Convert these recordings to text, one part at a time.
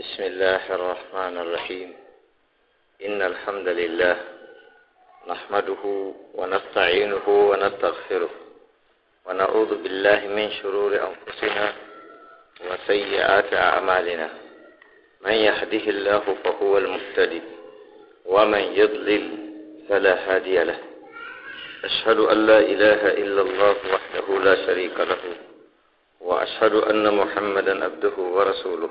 بسم الله الرحمن الرحيم إن الحمد لله نحمده ونستعينه ونستغفره ونعوذ بالله من شرور أنفسنا وسيئات أعمالنا من يهده الله فهو المهتدي ومن يضلل فلا هادي له أشهد أن لا إله إلا الله وحده لا شريك له وأشهد أن محمدا عبده ورسوله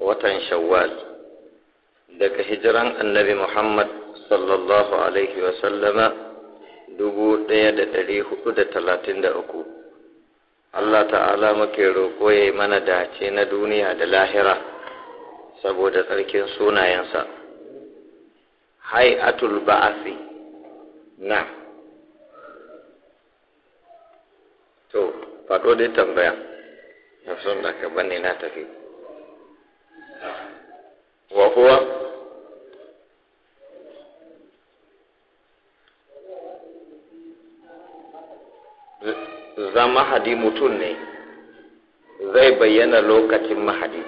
watan shawwal daga hijiran annabi Muhammad sallallahu alaihi wasallama dubu ɗaya da ɗari hudu da talatin da uku. Allah ta'ala muke roƙo ya yi mana dace na duniya da lahira saboda tsarkin sunayensa. Hai'atul ba'asi na. To, faɗo dai tambaya, yau sun da ka bane na tafi. Wafuwa zama hadi mutum ne zai bayyana lokacin mahadi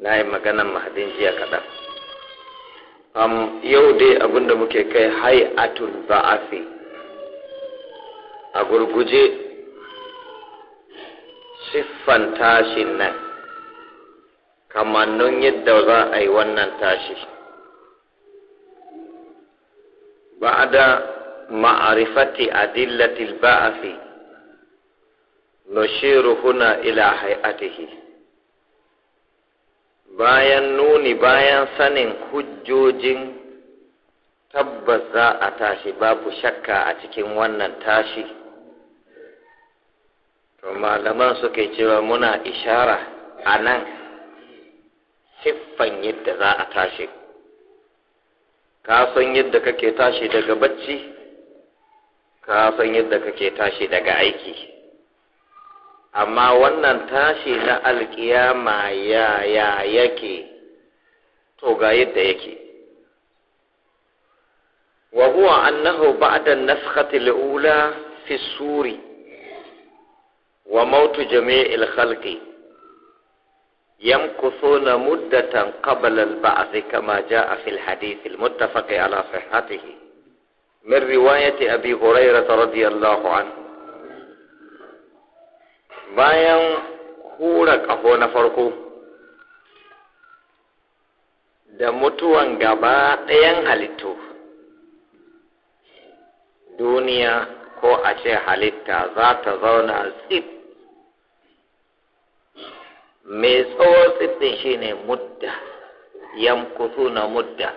na yi maganan mahadin jiya kaɗan um, yau dai abinda muke kai hay'atul ba'afi a gurguje siffan tashin nan kamannin yadda za a yi wannan tashi Ba da ma'arifati adillatil ba'afi nushiru ila hai'atihi bayan nuni bayan sanin hujjojin tabbas za a tashi babu shakka a cikin wannan tashi to malaman suke cewa muna ishara a nan siffan yadda za a tashi ka san yadda kake tashi daga bacci ka san yadda kake tashi daga aiki amma wannan tashi na alkiyama yaya yake to ga yadda yake wa huwa annahu ba'da an-nafkhati al-ula fi suri wa mautu jami'il khalqi yan kuso na muddatan kabalal ba a sai kama ja a fil hadithil muttafaqi ala sahatihi min riwayati abi hurayra radiyallahu bayan hura kafo na farko da mutuwan gaba ɗayan halittu duniya ko a halitta zata ta zauna zip mai tsawon tsitsin shi ne mudda kusu na mudda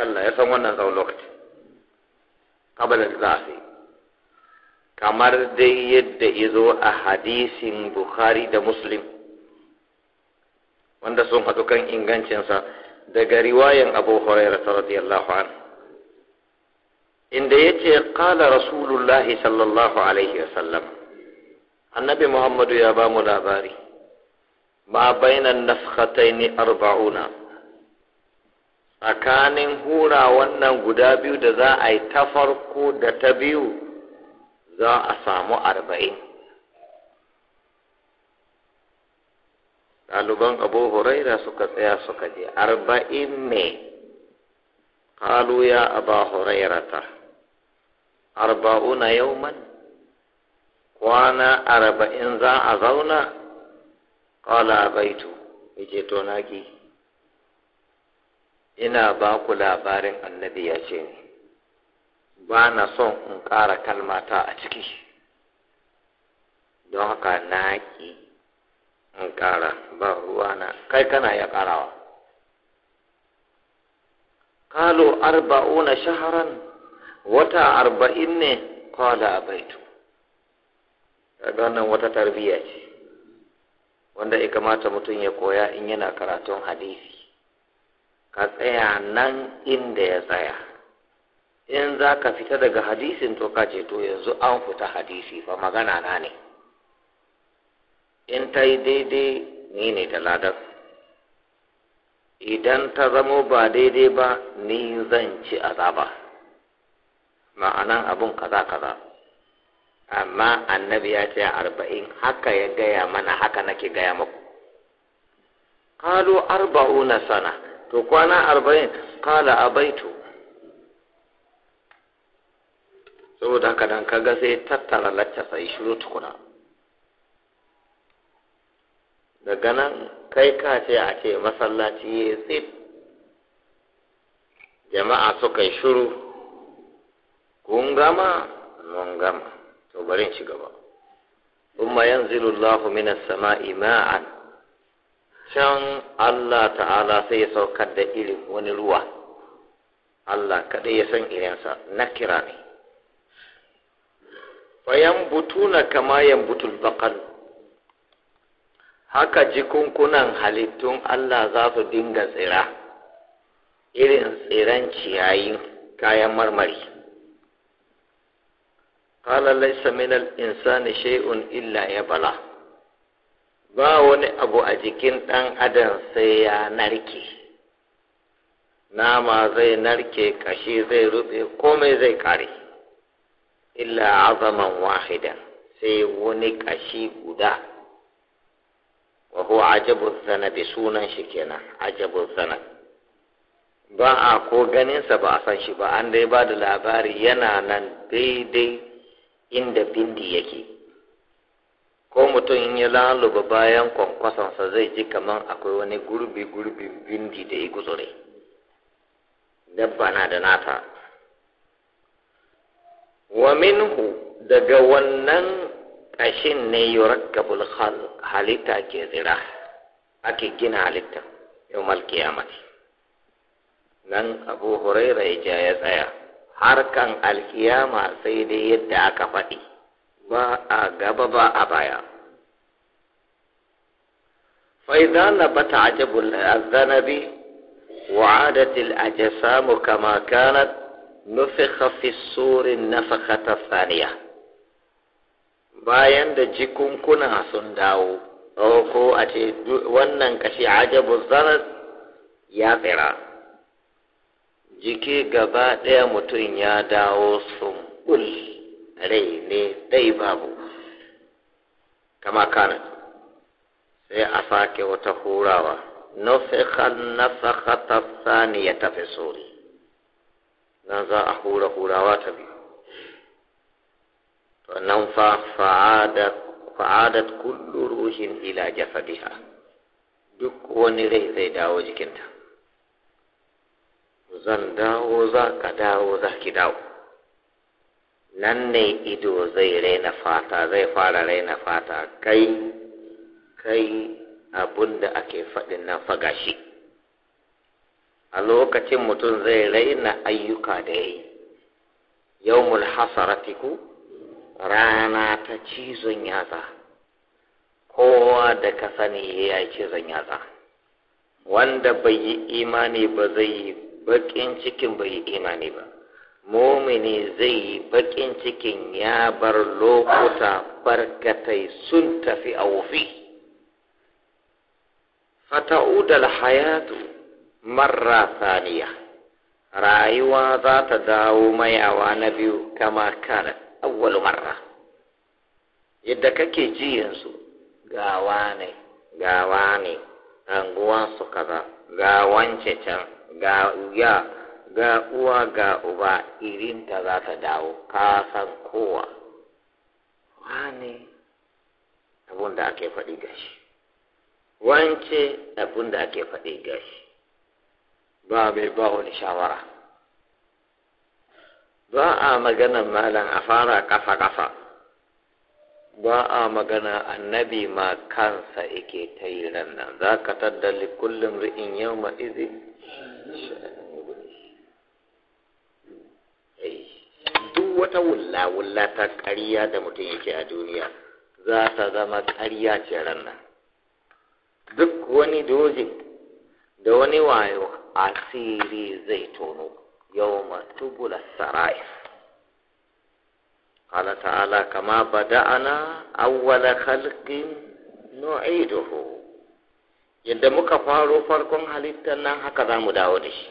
Allah ya san wannan tsawon lokaci kabalin zafi kamar dai yadda izo a hadisin bukhari da muslim wanda sun haɗu kan ingancinsa daga riwayan abu hurairah radiyallahu an. inda ya ce rasulullahi sallallahu alaihi wasallam annabi muhammadu ya ba mu labari ma bainan ni arba'una tsakanin hura wannan guda biyu da za a yi ta farko da ta biyu za a samu arba'in ɗaliban abu huraira suka tsaya suka je arba'in ne قالوا يا arba'una yau man kwana arba'in za a zauna? qala baitu yace to naki ina ba ku labarin annabi ya ce ni ba na son in ƙara kalmata a ciki don haka naki in ƙara ba na, kai kana ya ƙarawa kalu arba'una shaharan wata arba'in ne kwada a baitu wata tarbiyya ce wanda ya kamata mutum ya koya in yana karatun hadisi ka tsaya nan inda ya tsaya in za ka fita daga hadisin to ka ce to yanzu an fita hadisi fa magana na ne in ta yi daidai ni ne da ladar idan ta zamo ba daidai ba ni zan ci azaba ma'anan abin kaza kaza amma annabi ya ce arba'in haka ya gaya mana haka nake gaya maku kalu na sana to kwana arba'in kala abaitu saboda haka dan kaga sai tattara lacca sai shiru tukuna daga nan kai ka ce a ce masallaci ya yi jama'a suka yi shiru kun gama mun gama to bari in shiga umma yanzilu Allahu minas sama'i ma'an can Allah ta'ala sai ya saukar da irin wani ruwa Allah kadai ya san irinsa na kira ne bayan butuna kama butul baqal haka jikunkunan halittun Allah za su dinga tsira irin tsiran ciyayin kayan marmari qala laysa min al-insani shay'un illa ya bala ba wani abu a jikin ɗan adam sai ya narke nama zai narke kashi zai rufe komai zai kare illa azaman wahidan sai wani kashi guda wa huwa ajabu zanabi sunan shi kenan ajabu zanabi ba a ko ganinsa ba a san shi ba an dai ba da labari yana nan daidai inda bindi yake ko mutum in ya laluba bayan kwankwasonsa zai ji kamar akwai wani gurbi gurbin bindi da ya guzure dabba na da nata wa minhu daga wannan ƙashin ne yurakkabul halitta ke zira ake gina halitta yau malkiyamati nan abu huraira ya ya tsaya harkan alkiyama sai dai yadda aka faɗi ba a gaba ba a baya فإذا نبت عجب الذنب وعادت الأجسام كما كانت نفخ في الصور النفخة الثانية bayan da jikunkuna sun dawo ko a ce wannan kashi ajabu zanar ya tsira jiki gaba ɗaya mutum ya dawo sun sumbul rai ne dai babu kama kana sai a sake wata hurawa ta Sani ya fi sori nan za a hura hurawa ta biyu to nan fa fa'adat kullu ruhin ila biha. duk wani rai zai dawo jikinta zan dawo za ka dawo za ki dawo nan ne ido zai raina fata zai fara raina fata kai kai abun da ake faɗin nan faga shi a lokacin mutum zai raina ayyuka da ya yi yawmul hasaratiku rana ta cizon yatsa kowa da ka sani ya yi cizon yatsa wanda bai yi imani ba zai yi bakin cikin bai imani ba mumini zai yi bakin cikin ya bar lokuta barkatai sun tafi a wufi fata'udal hayatu marra saniya rayuwa za ta dawo mayawa na biyu kama kanar awwal marra yadda kake ji yanzu gawa ne gawa ne su kaza ga wance can ga ya ga uwa ga uba irinta za ta dawo ka san kowa wane abun da ake faɗi gashi wance abun da ake faɗi gashi ba mai ba wani shawara ba a maganan malam a fara kafa-kafa ba a magana annabi ma kansa yake ta yi nan za ka tattali kullum ri'in yau ma izini duk wata wulla-wulla ta ƙarya da mutum yake a duniya za ta zama ƙarya ce ranar duk wani dojin da wani wayo asiri zai tono yau matubula ala ta'ala kama bada ana awwala khalqin nu'iduhu yadda muka faro farkon halittar nan haka za mu dawo da shi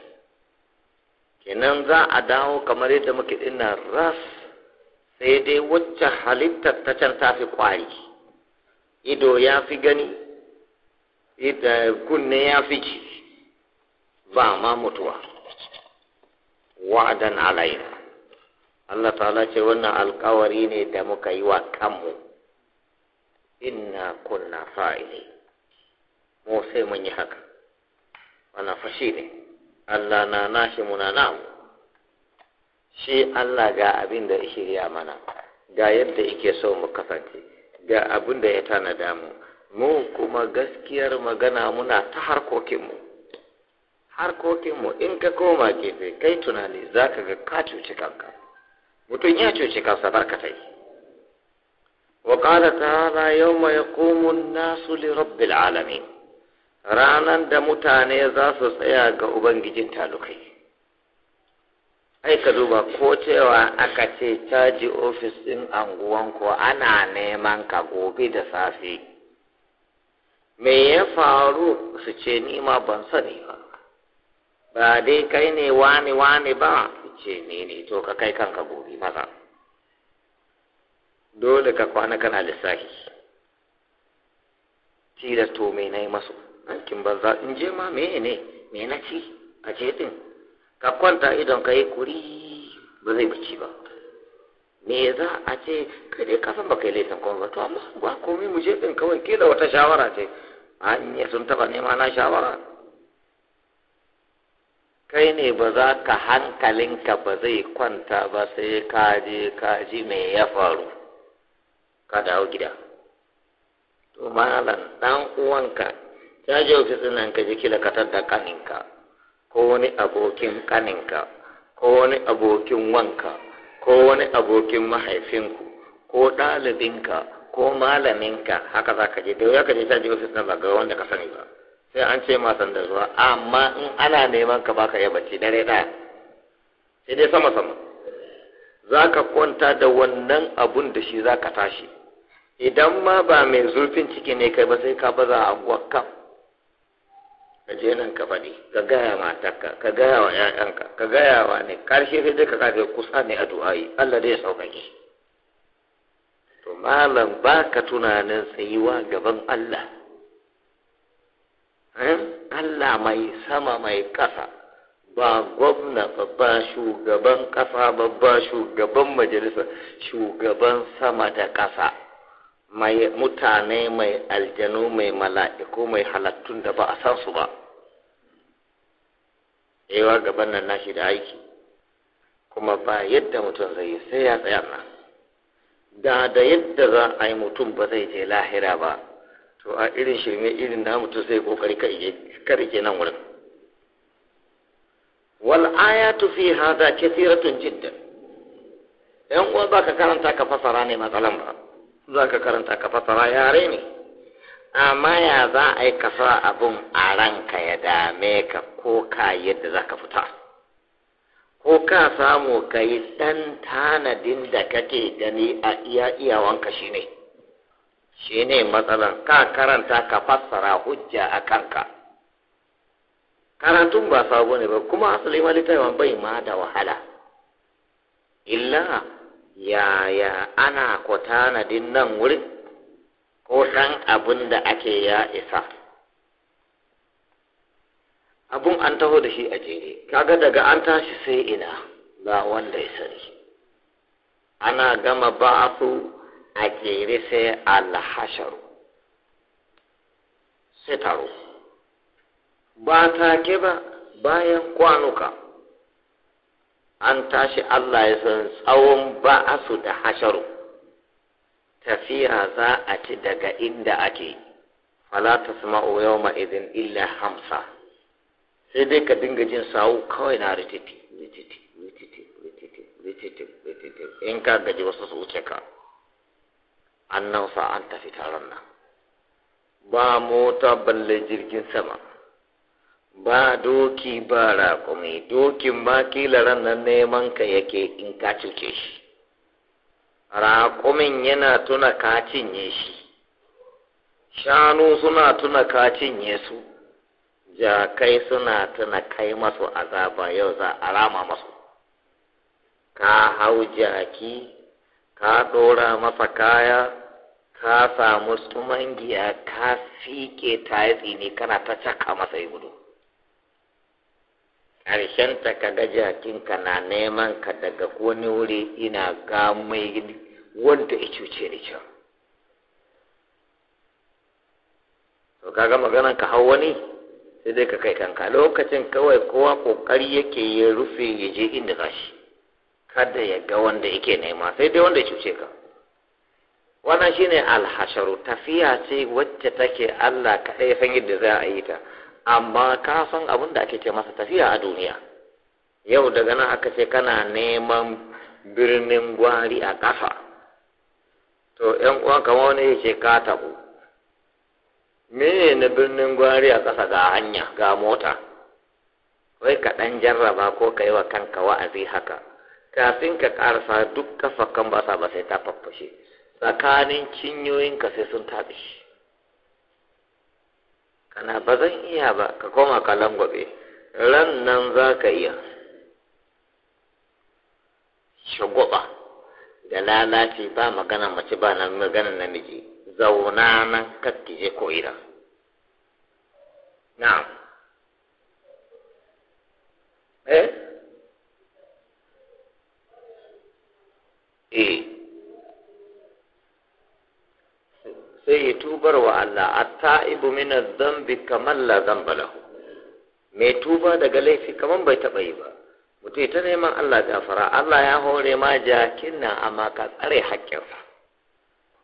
kenan za a dawo kamar yadda muke ina ras sai dai wacce halittar ta can ta fi kwari ido ya fi gani ita kunne ya fi ci ba ma mutuwa wa'adan alaina Allah ta'ala ce wannan alkawari ne da muka yi wa kanmu inna kunna fa'ili mu sai mun yi haka wannan fashi ne Allah na nashi muna namu shi Allah ga abin da shirya mana ga yadda yake so mu kasance ga abin da ya tanada mu mu kuma gaskiyar magana muna ta harkokinmu harkokinmu in ka koma gefe kai tunani za ga ka cuci kanka mutum ya cuci kansa barkatai tai وقال تعالى يوم يقوم الناس لرب العالمين ranan da mutane za su tsaya ga ubangijin talukai ai ka duba ko cewa aka ce caji ofis ɗin anguwanku ana neman ka gobe da safe me ya faru su ce nima ban sani ba ba dai kai ne wani wani ba ce ni ne to ka kai kanka gobe maza dole ka kwana kana lissafi tilasto mai na yi masu aikin banza in je ma me ne me na ci a ce din ka kwanta idon ka yi kuri ba zai bici ba me za a ce kai dai kasan ba kai laifin kuma ba to amma ba komai mu je din kawai kila wata shawara ce a in ya sun taba nema na shawara kai ne ba za ka hankalinka ba zai kwanta ba sai ka je ka ji me ya faru ka dawo gida to malam dan uwanka ya je ofis nan ka je kila katar da kaninka ko wani abokin kaninka ko wani abokin wanka ko wani abokin mahaifinku ko ɗalibinka ko malaminka haka za ka je da ya ka je ta je ofis nan ba ga wanda ka sani ba sai an ce masan da zuwa amma in ana neman ka baka ya bacci dare ɗaya sai dai sama sama za ka kwanta da wannan abun da shi za ka tashi idan ma ba mai zurfin ciki ne kai ba sai ka baza a gwakan ka je nan ka faɗi ka gaya matarka ka gaya wa ƴaƴanka ka gaya wa ne karshe sai dai ka kafe kusa ne a du'ayi Allah dai ya sauƙaƙe to malam ba ka tunanin tsayuwa gaban Allah eh? Allah mai sama mai ƙasa ba gwamna ba ba shugaban ƙasa ba ba shugaban majalisa shugaban sama da ƙasa mai mutane mai aljanu mai mala'iku mai halattun da ba a san su ba tsayawa gaban nan nashi da aiki kuma ba yadda mutum zai yi sai ya tsaya nan da da yadda za a yi mutum ba zai je lahira ba to a irin shirme irin da mutum sai kokari ka ke nan wurin wal ayatu fi hadha kathiratun jiddan yan uwa baka karanta ka fasara ne matsalan ba zaka karanta ka fasara yare ne amma ya za a yi kasa abun a ranka ya dame ka ko ka yadda za ka fita ko ka samu ka yi ɗan tanadin da kake gani a iya iyawanka shi ne shi ne matsalar ka karanta ka fassara hujja a kanka karantun ba sabo ne ba kuma asali ma bai ma da wahala illa yaya ana ko tanadin nan wurin ko ɗan abin da ake ya isa abun an taho da shi a jere kaga daga an tashi sai ina ba wanda ya sani ana gama su a jere sai alhasharu sai taro ba take ba bayan kwanuka an tashi Allah ya san tsawon ba'asu da hasharu tafiya za a ci daga inda ake fala ta sama'u yau izin illa hamsa sai dai ka dinga jin sawu kawai na rititi rititi rititi rititi rititi rititi in ka gaji wasu su wuce ka an nan sa an tafi taron nan ba mota balle jirgin sama ba doki ba raƙumi dokin ba kila ran nan neman ka yake in ka cuce shi raƙumin yana tuna kacin cinye shi shanu suna tuna kacin cinye su jakai suna tuna kai masu azaba yau za a rama masu ka hau jaki ka ɗora masa kaya ka samu tsumangiya ka fike ta yi tsini kana ta caka masa yi gudu ƙarshen ta ka ga jakinka na neman ka daga wani wuri ina ga mai wanda ya cuce da kyau to kaga maganan ka hau wani sai dai ka kai kanka lokacin kawai kowa kokari yake ya rufe ya je inda gashi kada ya ga wanda yake nema sai dai wanda ya cuce ka wannan shine alhasharu tafiya ce wacce take Allah kaɗai san yadda za a yi ta amma ka san abin da ake ce masa tafiya a duniya yau daga nan aka ce kana neman birnin gwari a ƙasa to yan uwan kamar wani ya ce ka tabu mene na birnin gwari a ƙasa ga hanya ga mota wai ka ɗan jarraba ko ka yi wa kanka wa'azi haka kafin ka ƙarasa duk kafa kan ba sai ta faffashe tsakanin cinyoyinka sai sun taɓi. shi kana ba zan iya ba ka koma ka langwabe ran nan za ka iya shagwaba da lalace ba magana mace ba na maganan namiji zauna nan je ko ina na eh eh sai ya tubar wa Allah a taibu mina zambi kamar la lahu mai tuba daga laifi kamar bai taɓa yi ba mutum ta neman Allah gafara Allah ya hore ma jakin na amma ka tsare haƙƙinsa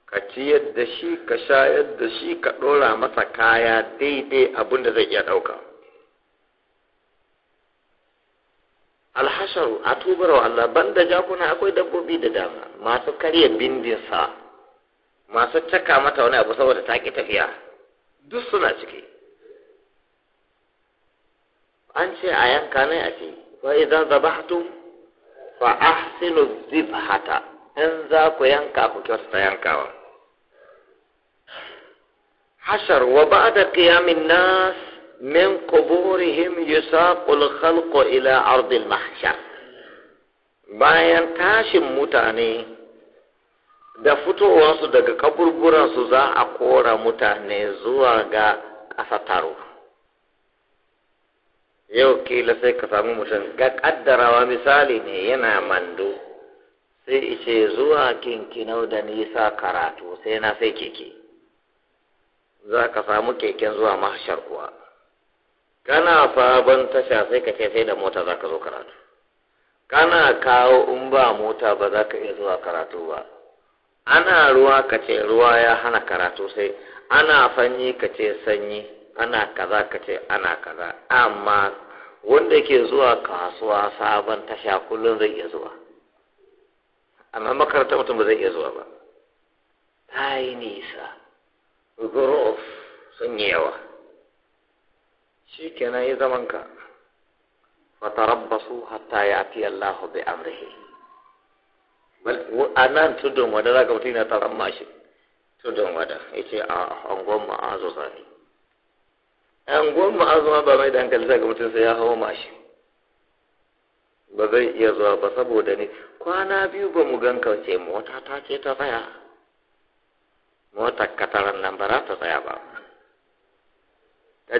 ka ciyar da shi ka shayar da shi ka ɗora masa kaya daidai abin da zai iya ɗauka alhasharu a tubarwa Allah banda jakuna akwai dabbobi da dama masu karya bindinsa masu caka mata wani abu saboda ta ƙi tafiya duk suna ciki an ce a yanka ne a ce fa idan zabahtu fa ahsinu zibhata in za ku yanka ku kyautata yankawa hashar wa ba'da qiyamin nas min quburihim yusaqu khalqu ila ardil mahshar bayan tashin mutane da fitowarsu daga kaburburansu za a kora mutane zuwa ga ƙasa taro yau kila sai ka samu mutum ga ƙaddarawa misali ne yana mando sai ice zuwa kinkinau da nisa karatu sai na sai keke za ka samu keken zuwa mahashar kuwa kana sabon tasha sai ka ce sai da mota za ka zo karatu kana kawo in ba mota ba za ka iya zuwa karatu ba ana ruwa ka ce ruwa ya hana karatu sai ana fanyi ka ce sanyi ana kaza ka ce ana kaza amma wanda ke zuwa kasuwa sabon tasha kullum zai iya zuwa amma makaranta mutum ba zai iya zuwa ba ta yi nisa grof sun yi yawa shi kenan yi zamanka fatarabbasu hatta ya fi Allah bi amrihi a nan don wada za ka mutum yana taron mashi don wada ya ce a angon ma'azo zane angon ma'azo ma ba mai da hankali za ka mutum sai ya hawa mashi ba zai iya zuwa ba saboda ne kwana biyu ba mu gan ce mota ta ce ta tsaya Mota kataran nan ba za ta tsaya ba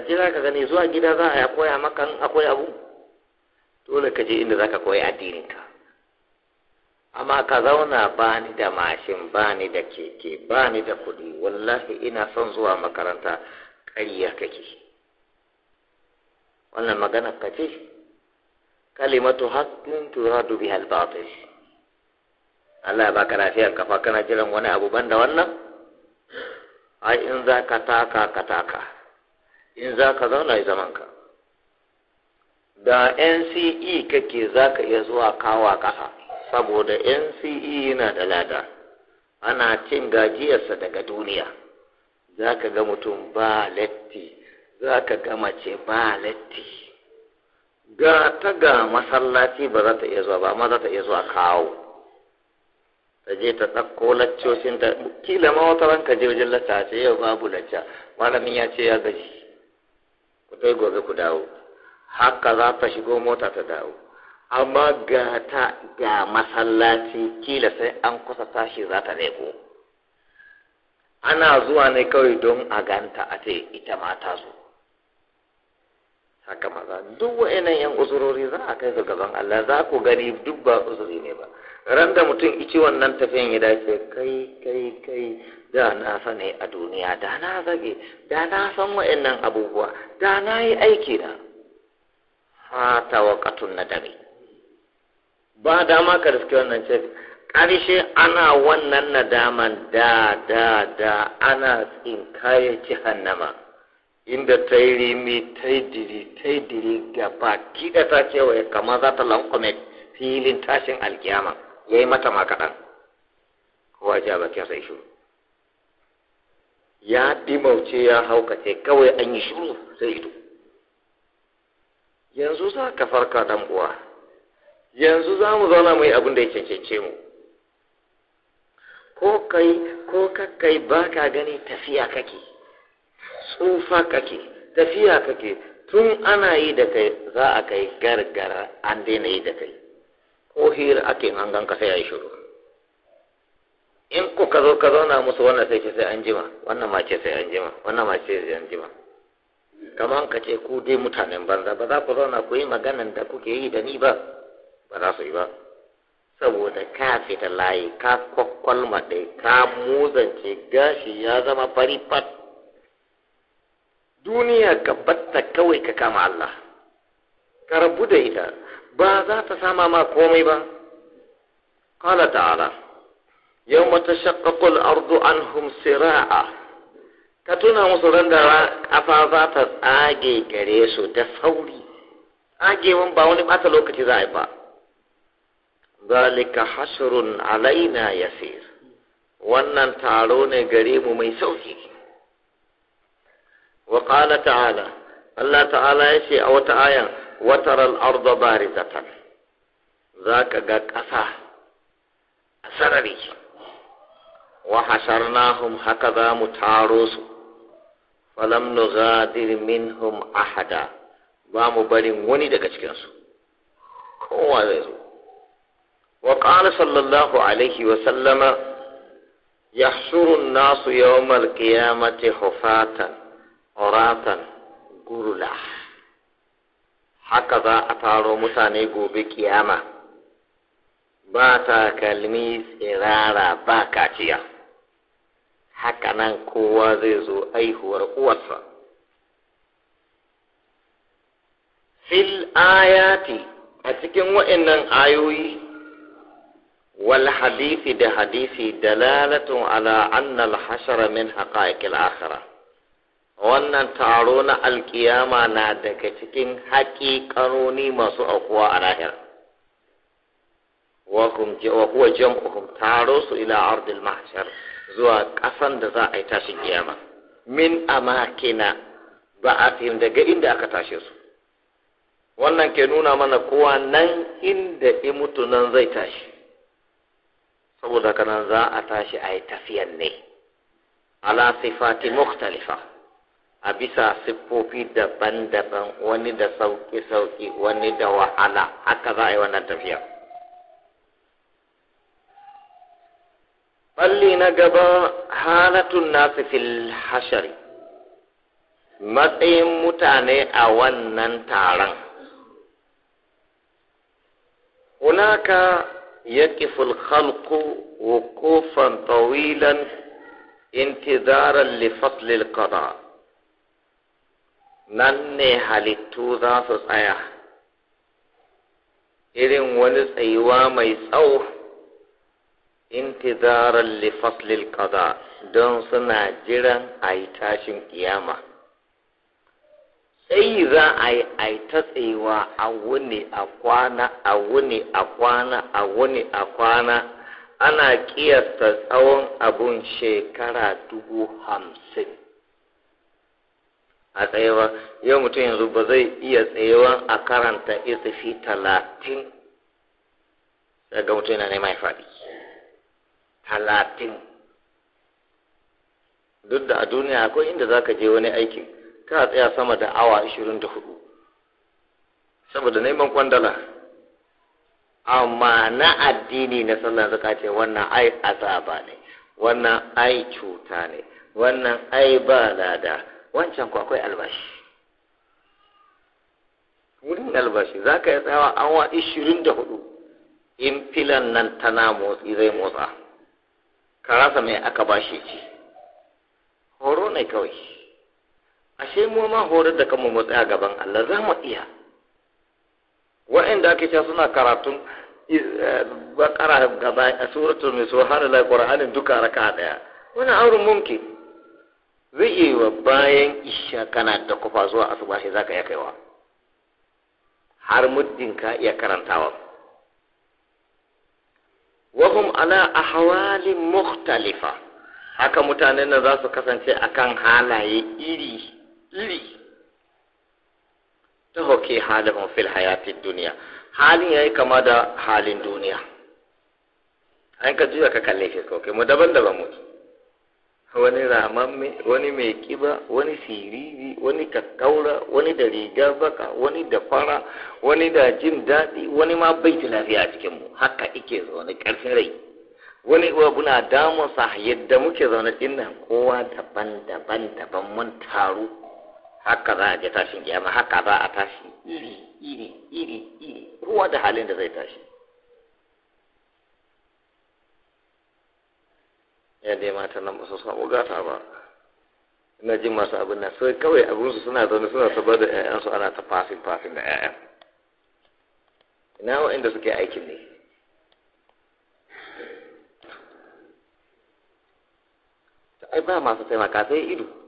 jira ka gani zuwa gida za a koya maka akwai abu dole ka je inda za ka koyi addininka amma ka zauna ba ni da mashin ba ni da keke ba ni da kuɗi wallahi ina son zuwa makaranta ƙarya kake wannan magana ka ce kalimatu haqqin turadu biha al-batil Allah ya baka lafiyar kafa kana jiran wani abu banda wannan ai in za ka taka ka taka in za ka zauna yi zaman ka da NCE kake za ka iya zuwa kawa ƙasa saboda nce yana da lada ana cin gajiyarsa daga duniya za ka ga mutum ba latti za ka ga mace ba latti ga ta ga masallaci ba za ta iya zuwa ba amma za ta iya zuwa kawo ta je ta ɗauko laccocin ta kila ma wata ranka je wajen lacca ce yau babu lacca malamin ya ce ya gaji ku dai gobe ku dawo haka za ta shigo mota ta dawo amma ga ta ga masallaci kila sai an kusa tashi za ta rego ana zuwa ne kawai don a ganta a ce ita ma ta zo haka maza duk wayannan yan uzurori za a kai su gaban Allah za ku gani duk ba uzuri ne ba ran da mutum ici wannan tafiyan ya dace kai kai kai da na sani a duniya da na zage da na san wa'annan abubuwa da na yi aiki na fata na dare. ba dama ka riske wannan ce ƙarshe ana wannan nadaman da da da ana tsinkaye jihannama inda ta yi rimi ta yi diri ta yi diri gaba kiɗa ta kewaye kama za ta lankwame filin tashin alkiyama ya yi mata ma kaɗan kowa ja bakin sai shuru ya dimauce ya haukace kawai an yi shuru sai ido yanzu za ka farka dan uwa yanzu za mu zauna mu yi abin da ya cancance mu ko kai ko kakkai ba ka gani tafiya kake tsufa kake tafiya kake tun ana yi da kai za a kai gargara an daina yi da kai ko hira ake hangan kasa ya yi shiru in ku ka zo ka zauna musu wannan sai ce sai an jima wannan mace sai an jima wannan mace sai an jima kamar ka ce ku dai mutanen banza ba za ku zauna ku yi maganan da kuke yi da ni ba ba za su yi ba saboda ka fita layi ka kwakwalma ɗai ka muzance gashi ya zama fari fat duniya gabatta kawai ka kama Allah ka rabu da ita ba za ta sama ma komai ba qala ta'ala yawma mata al-ardu anhum sira'a ka tuna musu ran kafa za ta tsage gare su da sauri tsagewan ba wani bata lokaci za a yi ba zalika hasrun alaina yasir wannan taro ne gare mu mai sauki wa qala ta'ala Allah ta'ala yace a wata aya wataral arda barizatan ka ga ƙasa a sarari wa hasharnahum haka za mu taro su falam nughadir minhum ahada ba mu barin wani daga cikinsu kowa zai zo وقال صلى الله عليه وسلم يحشر الناس يوم القيامة حفاة عراة غرلا هكذا أتارو متاني gobe ƙiyama. ba takalmi tsirara ba kaciya hakanan kowa zai zo aihuwar uwarsa fil ayati a cikin waɗannan ayoyi wal hadisi da hadisi dalalatun ala annal hashara min haqa'iqil akhirah wannan taro na alkiyama na daga cikin haƙiƙanoni masu aukuwa a lahira wa huwa jam'uhum taro su ila ardil mahshar zuwa ƙasan da za a yi tashin kiyama min amakina ba'athim daga inda aka tashe su wannan ke nuna mana kowa nan inda imutu nan zai tashi saboda kana za a tashi a yi tafiyan ne ala sifati mukhtalifa a bisa siffofi daban-daban wani da sauki-sauki wani da wahala haka za a yi wannan tafiya balli na gaba halatun nasu fil hashari matsayin mutane a wannan taron hunaka يقف الخلق وقوفا طويلا انتظارا لفصل القضاء nan ne halittu za su tsaya irin wani tsayuwa mai tsawo intizarar lifaslil kaza don suna jiran a yi tashin kiyama sai za a yi a yi ta tsayewa a wuni a kwana a wuni a kwana a wuni a kwana ana kiyasta tsawon abun shekara dubu hamsin a tsayewa yau mutum yanzu ba zai iya tsayewa a karanta isafi talatin daga mutum yana neman ya faɗi talatin duk da a duniya akwai inda za ka je wani aikin ka tsaya sama da awa ishirin da hudu saboda neman kwandala amma na addini na sallah zaka ce wannan ai azaba ne wannan ai cuta ne wannan ai ba lada wancan ku akwai albashi wurin albashi za ka yi tsawa awa ishirin da hudu in filan nan tana motsi zai motsa ka rasa mai aka bashi ci horo ne kawai ashe mu ma horar da kanmu mu tsaya gaban Allah za mu iya wa'anda ake cewa suna karatun eh, bakara gaba suratul mai har la qur'anin duka raka daya wani aurun mumkin zai yi wa bayan isha kana da kufa zuwa asuba sai zaka iya kaiwa har muddin ka iya karantawa hum ala ahwalin mukhtalifa haka mutanen nan za su kasance akan halaye iri iri ta hoke halin fil hayatin duniya halin ya yi kama da halin duniya an ka juya ka kalle shi kai mu daban-daban mu wani ramamme wani mai kiba wani siriri wani kakkaura wani da riga baka wani da fara wani da jin daɗi wani ma bai ji lafiya a cikinmu haka ike zaune ƙarfin rai wani uwa damun sa yadda muke zaune ɗin kowa daban-daban daban mun taru haka za a je tashin kiyama haka za a tashi iri iri iri iri kowa da halin da zai tashi ya dai mata nan ba su samu gata ba ina jin masu abin nan sai kawai abinsu suna zaune suna saba da 'ya'yansu ana ta fasin fasin da 'ya'yan ina wa'inda suke aikin ne ai ba masu taimaka sai ido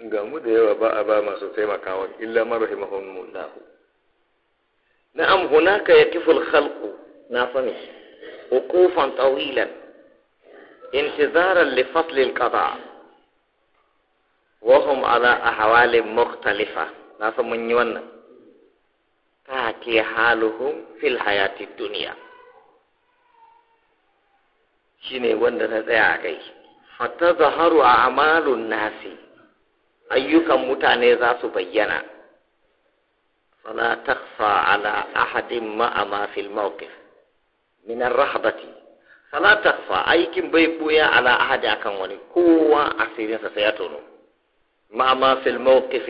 ga mu da yawa ba a ba masu taimakawa illa man rahimahumullah na'am hunaka yaqifu khalqu na sani wuqufan tawilan intizaran li fasl al-qada wa hum ala ahwal mukhtalifa na san mun yi wannan ta ke haluhum fil hayati dunya shine wanda na tsaya a kai fata zaharu a amalun nasi ayyukan mutane za su bayyana fala takfa ala ahadin ma'a ma fil mawqif min ar-rahbati fala aikin bai buya ala ahadi akan wani kowa asirinsa sai ya tono ma'a ma fil mawqif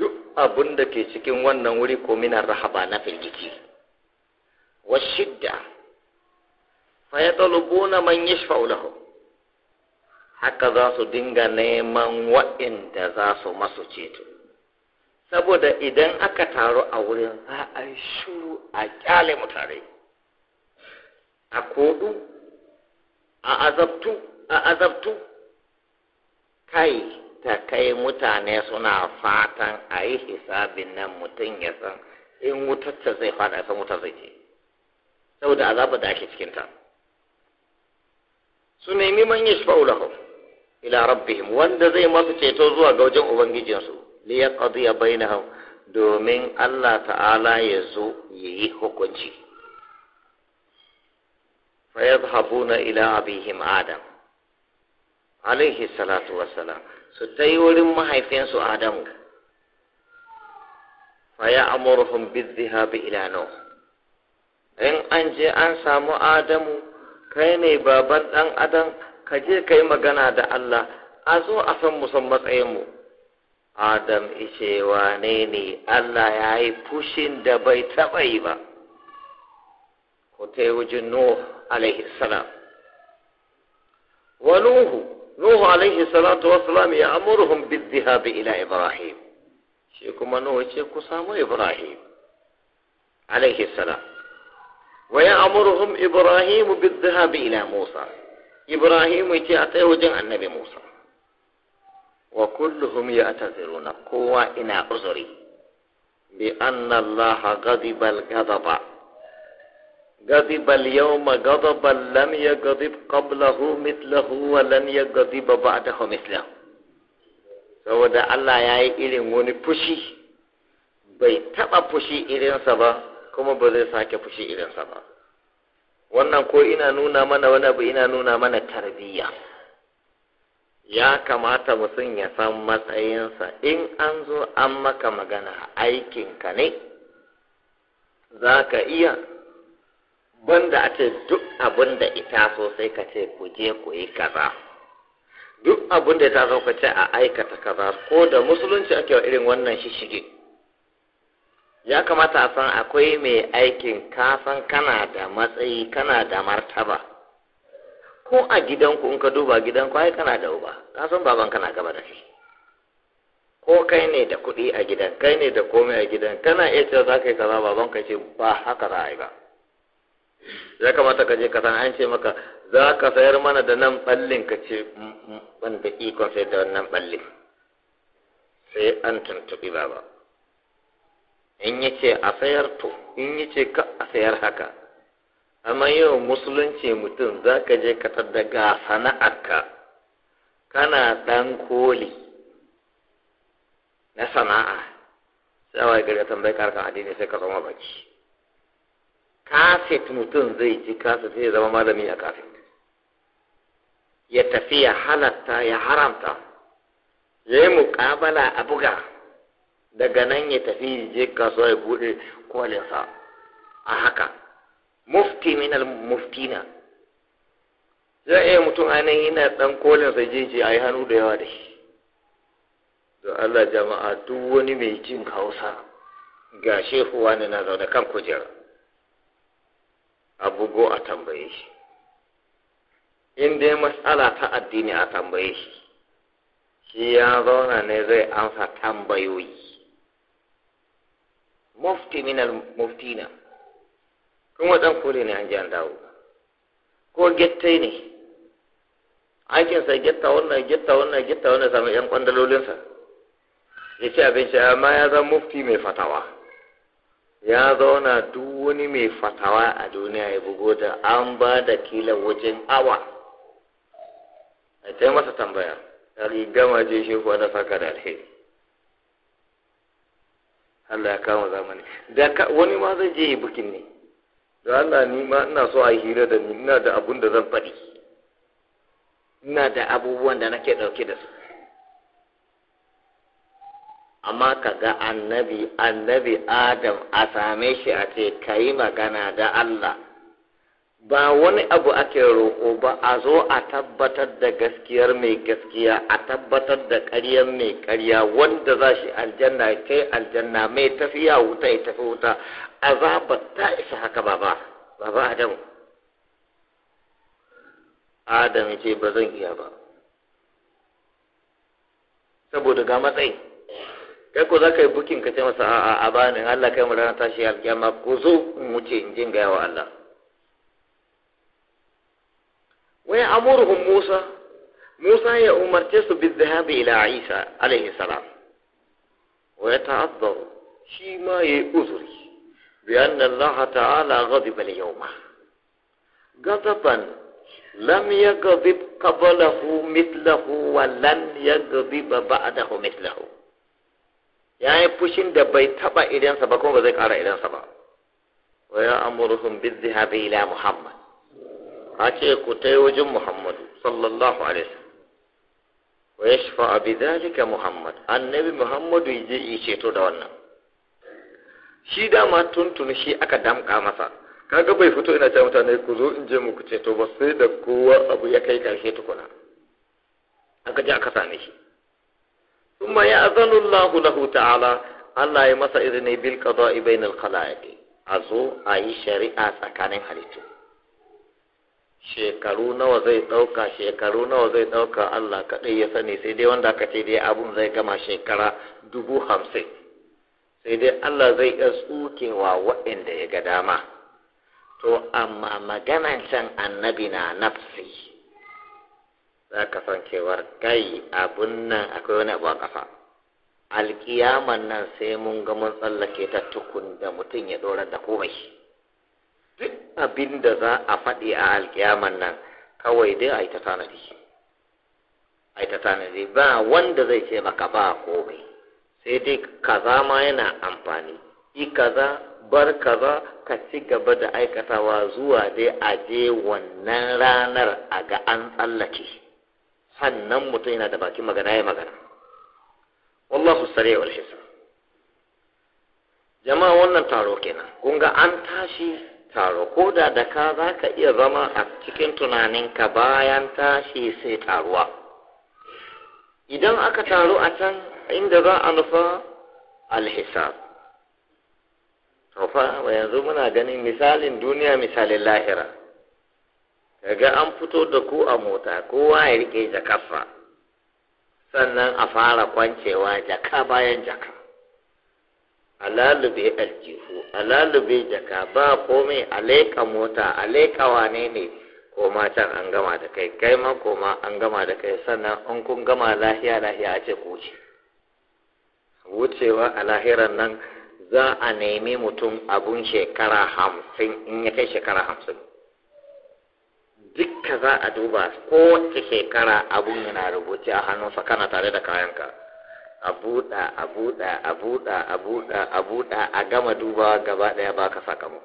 duk abun da ke cikin wannan wuri ko min ar-rahaba na jiki. wa shidda fa yatalubuna man yashfa'u lahum haka za su dinga neman wa'inda za su masu ceto saboda idan aka taru a wurin za a yi shuru a kyale mutane a kodu a azabtu a azabtu kai ta kai mutane suna fatan a yi hisabin nan mutum ya san in ta zai fada san wutar zai ce saboda azabu da ake cikinta su nemi man yashfa'u lahum ila rabbihim wanda zai masu ceto zuwa ga wajen ubangijinsu li yaqdiya bainahum domin Allah ta'ala ya zo yayi hukunci fa yadhhabuna ila abihim adam alaihi salatu wassalam su ta yi wurin mahaifinsu adamu fa ya amurhum bizzihabi ila nuh in an je an samu adamu kai ne baban dan adam ka je ka yi magana da Allah a zo a san musan matsayinmu adam ice wane ne Allah ya yi fushin da bai taɓa yi ba ko ta yi wajen Nuh alaihi salam wa Nuhu Nuhu alaihi salatu wa salam ya amuruhum bidhihabi ila Ibrahim shi kuma Nuhu ce ku samu Ibrahim alaihi salam wa ya Amurhum, Ibrahim bidhihabi ila Musa Ibrahimu ce a tsaye wajen annabi musa wa kulluhum ya'taziruna kowa ina uzuri bi anna allah ghadiba al-ghadaba غضب اليوم غضبا لم يغضب قبله مثله ولن يغضب بعده مثله saboda Allah ya yi irin wani fushi bai taɓa fushi irinsa ba kuma ba zai sake fushi irinsa ba wannan ko ina nuna mana wani abu ina nuna mana tarbiyya ya kamata mutum ya san matsayinsa in an zo an maka magana aikinka ne za ka iya banda a ce duk abin da ita so sai ka ce ku je ku yi kaza duk abin da ta so ka ce a aikata kaza ko da musulunci ake wa irin wannan shishige ya kamata a san akwai mai aikin ka san kana da matsayi kana da martaba ko a gidanku in ka duba gidanku ai kana da uba ka san baban kana gaba da shi ko kai ne da kuɗi a gidan kai ne da komai a gidan kana iya cewa za ka yi kaza baban ka ce ba haka za a yi ba ya kamata ka je ka san an ce maka za ka sayar mana da nan ballin ka ce mm, mm, ban da ikon sai da wannan ballin sai an tuntuɓi baba in ya ce a sayar to in ka a sayar haka amma yau musulunci mutum za ka je ka daga sana'arka kana ɗan koli na sana'a sai a gari tambayi karkan addini sai ka zama baki kafet mutum zai ji kafet zai zama malami a kafet ya tafi ya halatta ya haramta ya yi mukabala a buga daga nan ya tafi je kasuwa ya bude kwalinsa a haka mufti mufti muftina za a iya mutum ainihin yana ɗan kolinsa je je a yi hannu da yawa da shi don Allah jama'a duk wani mai jin hausa ga shehu wani na zaune kan kujera abugo a tambaye shi in dai matsala ta addini a tambaye shi shi ya zauna ne zai amsa tambayoyi mufti minal muftina kuma dan kore ne an ji an dawo ko gettai ne aikin sa getta wannan getta wannan getta wannan samu yan kwandalolinsa ya ce abin shi amma ya zama mufti mai fatawa ya zauna duk wani mai fatawa a duniya ya bugo da an ba da kila wajen awa a ta masa tambaya ya gama je shi kuwa na saka da alheri Allah ya kama zamani da wani ma zan je yi bukin ne da Allah ni ma ina so a hira da ni ina da abun da zan faɗi ina da abubuwan da nake ɗauke da su amma ka ga annabi annabi adam a same shi a ce ka yi magana da Allah ba wani abu ake roƙo ba a zo a tabbatar da gaskiyar mai gaskiya a tabbatar da ƙaryar mai ƙarya wanda za shi aljanna kai aljanna mai tafiya wuta ya tafi wuta ba ta isa haka ba ba, baba adam adam ce ba zan iya ba saboda ga matsayi kai ko za ka yi bukin ka ce masa a'a a bani Allah kai mu rana tashi alkiyama ko zo in wuce in jin gaya wa Allah ويأمرهم موسى موسى يأمرتس بالذهاب إلى عيسى عليه السلام ويتعذر شيما يأذري بأن الله تعالى غضب اليوم غضبا لم يغضب قبله مثله ولن يغضب بعده مثله يعني yi fushin da bai سبا كون ba kuma ba سبا ويأمرهم بالذهاب إلى محمد a ce ku ta wajen muhammadu sallallahu alaihi wa ya shafa a muhammad annabi muhammadu ya je yi ceto da wannan shi dama tuntun shi aka damka masa kaga bai fito ina ce mutane ku zo in je muku ceto ba sai da kowa abu ya kai karshe tukuna aka je aka same shi kuma ya azanu Allah lahu ta'ala Allah ya masa izini bil qada'i bainal khalaiq a zo a yi shari'a tsakanin halittu shekaru nawa zai ɗauka shekaru nawa zai ɗauka Allah kaɗai ya sani sai dai wanda aka ce dai abun zai gama shekara dubu hamsin sai dai Allah zai iya tsukewa waɗanda ya ga dama to amma maganan can annabi na nafsi za ka san cewar kai abun nan akwai wani abu a ƙasa alƙiyaman nan sai mun ga mun tsallake ta tukun da mutum ya ɗorar da komai duk abin da za a faɗi a alƙiyaman nan kawai dai a yi ta tanadi a yi ta tanadi ba wanda zai ce maka ba komai sai dai kaza ma yana amfani yi kaza bar kaza ka ci gaba da aikatawa zuwa dai a je wannan ranar a ga an tsallake sannan mutum yana da bakin magana ya magana wallahu sare wal jama'a wannan taro kenan kun ga an tashi taro ko da da ka za ka iya zama a cikin tunaninka bayan tashi sai taruwa idan aka taru a can inda za a nufa alhisab tofa yanzu muna ganin misalin duniya misalin lahira kaga an fito da ku a mota kowa ya rike jakarsa sannan a fara kwancewa jaka bayan jaka a lalube aljihu a jaka ba komai aleka mota a wane ne koma can an gama da kai kai ma koma an gama da kai sannan in kun gama lahiya lahiya a ce kuce wucewa a lahiran nan za a nemi mutum abun shekara hamsin in ya kai shekara hamsin dukka za a duba kowace shekara abun yana rubuce a hannunsa kana tare da kayanka a buɗa a buɗa a buɗa a buɗa a buɗa a gama dubawa gaba ɗaya ba ka sakamu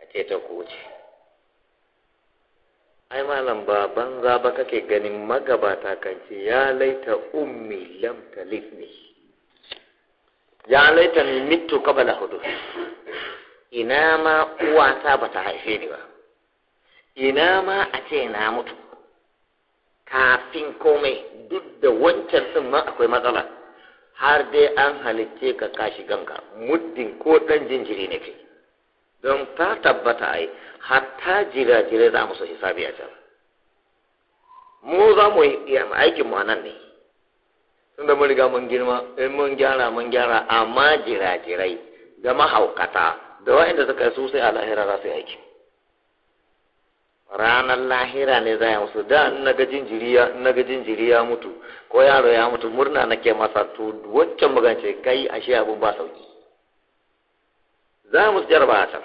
a ce ta ku wuce ai malam ba banza ba kake ganin magabata kan ce ya laita ummi lam talifni ya laita ni mitu da hudu ina ma uwata ba ta haife ni ba ina ma a ce na mutu kafin komai duk da wancan sun ma akwai matsala har dai an halicce ka kashi ganka muddin ko dan jinjiri ne ke don ta tabbata ai hatta jira-jira za mu so hisabi a can mu za mu yi aikin mu nan ne tunda mun riga mun girma in mun gyara mun gyara amma jira-jirai da mahaukata da wa'anda suka yi su sai a lahira za su yi aiki ranar lahira ne za ya musu da na ga jinjiri ya ga jinjiri mutu ko yaro ya mutu murna nake masa to waccan magance kai ashe abun ba sauki za mu jarba ta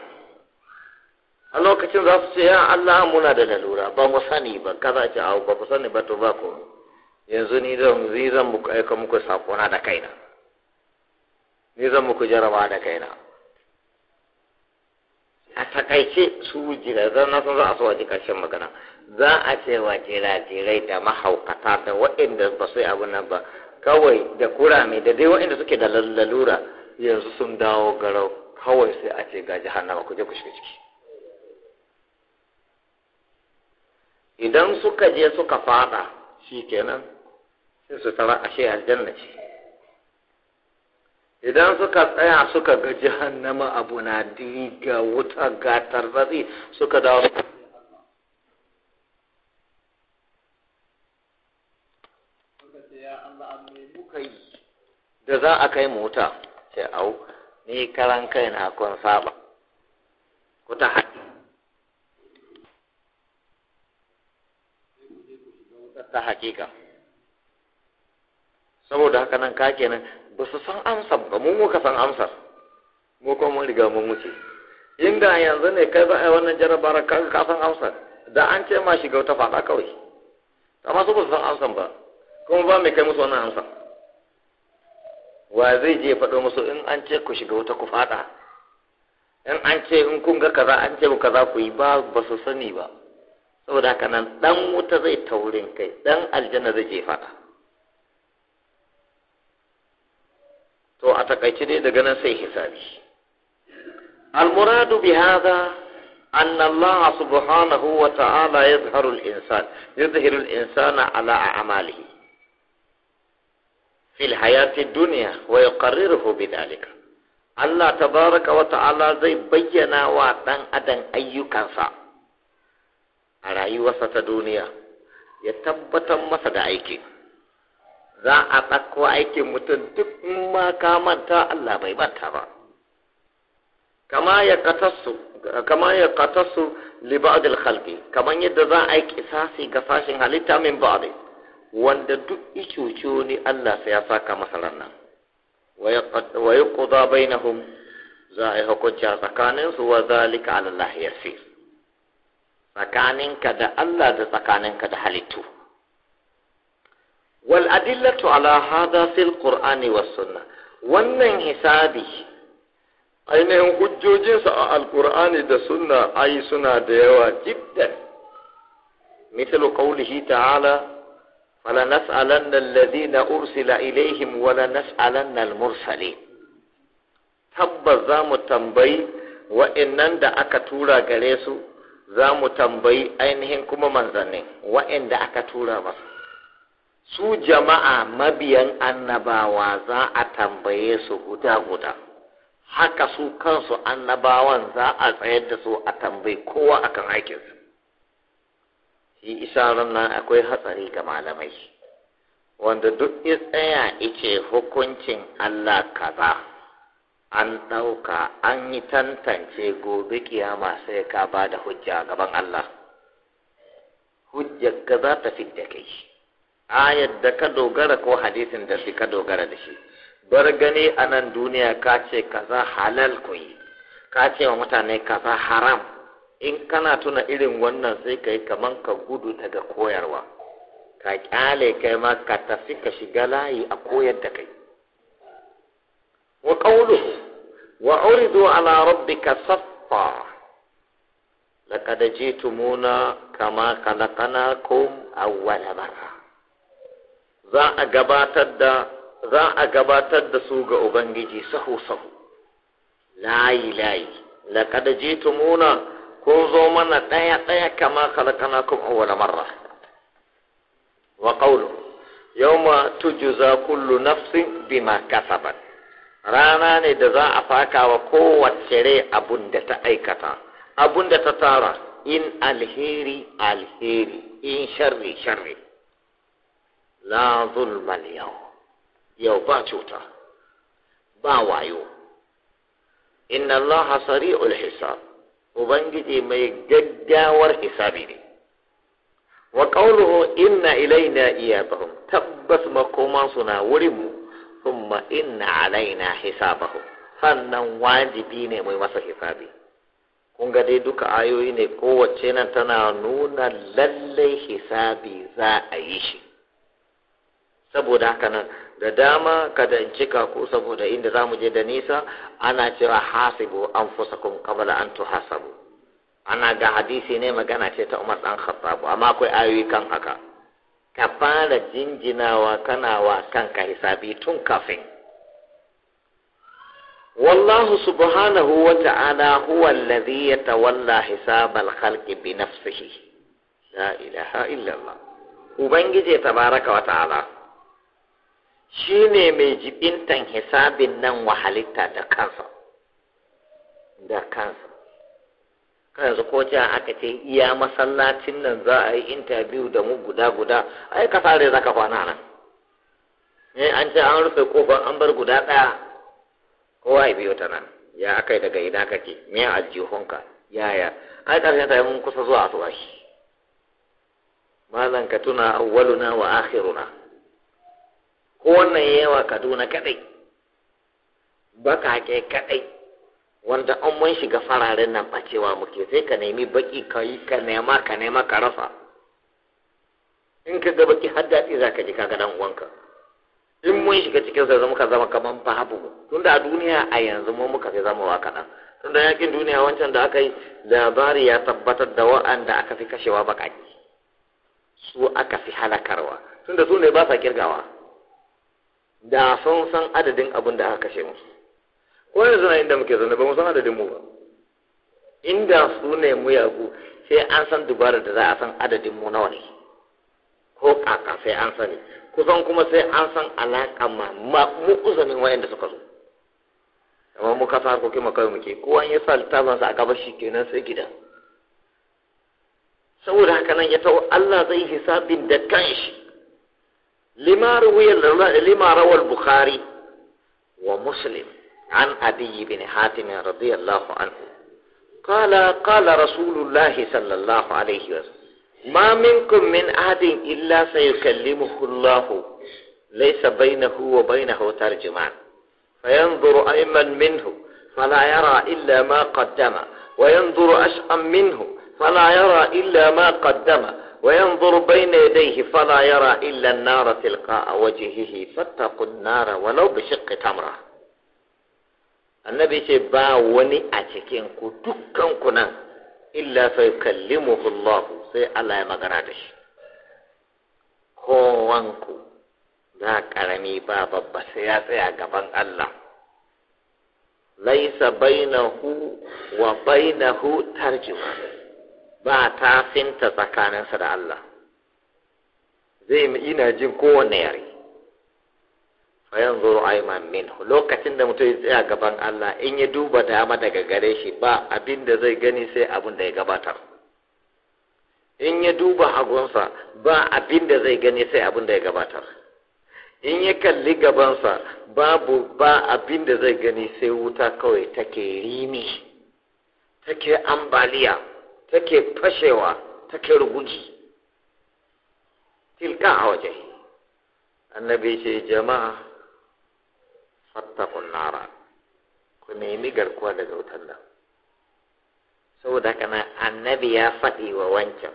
a lokacin za su ce ya Allah muna da lalura ba mu sani ba kaza ce abu ba ku sani ba to ba ko yanzu ni zan zan muku aika muku sakona da kaina ni zan muku da kaina a takaice su zan na san za a so waje karshen magana za a ce wa jirajirai da mahaukata da waɗanda ba su yi abu nan ba kawai da kurame da dai waɗanda suke da lalura yanzu sun dawo garau kawai sai a ce ga jahannama ku je ku shiga ciki idan suka je suka fada shi kenan sai su tara ashe aljanna ce idan suka tsaya suka ga jahannama abu na diga wuta ga tarbatsi suka dawo da za a kai mota ce au ni karan kai na kun saba ku ta haɗi ta hakika saboda haka nan ka kenan ba su san amsar ba mu muka san amsar mu kuma mun riga mun wuce inda yanzu ne kai za a yi wannan jarabar ka ka san amsar da an ce ma shiga ta faɗa kawai amma su ba su san amsar ba kuma ba mai kai musu wannan amsar wa zai je faɗo musu in an ce ku shiga wata ku faɗa in an ce in kun ga kaza an ce ku kaza ku yi ba ba su sani ba saboda haka nan dan wuta zai taurin kai dan aljanna zai je faɗa to a takaice dai daga nan sai hisabi almuradu bi hada أن الله سبحانه وتعالى يظهر الإنسان يظهر الإنسان على أعماله في الحياة الدنيا ويقرره بذلك الله تبارك وتعالى زي بينا واتن أدن أي كنسا على أي وسط الدنيا يتبتم مسد أيكي za a ɗauko aikin mutum duk ma ka manta Allah bai banta ba kama ya katassu li khalqi kaman yadda za a yi kisasi ga sashin halitta min ba'd wanda duk icuciyo ne Allah sai ya saka masa ranan wa yuqda bainahum za a yi hukunci tsakaninsu wa zalika ala Allah yasir tsakaninka da Allah da tsakaninka da halittu wal adillatu ala hada fil ƙurani was sunna wannan hisabi ainihin hujjojinsa a alqur'ani da sunna ayi suna da yawa jiddan مثل قوله تعالى ursila الذين wala إليهم ولنسألن المرسلين tabbas za mu tambayi wa'innan da aka tura gare su za mu tambayi ainihin kuma manzannin wa'inda aka tura masu su jama'a mabiyan annabawa za a tambaye su guda-guda haka su kansu annabawan za a tsayar da su a tambayi kowa akan aikinsu shi isa nan akwai hatsari ga malamai wanda duk ya tsaya ice hukuncin Allah kaza an ɗauka an yi tantance gobe kiyama sai ka ba da hujja gaban Allah hujjar ka za ta fidda kai ayar da ka dogara ko hadisin da ka dogara da shi bar gani a nan duniya ka ce kaza halal ku yi ka ce wa mutane kaza haram in kana tuna irin wannan sai ka yi kaman ka gudu daga koyarwa ka kyale kai ma ka tafi ka shiga layi a koyar da kai wa qawluhu wa uridu ala rabbika saffa laqad jitumuna kama khalaqnakum awwala marra za a gabatar da su ga ubangiji sahu sahu layi layi laqad jitumuna kun zo mana ɗaya ɗaya kama khalaqnakum awwala marra wa qawlu yawma tujza kullu nafsin bima kasabat rana ne da za a faka wa kowace rai abun da ta aikata abun da ta tara in alheri alheri in sharri sharri la zulma, yau yau ba cuta ba wayo inna Allah sari'ul hisab ubangiji mai gaggawar hisabi ne wa qawluhu inna ilaina iyabahum tabbas makoman suna wurin mu thumma inna alaina hisabahum sannan wajibi ne mai masa hisabi kun ga dai duka ayoyi ne kowace nan tana nuna lallai hisabi za a yi shi saboda haka nan da dama kada in cika ku saboda inda za mu je da nisa ana cewa hasibu an kun kabala an hasabu ana ga hadisi ne magana ce ta umar dan khattabu amma akwai ayoyi kan haka ka fara jinjinawa kana wa kanka hisabi tun kafin wallahu subhanahu wa ta'ala huwa alladhi yatawalla hisabal khalqi bi nafsihi la ilaha illa allah ubangije tabaraka wa ta'ala shi ne mai jibintan hisabin nan wa halitta da kansa da kansa kan yanzu ko can aka ce iya masallacin nan za a yi intabiyu da mu guda guda ai ka sare za ka kwana nan ne eh, an ce an rufe kofar an bar guda ɗaya kowa ya biyo ta nan ya aka yi daga ina kake me aljihunka yaya ai ƙarshen ta mun kusa zuwa asubashi malan ka tuna awwaluna wa akhiruna ko wannan yawa kaduna kadai bakake kadai wanda an mun shiga fararen nan bacewa muke sai ka nemi baki ka yi ka nema ka nema ka rasa in ka ga baki har daɗi za ka ji ka ga dan uwanka in mun shiga cikin sa ka zama kaman babu tunda a duniya a yanzu mu muka fi zama wa kaɗan tunda yakin duniya wancan da aka yi labari ya tabbatar da wa'anda aka fi kashewa baƙaƙi su aka fi halakarwa tunda su ne ba sa kirgawa da sun san adadin abin da aka kashe musu ko yanzu na inda muke zaune ba mu san adadin mu ba inda su ne mu yagu sai an san dubara da za a san adadin mu nawa ne ko kaka sai an sani kusan kuma sai an san alaƙa ma mu uzanin wayanda suka zo amma mu kasa harkokin mu kawai muke kowa ya sa littafinsa a gaba shi kenan sai gida saboda haka nan ya taɓa Allah zai hisabin da kanshi لما روي لما روى البخاري ومسلم عن أبي بن حاتم رضي الله عنه قال قال رسول الله صلى الله عليه وسلم ما منكم من أحد إلا سيكلمه الله ليس بينه وبينه ترجمان فينظر أيما منه فلا يرى إلا ما قدم وينظر أشأم منه فلا يرى إلا ما قدم wayan buru ne na yadda yi yara ilan nara tilka a waje hihi fata ku nara walau bi annabi ce ba wani a cikin ku dukkan ku nan illa sai kalli mu hulahu sai allah ya magana da shi ko wanku za karami ba babba sai ya tsaya gaban allah laisa bai hu wa bai hu tarji wani ba ta finta tsakaninsa da Allah zai ina jin kowane yare 'yan zuru aiman min lokacin da mutum ya tsaya gaban Allah in ya duba dama daga gare shi ba abin da zai gani sai abin da ya gabatar in ya duba hagunsa ba abin da zai gani sai abin da ya gabatar in ya kalli gabansa babu ba abin da zai gani sai wuta kawai take rimi take ambaliya take fashewa take ruguji tilka a waje annabi ce jama'a fattakun nara ku nemi garkuwa daga wutan nan saboda kana annabi ya faɗi wa wancan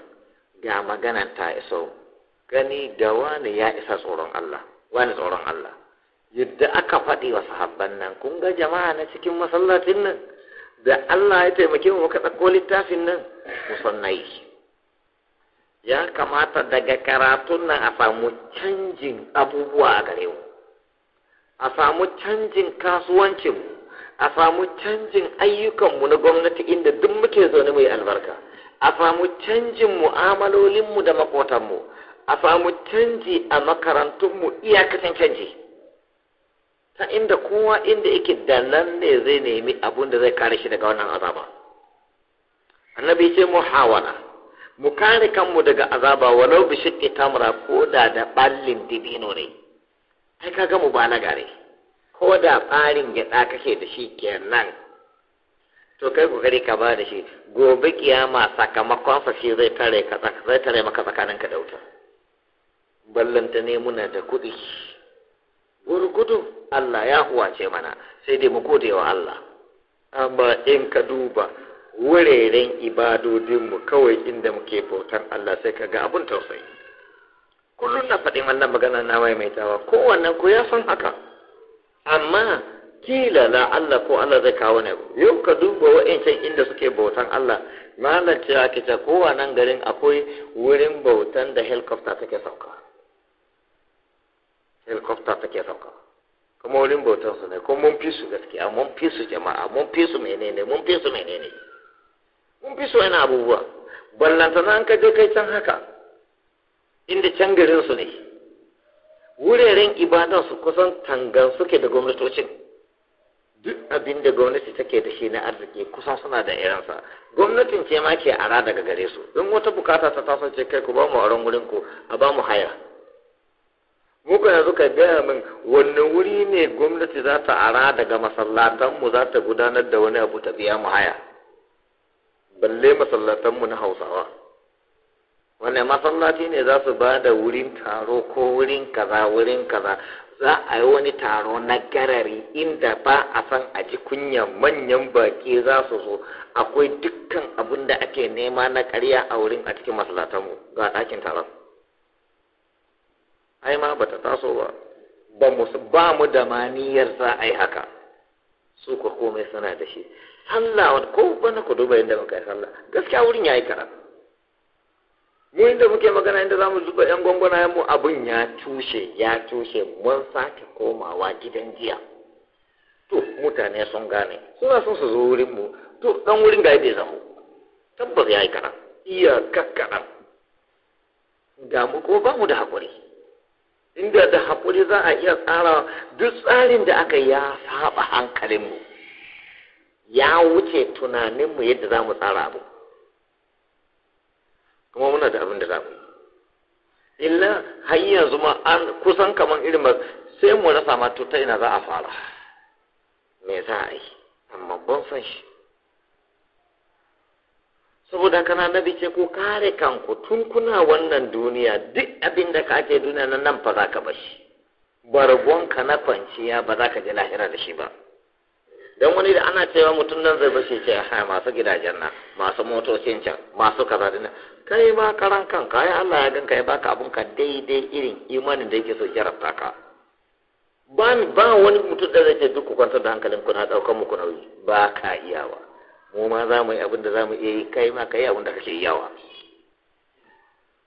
ga maganan ta iso gani ga wani ya isa tsoron Allah wani tsoron Allah yadda aka faɗi wa sahabban nan kun ga jama'a na cikin masallacin nan da Allah ya taimake mu muka ɗauko littafin nan musannai ya kamata daga karatun nan a samu canjin abubuwa a gare mu a samu canjin kasuwancin mu, a samu canjin ayyukanmu na gwamnati inda duk muke zaune mai albarka a samu canjin mu'amalolinmu da makotanmu a samu canji a makarantunmu iyakacin canji ta inda kowa inda yake da nan ne zai nemi abun da zai kare shi daga wannan azaba annabi ce hawala mu kare kanmu daga azaba walau bi shi ta mura ko da da ballin dibino ne ai kaga mu ba gare. ko da tsarin gyaɗa kake da shi kenan to kai kokari ka ba da shi gobe kiyama sakamakon sa shi zai tare ka zai tare maka tsakaninka da wuta ballanta ne muna da kuɗi gurgudu Allah ya huwace mana sai dai mu gode wa Allah amma in ka duba wuraren ibadodinmu kawai inda muke bautan Allah sai ka ga abun tausayi kullum na faɗin wannan magana na maimaitawa kowannen ku ya san haka amma kila la Allah ko Allah zai kawo ne yau ka duba wa'ancan inda suke bautan Allah malam ce ake kowannen garin akwai wurin bautan da helicopter take sauka helicopter ke sauka kuma wurin bautar su ne ko mun fi su gaskiya mun fi su jama'a mun fi su menene mun fi su menene mun fi su yana abubuwa ballanta na an ka je kai can haka inda can garin su ne wuraren ibadan su kusan tangan suke da gwamnatocin duk abin da gwamnati take da shi na arziki kusan suna da irinsa gwamnatin ce ma ke ara daga gare su in wata bukata ta taso ce kai ku ba mu auren wurin ku a ba mu haya muka yanzu ka gaya min wanne wuri ne gwamnati za ta ara daga masallatanmu za ta gudanar da wani abu ta biya mu haya balle masallatanmu na hausawa wanne masallaci ne za su ba da wurin taro ko wurin kaza wurin kaza za a yi wani taro na garari inda ba a san a ji kunya manyan baƙi za su zo akwai dukkan abin da ake nema na karya a wurin a cikin masallatanmu ga ɗakin taron ai ma bata taso ba ba mu ba mu da maniyar za a yi haka su ka komai sana da shi sallah wani ko bana ku duba inda muka yi sallah gaskiya wurin yayi kara mu inda muke magana inda zamu zuba yan gwangwana mu abun ya tushe ya tushe mun sake komawa gidan jiya to mutane sun gane suna son su zo wurin mu to dan wurin ga bai zaho tabbas yayi kara iya kakkara ga mu ko ba mu da haƙuri inda da haƙuri za a iya tsara duk tsarin da aka ya saba hankalinmu ya wuce tunaninmu yadda za mu tsara abu kuma muna da abin da za mu illa har yanzu ma an kusan kamar irin ba sai mu rasa ma ina za a fara me za a yi amma ban san shi saboda kana nabi ce ko kare kanku tun kuna wannan duniya duk abin da ka ake duniya nan nan fa za ka bashi ka na kwanciya ba za ka je lahira da shi ba don wani da ana cewa mutum nan zai bashi ce ha masu gidajen nan masu motocin can masu kaza da kai ma karan kanka ai Allah ya ganka ya baka abun ka daidai irin imanin da yake so rafta ka ba ba wani mutum da zai ce duk ku kwantar da hankalin ku na daukar muku nauyi ba ka iyawa mu ma za mu yi abin da za mu iya yi kai ma kai abin da kake yawa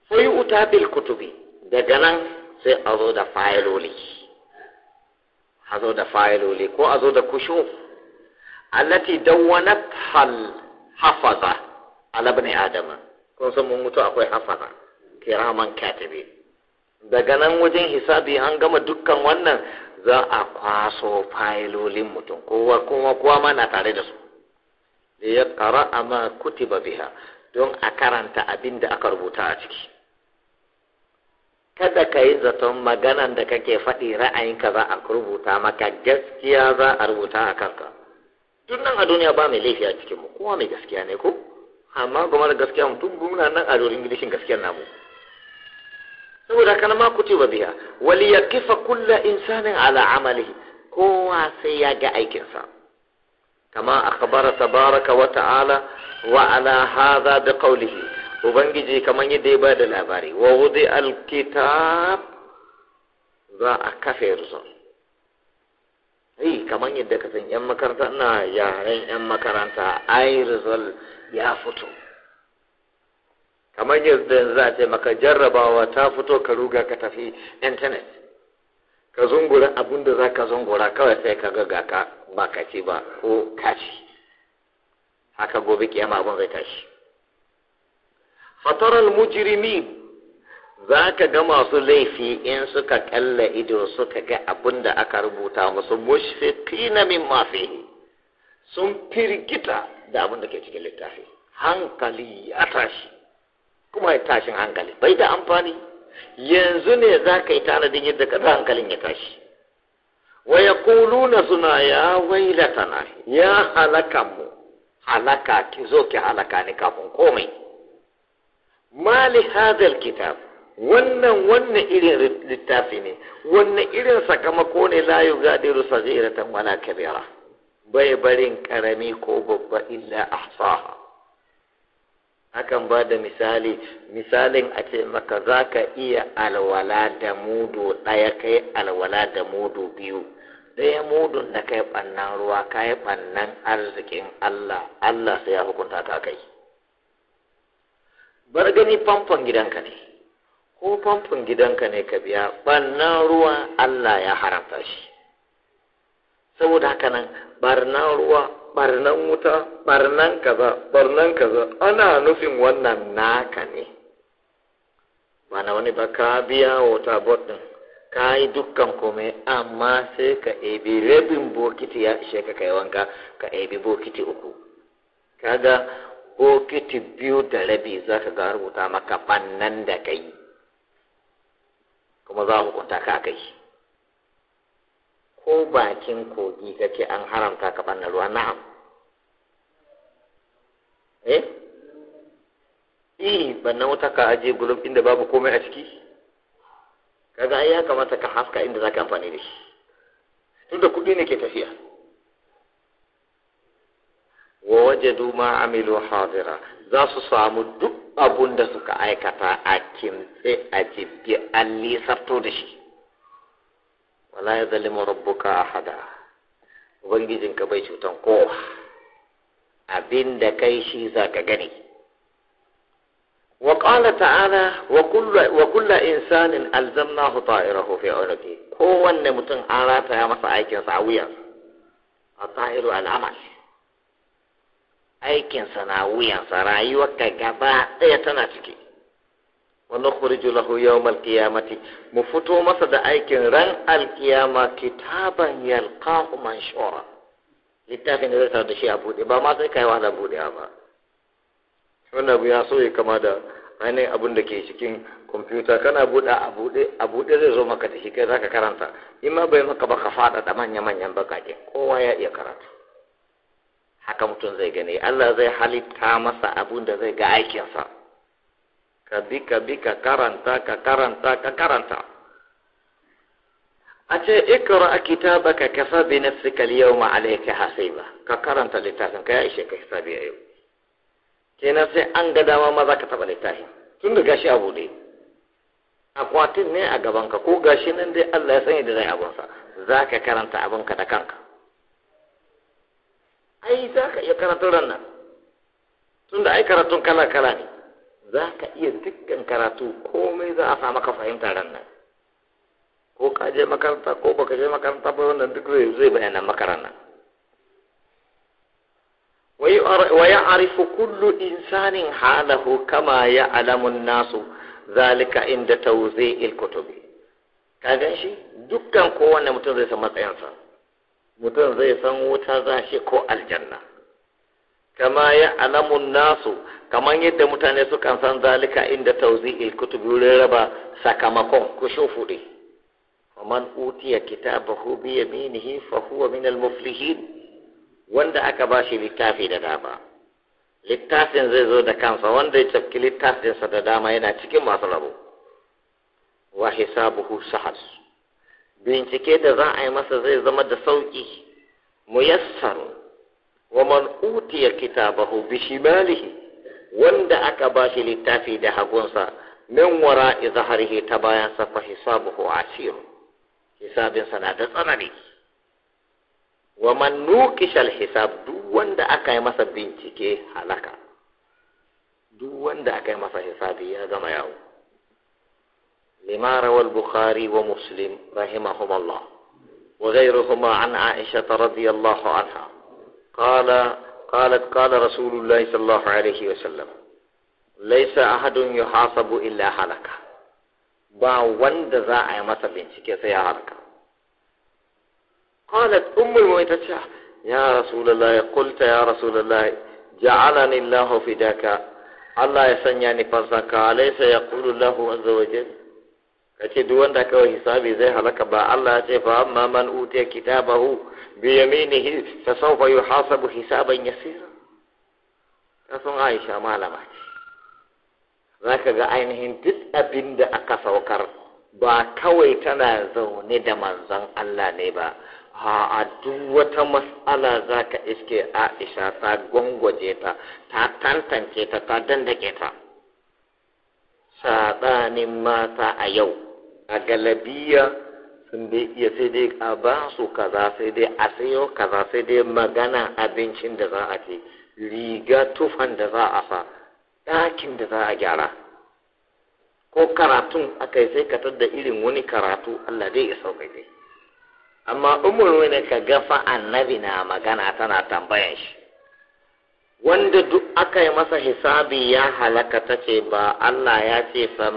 sai uta bil kutubi daga nan sai a zo da fayiloli a zo da fayiloli ko a zo da kushu allati dawwana hal hafaza ala bani adama kun san mun mutu akwai hafaza kiraman katibi daga nan wajen hisabi an gama dukkan wannan za a kwaso fayilolin mutum kowa kuma kowa ma na tare da su da ya ƙara a ma ba biha don a karanta abin da aka rubuta a ciki kada ka yi zaton maganan da kake faɗi ra'ayinka za a rubuta maka gaskiya za a rubuta a kanka tun nan a duniya ba mai laifi a cikinmu kowa mai gaskiya ne ko amma game da gaskiya mu tun muna nan a dorin ingilishin gaskiyar namu saboda kana ma ba biya wali kifa kulla insanin ala amali kowa sai ya ga aikinsa كما أخبر تبارك wa ta'ala هذا بقوله وبنجي biqawlihi ubangiji kaman yadda ya bada labari wa wudi alkitab za kaman yadda ka san yan makaranta ina yaren yan makaranta ai rizal ya fito kamar yadda za a ce maka jarrabawa ta fito ka ruga ka tafi intanet ka zungura abin da za ka zungura kawai sai ka ga ka ba ka ce ba ko kashi haka gobe kiyama abin zai tashi fataral mujrimin za ka ga masu laifi in suka kalla ido suka ga abin da aka rubuta musu na min ma fihi sun firgita da abin da ke cikin littafi hankali ya tashi kuma ya tashin hankali bai da amfani yanzu ne za ka yi tanadin yadda ka hankalin ya tashi wa yaquluna suna ya wailatana ya halaka mu halaka ki zo ki halaka ni kafin komai mali hadal kitab wannan wannan irin littafi ne wannan irin sakamako ne la yugadiru saghiratan wala kabira bai barin karami ko babba illa ahsaha akan ba da misali misalin a ce maka za ka iya alwala da mudu ɗaya kai alwala da mudu biyu ɗaya mudun da kai ɓannan ruwa kai ɓannan arzikin Allah Allah sai ya hukunta ka kai bar gani famfon gidanka ne ko famfon gidanka ne ka biya ɓannan ruwa Allah ya haramta shi saboda haka nan ɓarnan ruwa barnan wuta barnan kaza barnan kaza ana nufin wannan naka ne mana wani ba ka biya wata bot din ka yi dukkan komai amma sai ka ebi rabin bokiti ya ishe ka kai wanka ka ebi bokiti uku kaga bokiti biyu da rabi za ka ga rubuta maka bannan da kai kuma za hukunta ka kai ko bakin kogi ka ce an haramta ka ɓanna ruwa na'am eh eh bannan wuta ka aje gulub inda babu komai a ciki kaga ai ya kamata ka haska inda zaka amfani da shi tunda kuɗi ne ke tafiya wa wajadu ma amilu hadira za su samu duk abun da suka aikata a kimtse a jibbi an nisarto da shi wala ya zalimu rabbuka ahada ka bai cutan kowa abin da kai shi za ka gani وقال تعالى وكل وكل انسان الزمناه طائره في عنقه kowanne mutum an rataya masa aikinsa a wuyan a ta'iru al'amal aikinsa na wuyansa ka gaba ɗaya tana ciki wa nukhriju lahu yawmal mu fito masa da aikin ran alkiyama kitaban yalqahu manshura littafin da zai da shi a bude ba ma sai kai zan buɗe ba wannan abu ya so ya kama da ainihin abin da ke cikin kwamfuta kana buɗe a buɗe a buɗe zai zo maka da shi kai zaka karanta in ma bai maka ba ka faɗa da manya manyan bakake kowa ya iya karatu haka mutum zai gani Allah zai halitta masa abun da zai ga aikinsa. ka bi ka bi ka karanta ka karanta ka karanta a ce ikra kitabaka kafa bi nafsika al-yawma alayka hasiba ka karanta littafin ka ya ishe ka hisabi a yau kenan sai an ga dama ma za ka taba littafin tun da gashi abu dai akwatin ne a gaban ka ko gashi nan dai Allah ya sani da zai abunsa za ka karanta abun ka da kanka ai za ka iya karanta ran nan tun da ai karatun kala kala ne za ka iya dukkan karatu komai za a samu maka fahimta ran nan ko ka je makaranta ko baka je makaranta ba wannan duk zai zai bayyana maka ran nan wa ya'rifu kullu insanin halahu kama ya'lamu an-nasu zalika inda tawzi'il kutubi ka gan shi dukkan kowanne mutum zai san matsayinsa mutum zai san wuta za shi ko aljanna kama ya alamun nasu kamar yadda mutane sukan san zalika inda tawzi'il kutubi wurin raba sakamakon ko shufuɗe man utiya kitabahu bi yaminihi fa huwa min al muflihin wanda aka ba shi littafi da dama littafin zai zo da kansa wanda ya tafki littafinsa da dama yana cikin masu rabo wa hisabuhu sahal bincike da za a yi masa zai zama da sauki muyassar wa man utiya kitabahu bi shimalihi wanda aka ba shi littafi da hagunsa min wara izaharihi ta bayan safa hisabuhu asir hisabinsa na da tsanani wa man nuqishal hisab duk wanda aka yi masa bincike halaka duk wanda aka yi masa hisabi ya gama yawo lima rawal bukhari wa muslim rahimahumallah wa ghayruhuma an aisha radiyallahu anha qala قالت قال رسول الله صلى الله عليه وسلم ليس أحد يحاسب إلا ba wanda za a yi masa bincike sai ya harka qalat ummul mu'minin ya rasulullah qulta ya rasulullah ja'alani allah fidaka allah ya sanya ni fansaka alaysa yaqulu allah ka ce duk wanda kawai hisabi zai halaka ba Allah ya ce fa amma man utiya kitabahu bi yaminihi fa sawfa yuhasabu hisaban yasira ka san Aisha malama ce zaka ga ainihin duk abin da aka saukar ba kawai tana zaune da manzon Allah ne ba a duk wata mas'ala za ka iske aisha ta gwangwaje ta ta tantance ta ta dandake ta saɗanin mata a yau a galabiya sun dai iya sai dai a ba su kaza sai dai a sayo kaza sai dai magana abincin da za a ce riga tufan da za a sa ɗakin da za a gyara ko karatun aka yi sai katar da irin wani karatu Allah dai ya sauka dai amma umar wani ka gafa annabi na magana tana tambayan shi wanda duk aka yi masa hisabi ya halaka ta ce ba Allah ya ce fa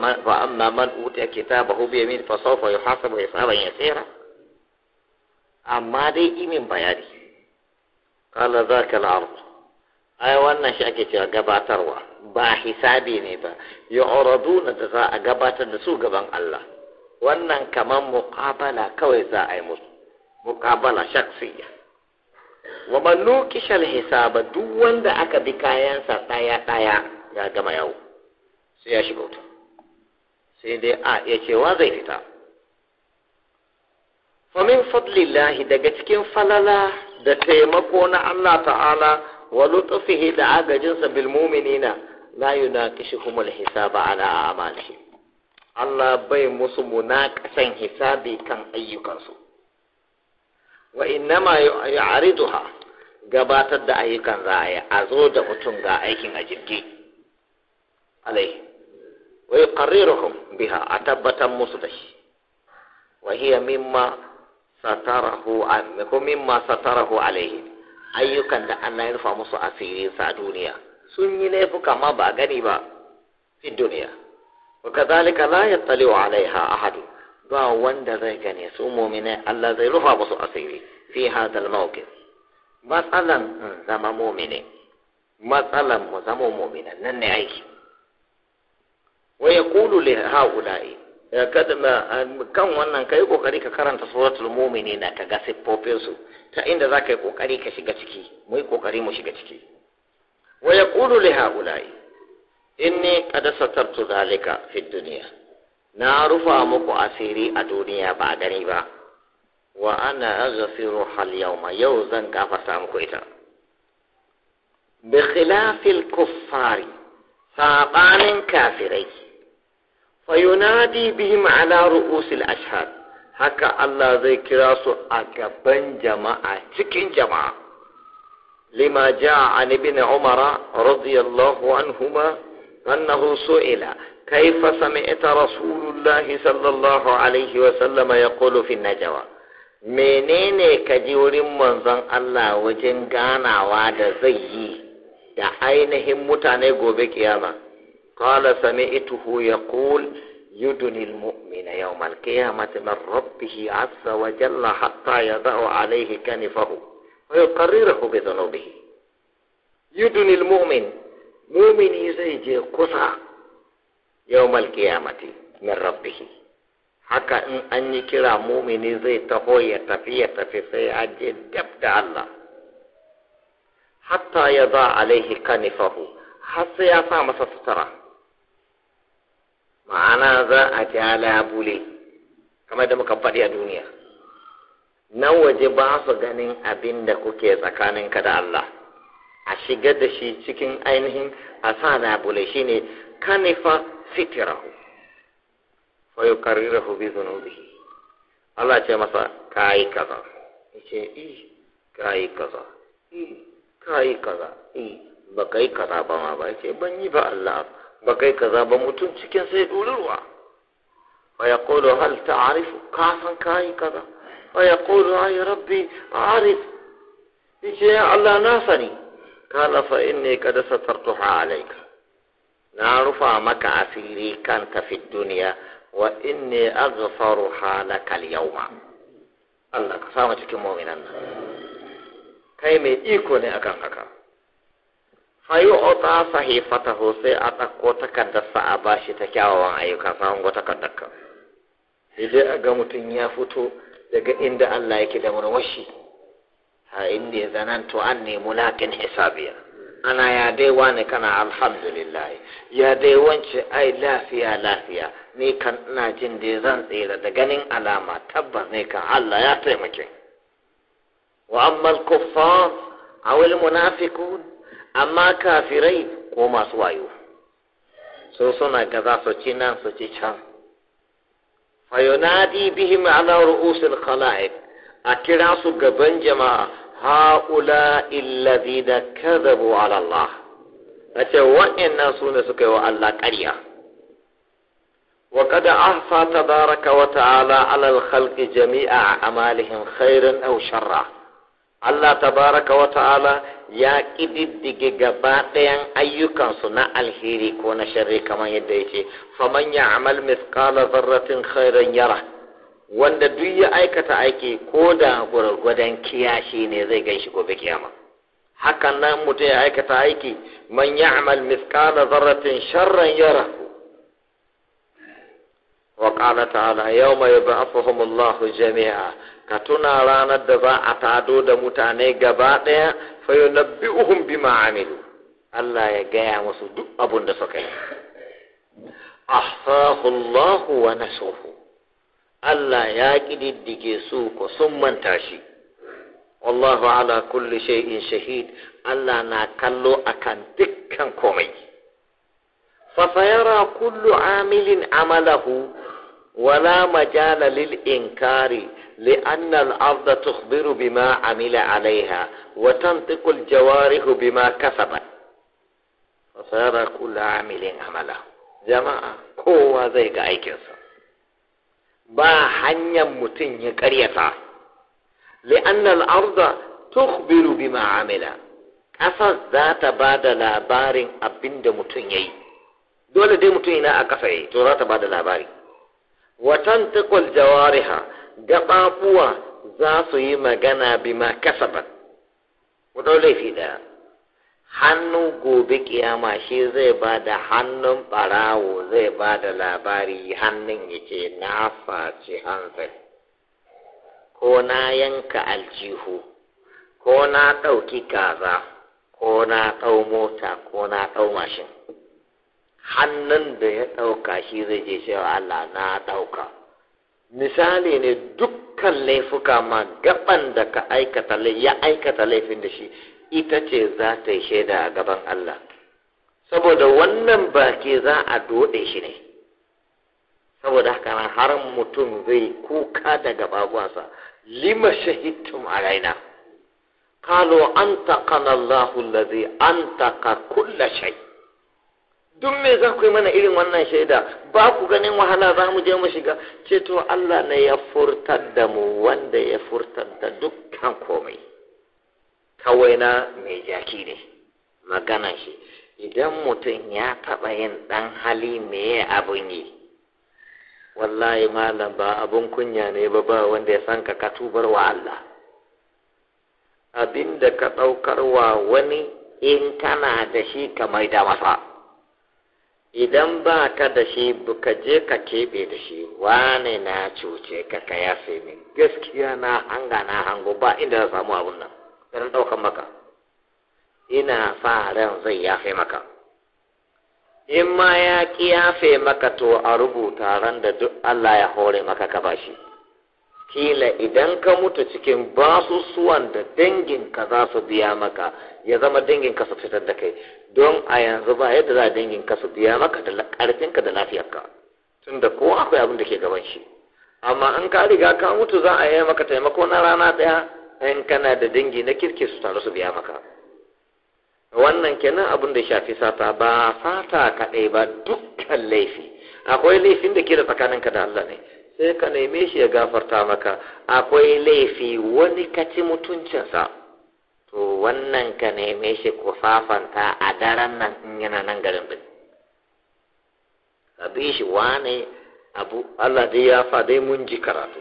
amma man uta kitabahu bi yamin fa sawfa yuhasabu hisaban yasira amma dai imin bayani qala zaka al-ard ai wannan shi ake cewa gabatarwa ba hisabi ne ba yu'raduna da za a gabatar da su gaban Allah wannan kaman muqabala kawai za a yi musu muqabala shakhsiyya wa man kishal hisaba duk wanda aka bi kayansa ɗaya ɗaya ya gama yawo sai ya shiga wuta sai dai a ce wa zai fita Fa min fadlillahi daga cikin falala da taimako na Allah ta'ala wa lutfihi da agajinsa bil mu'minina la yunaqishuhum al hisaba ala a'malihim Allah bai musu munakasan hisabi kan ayyukansu wa innama duha? gabatar da ayyukan za a yi a zo da mutum ga aikin a jirgi alai wa yuqarriruhum biha a tabbatar musu da shi wa hiya mimma satarahu ko mimma satarahu alaihi ayyukan da an ya rufa musu asiri sa duniya sun yi laifuka ma ba gani ba fi duniya wa kazalika la yattali'u alaiha ahadu ba wanda zai gane su muminai Allah zai rufa musu asiri fi hadal mawqif matsalan zama mumine matsalan mu zama muminan nan ne aiki wa yaqulu li haula'i kan wannan kai kokari ka karanta suratul mu'minina ka ga siffofin su ta inda zaka yi kokari ka shiga ciki mu yi kokari mu shiga ciki wa yaqulu li haula'i inni qad satartu zalika fid dunya na rufa muku asiri a duniya ba a gani ba wa ana azafiru hal yauma yau zan gafarta muku ita bi khilafil kuffari sabanin kafirai fa yunadi bihim ala ru'usil ashhad haka Allah zai kira su a gaban jama'a cikin jama'a lima ja'a an ibn umara radiyallahu anhuma annahu su'ila كيف سمعت رسول الله صلى الله عليه وسلم يقول في النجوى menene ka ji wurin manzon Allah wajen ganawa da zai yi da ainihin mutane gobe kiyama qala sami'tuhu yaqul yudni almu'mina yawm alqiyamati min rabbih azza wa jalla hatta yada'u alayhi kanifahu wa yuqarriruhu bi dhunubihi yudni almu'min mu'mini zai je kusa ya mati, min rabbihi haka in an yi kira mumini zai taho ya tafi ya tafi sai ya dab da Allah hatta ya za alaihi kanifahu har sai ya sa masa sutura ma'ana za a ja labule kamar da muka faɗi a duniya na waje ba su ganin abin da kuke tsakanin ka da Allah a shiga da shi cikin ainihin a sa labule shine kanifa fitirahu fa yukarrirahu bi dhunubihi Allah ce masa kayi kaza I yace i eh, kayi kaza i eh, kayi kaza i eh, ba kai kaza ba ma ba I ce ban yi ba Allah ba kai kaza ba mutum cikin sai dururwa fa yaqulu hal ta'rifu ka san kayi kaza fa yaqulu ayi rabbi arif yace Allah na sani kala fa inni qad satartuha alayka na rufa maka asiri kan tafi duniya wa inni aghfaru halakal yawma Allah ka samu cikin mominan nan kai mai iko ne akan haka ta ota sahifatahu sai a ɗauko takardarsa a bashi ta kyawawan ayyuka samun wata takardarka sai a ga mutum ya fito daga inda Allah yake da murmushi ha inda ya zananto an nemi lafin hisabiyar ana ya dai wani kana alhamdulillah ya dai wance ai lafiya lafiya ni kan ina jin dai zan tsira da ganin alama tabbas ne kan Allah ya taimake wa amma kuffar aw al-munafiqun amma kafirai ko masu wayo so suna gaza su ci nan su ci can fayonadi bihim ala ru'usil khala'iq a kira su gaban jama'a haƙula illazi da kazabu ala Allah na ce wa'annan su ne suka yi wa Allah ƙarya wa kada ahsa tabaraka wa ta'ala ala al-khalqi jami'a amalihim khairan aw sharra Allah tabaraka wa ta'ala ya ƙididdige gaba ɗayan ayyukansu na alheri ko na sharri kamar yadda yake faman ya amal miskala zarratin khairan yara wanda duk ya aikata aiki ko da gwargwadon kiyashi ne zai gan shi gobe kiyama hakan nan mutum ya aikata aiki man ya'mal mithqala zarafin sharran yara wa qala ta'ala yawma yub'athuhum Allahu jami'a ka tuna ranar da za a tado da mutane gaba daya fa yunabbi'uhum bima amilu Allah ya gaya musu duk abun da suka yi ahsahu Allahu wa nasuhu Allah ya ƙididdike su ku sun manta shi. Wallahu ala kulli shay'in shahid Allah na kallo akan dukkan komai. Fafayara kullu amilin amalahu wala majalalil lil inkari li annal arda tukhbiru bima amila alaiha wa tantiqul jawarihu bima kasaba fa sara kullu amala jama'a kowa zai ga aikinsa ba hanyar mutum ya karyata li'annal arda tukhbiru bima amila Ƙasa za ta ba da labarin abin da mutum ya yi dole dai mutum ina a ƙasa ya to za ta ba da labari watan takwal jawariha gaɓaɓuwa za su yi magana bima kasabat wadau laifi ɗaya hannun gobe kiyama shi zai ba da hannun barawo zai ba da labari hannun yake na faci hanzar ko na yanka aljihu ko na ɗauki kaza ko na ɗau mota ko na ɗau mashin hannun da ya ɗauka shi zai je cewa Allah na ɗauka misali ne dukkan laifuka ma gaban da ka aikata ya aikata laifin da shi ita ce za ta yi shaida a gaban Allah saboda wannan baki za a doɗe shi ne saboda haka nan har mutum zai kuka daga babuwansa lima shahidtum alaina qalu antaqana Allahu an antaka kulla shai. duk me za ku yi mana irin wannan shaida ba ku ganin wahala za mu je mu shiga ce to Allah ne ya furtar da mu wanda ya furtar da dukkan komai kawai na mai jaki ne magana shi idan mutum ya taɓa yin ɗan hali meye abin yi wallahi malam ba abin kunya ne ba ba wanda ya san ka ka tubar wa Allah abin da ka ɗaukar wa wani in kana da shi ka da masa idan ba ka da shi ka je ka keɓe da shi wane na cuce ka ka yafe min gaskiya na hanga na hango ba inda na samu abun nan garin ɗaukan maka ina sa ran zai yafe maka in ma ya ki yafe maka to a rubuta ran da duk Allah ya hore maka ka bashi kila idan ka mutu cikin basusuwan da danginka za su biya maka ya zama danginka su fitar da kai don a yanzu ba yadda za danginka su biya maka da ƙarfinka da lafiyarka tunda ko akwai abin da ke gaban shi amma in ka riga ka mutu za a yi maka taimako na rana ɗaya in kana da dangi na kirki su taru su biya maka wannan kenan abin da shafi sata ba sata kaɗai ba dukkan laifi akwai laifin da ke da tsakaninka da Allah ne sai ka neme shi ya gafarta maka akwai laifi wani kaci mutuncinsa to wannan ka neme shi ku fafanta a daren nan in yana nan garin bin. bi shi wane abu Allah dai ya fa dai mun ji karatu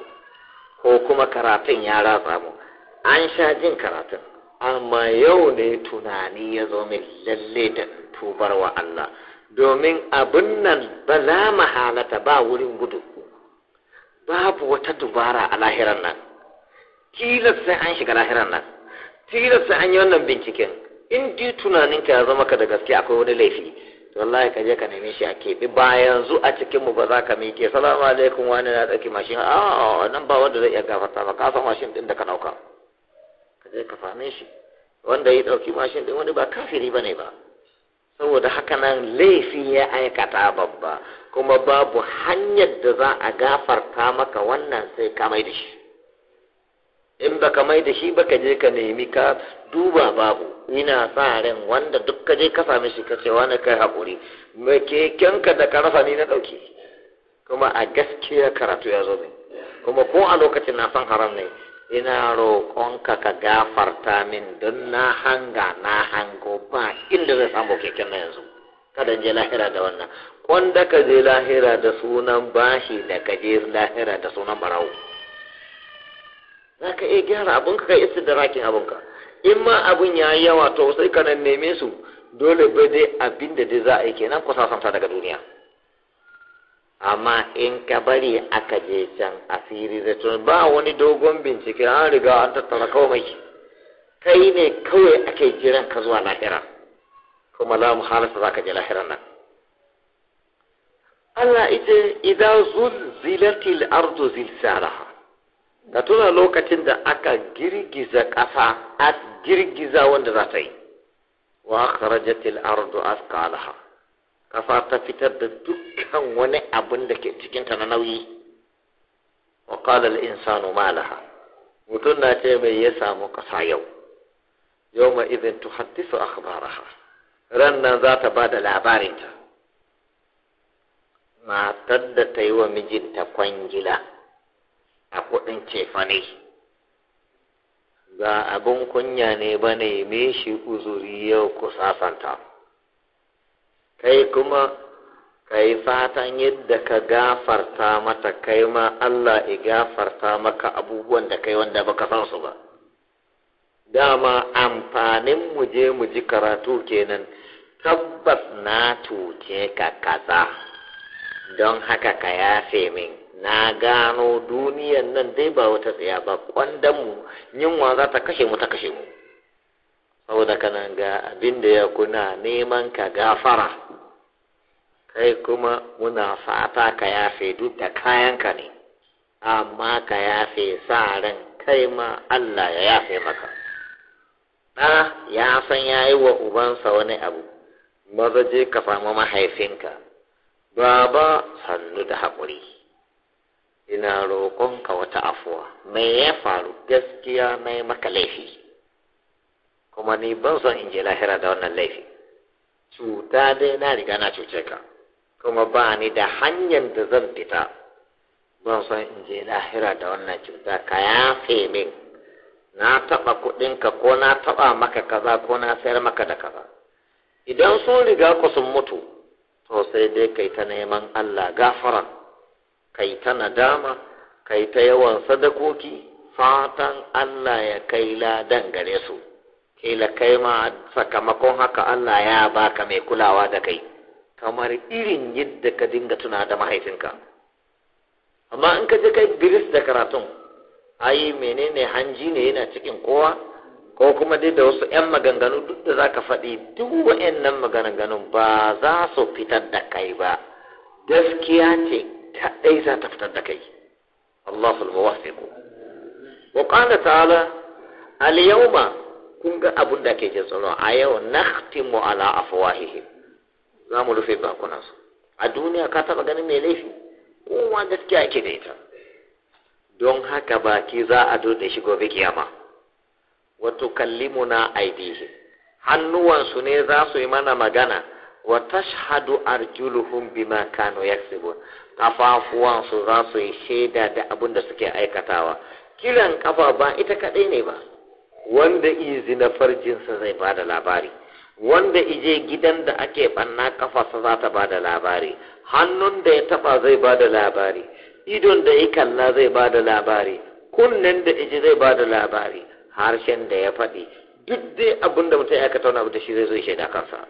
ko kuma karatun ya ratsa mu an sha jin karatun amma yau ne tunani ya zo min lalle da tubar wa Allah domin abin nan ba mu mahalata ba wurin gudu babu wata dubara a lahiran nan tilas sai an shiga lahiran nan tilas sai an yi wannan binciken in ji tunaninka ya zama ka da gaske akwai wani laifi wallahi ka je ka neme shi a keɓe ba yanzu a cikinmu ba za ka miƙe salamu alaikum wani na ɗauki mashin a ah, nan ba wanda zai iya gafarta ba ka san mashin ɗin da ka ɗauka zai ka fame shi wanda ya ɗauki mashin ɗin wani ba kafiri ba ne ba saboda haka nan laifi ya aikata babba kuma babu hanyar da za a gafarta maka wannan sai ka mai da shi in baka mai da shi baka je ka nemi ka duba babu ina sa ran wanda duk ka je ka same shi ka ce wani kai haƙuri mai ka da ka rasa ni na ɗauki kuma a gaskiya karatu ya zo min kuma ko a lokacin na san haram ne ina roƙonka ka gafarta min don na hanga na hango ba inda zai samu keken na yanzu kada je lahira da wannan wanda ka je lahira da sunan bashi da ka je lahira da sunan barawo za ka iya gyara abinka ka da abun abinka in ma abin ya yi yawa to sai ka nan neme su dole bai dai abin da dai za a yi kenan ku samta daga duniya amma in ka bari aka je can asiri da tun ba wani dogon bincike an riga an tattara komai kai ne kawai ake jiran ka zuwa lahira kuma la muhalasa za ka je lahiran nan Allah ita idan zulzilatil ardu zilzalaha da tuna lokacin da aka girgiza ƙasa a girgiza wanda za ta yi wa akhrajatil ardu asqalaha ƙasa ta fitar da dukkan wani abun da ke cikinta na nauyi wa qala al insanu ma laha mutum na ce mai ya samu kasa yau yawma idhin tuhaddisu akhbaraha ran nan za ta ba da labarinta matar da ta yi wa mijinta kwangila a kuɗin cefane za abin kunya ne ba ne me shi uzuri yau ku sasanta kai kuma ka yi fatan yadda ka gafarta mata kai ma Allah ya gafarta maka abubuwan da kai wanda baka san su ba dama amfanin mu je mu ji karatu kenan tabbas na tuce ka kaza don haka ka yafe min na gano duniyan nan dai ba wata tsaya ba mu yunwa za ta kashe mu ta kashe mu saboda kanan ga abin ya kuna neman ka gafara kai kuma muna fata ka yafe duk da kayanka ne amma ka yafe sa ran kai ma Allah ya yafe maka ɗa ya san ya yi wa ubansa wani abu maza je ka samu mahaifinka baba sannu da haƙuri ina roƙonka wata afuwa me ya faru gaskiya na yi maka laifi kuma ni ban son in je lahira da wannan laifi cuta dai na riga na cuce ka kuma ba ni da hanyar da zan fita ba san in je lahira da wannan cuta ka yafe min na taɓa kuɗinka ko na taɓa maka kaza ko na sayar maka da kaza idan sun riga ku sun mutu to sai dai kai ta neman Allah gafara kai ta nadama kai ta yawan sadakoki fatan Allah ya kai ladan gare su kila kai ma sakamakon haka Allah ya baka mai kulawa da kai kamar irin yadda ka dinga tuna da mahaifinka amma in ka je kai biris da karatun ayi menene hanji ne yana cikin kowa ko kuma dai da wasu 'yan maganganu duk da za ka faɗi duk wa'annan maganganun ba za su fitar da kai ba gaskiya ce kaɗai za ta fitar da kai Allah muwaffiqu wa qala ta'ala al yawma kun ga abun da ke jin tsoro a yau nakhtimu ala afwahihim za mu rufe bakunansu a duniya ka taɓa ganin mai laifi kowa gaskiya ake da ita don haka baki za a dode shi gobe kiyama wato na aidihi hannuwansu ne za su yi mana magana wa tashhadu arjuluhum bima kanu yaksibun kafafuwansu za su yi shaida da abin da suke aikatawa kiran kafa ba ita kadai ne ba wanda izi na farjinsa zai ba da labari wanda ije gidan da ake banna kafarsa za ta bada labari hannun da ya taba zai bada labari idon da ya kalla zai bada labari kunnen da ije zai bada labari harshen da ya faɗi duk dai abin da mutum ya ka tauna da shi zai zo shaida kansa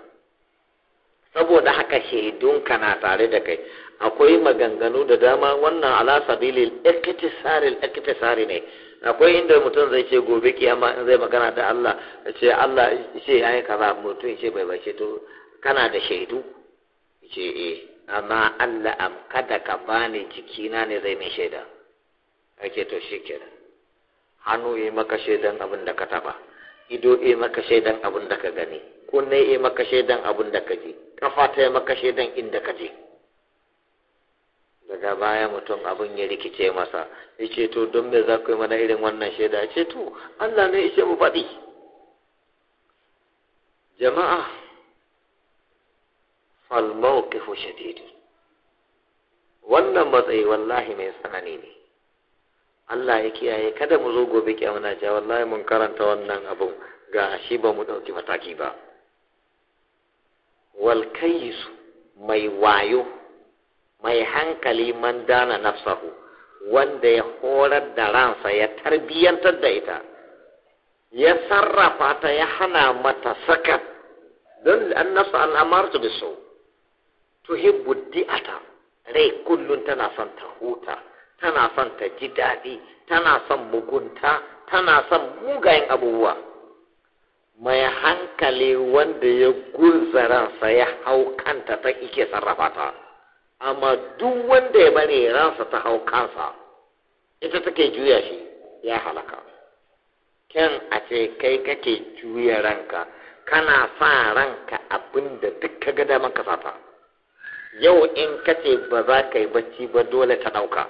saboda haka shaidun kana tare da kai akwai maganganu da dama wannan ala sabilil iktisaril iktisari ne akwai inda mutum zai ce gobe kiyama in zai magana da Allah ce Allah ce yayi kaza mutum ce bai bace to kana da shaidu ce eh amma Allah am kada ka bani jikina ne zai mai shaida ake to shikenan hannu yi maka shaidan abin da ka taba ido yi maka shaidan abin da ka gani kunne yi maka shaidan abin da ka ji kafa ta yi maka shaidan inda ka je daga baya mutum abin ya rikice masa ya ce to don me za ku yi mana irin wannan shaida ya ce to Allah ne ya mu faɗi jama'a Falmau falmaukifu shadidu wannan matsayi wallahi mai tsanani ne Allah ya kiyaye kada mu zo gobe kyamuna ce wallahi mun karanta wannan abin ga shi ba mu ɗauki mataki ba walkayisu mai wayo mai hankali man dana nafsahu wanda ya horar da ransa ya tarbiyantar da ita ya sarrafa ta ya hana mata saka. don annasu al'amartu da su tuhibbu di'ata rai kullum tana son ta huta tana son ta ji daɗi tana son mugunta tana son mugayen abubuwa mai hankali wanda ya gunza ya hau kanta ta ike sarrafa ta amma duk wanda ya bane ransa ta hau kansa ita take juya shi ya halaka kyan a ce kai kake juya ranka kana sa ranka abin da duk ka ga damar kasata. yau in ka ce ba za ka yi bacci ba dole ta ɗauka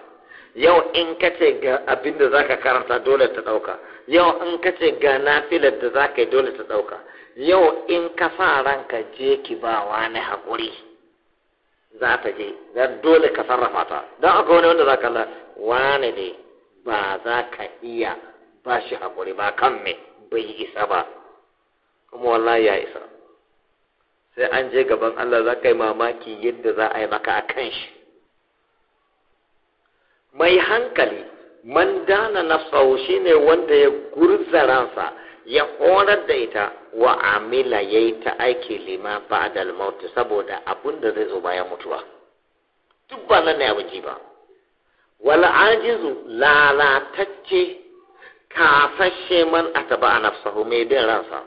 yau in kace ga abin da za ka karanta dole ta ɗauka yau in kace ga nafilar da za ka yi dole ta ɗauka yau in ka sa ranka je ki ba wani haƙuri za ta je dan dole ka sarrafa ta don akwai wani wanda za ka wane ne ba za ka iya ba shi haƙuri ba kan me bai isa ba kuma wallahi ya isa sai an je gaban Allah za ka yi mamaki yadda za a yi maka a kan shi mai hankali man dana nafsahu shine wanda ya gurza ransa ya horar da ita wa amila yi ta aiki lima da dalmauti saboda abun da zai zo bayan mutuwa duk ba nan ne abin ji ba wal ajizu lalatacce kafashe man a nafsahu mai bin ransa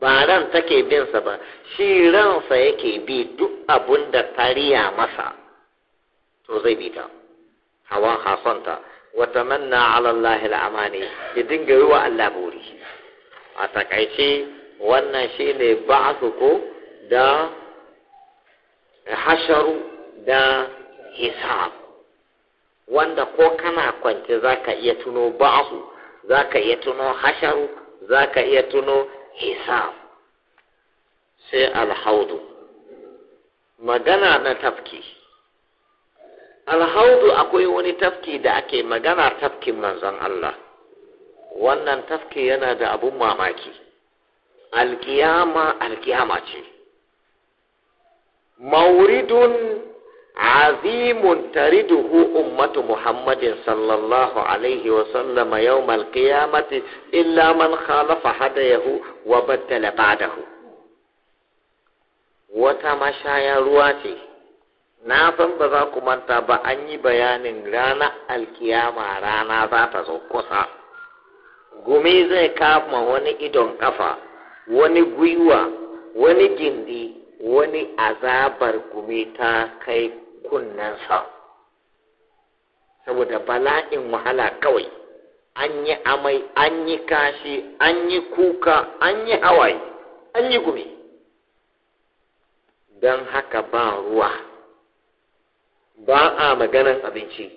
ba ran take bin ba shi ransa yake bi duk abun da tariya masa to zai bi ta hawan hasanta wa tamanna ala allahi ya dinga yi wa Allah buri a takaice wannan shi ne ba'asu ko da hasharu da hisab wanda ko kana kwance za ka iya tuno ba'asu za ka iya tuno hasharu za ka iya tuno hisab sai alhaudu magana na tafki alhaudu akwai wani tafki da ake magana tafkin manzon Allah wannan tafke yana da abun mamaki alkiyama alkiyama ce mauridun azimun tariduhu ummatu muhammadin sallallahu alaihi wa sallama yawmal illa man khalafa hadayahu wa baddala ba'dahu wata mashaya ruwa ce na san ba za ku manta ba an yi bayanin rana alkiyama rana za ta zo kusa gumi zai kama wani idon kafa wani gwiwa wani gindi wani azabar gumi ta kai kunnensa saboda bala'in wahala kawai an yi amai an yi kashi an yi kuka an yi hawaye an yi gumi don haka ba ruwa ba a maganar abinci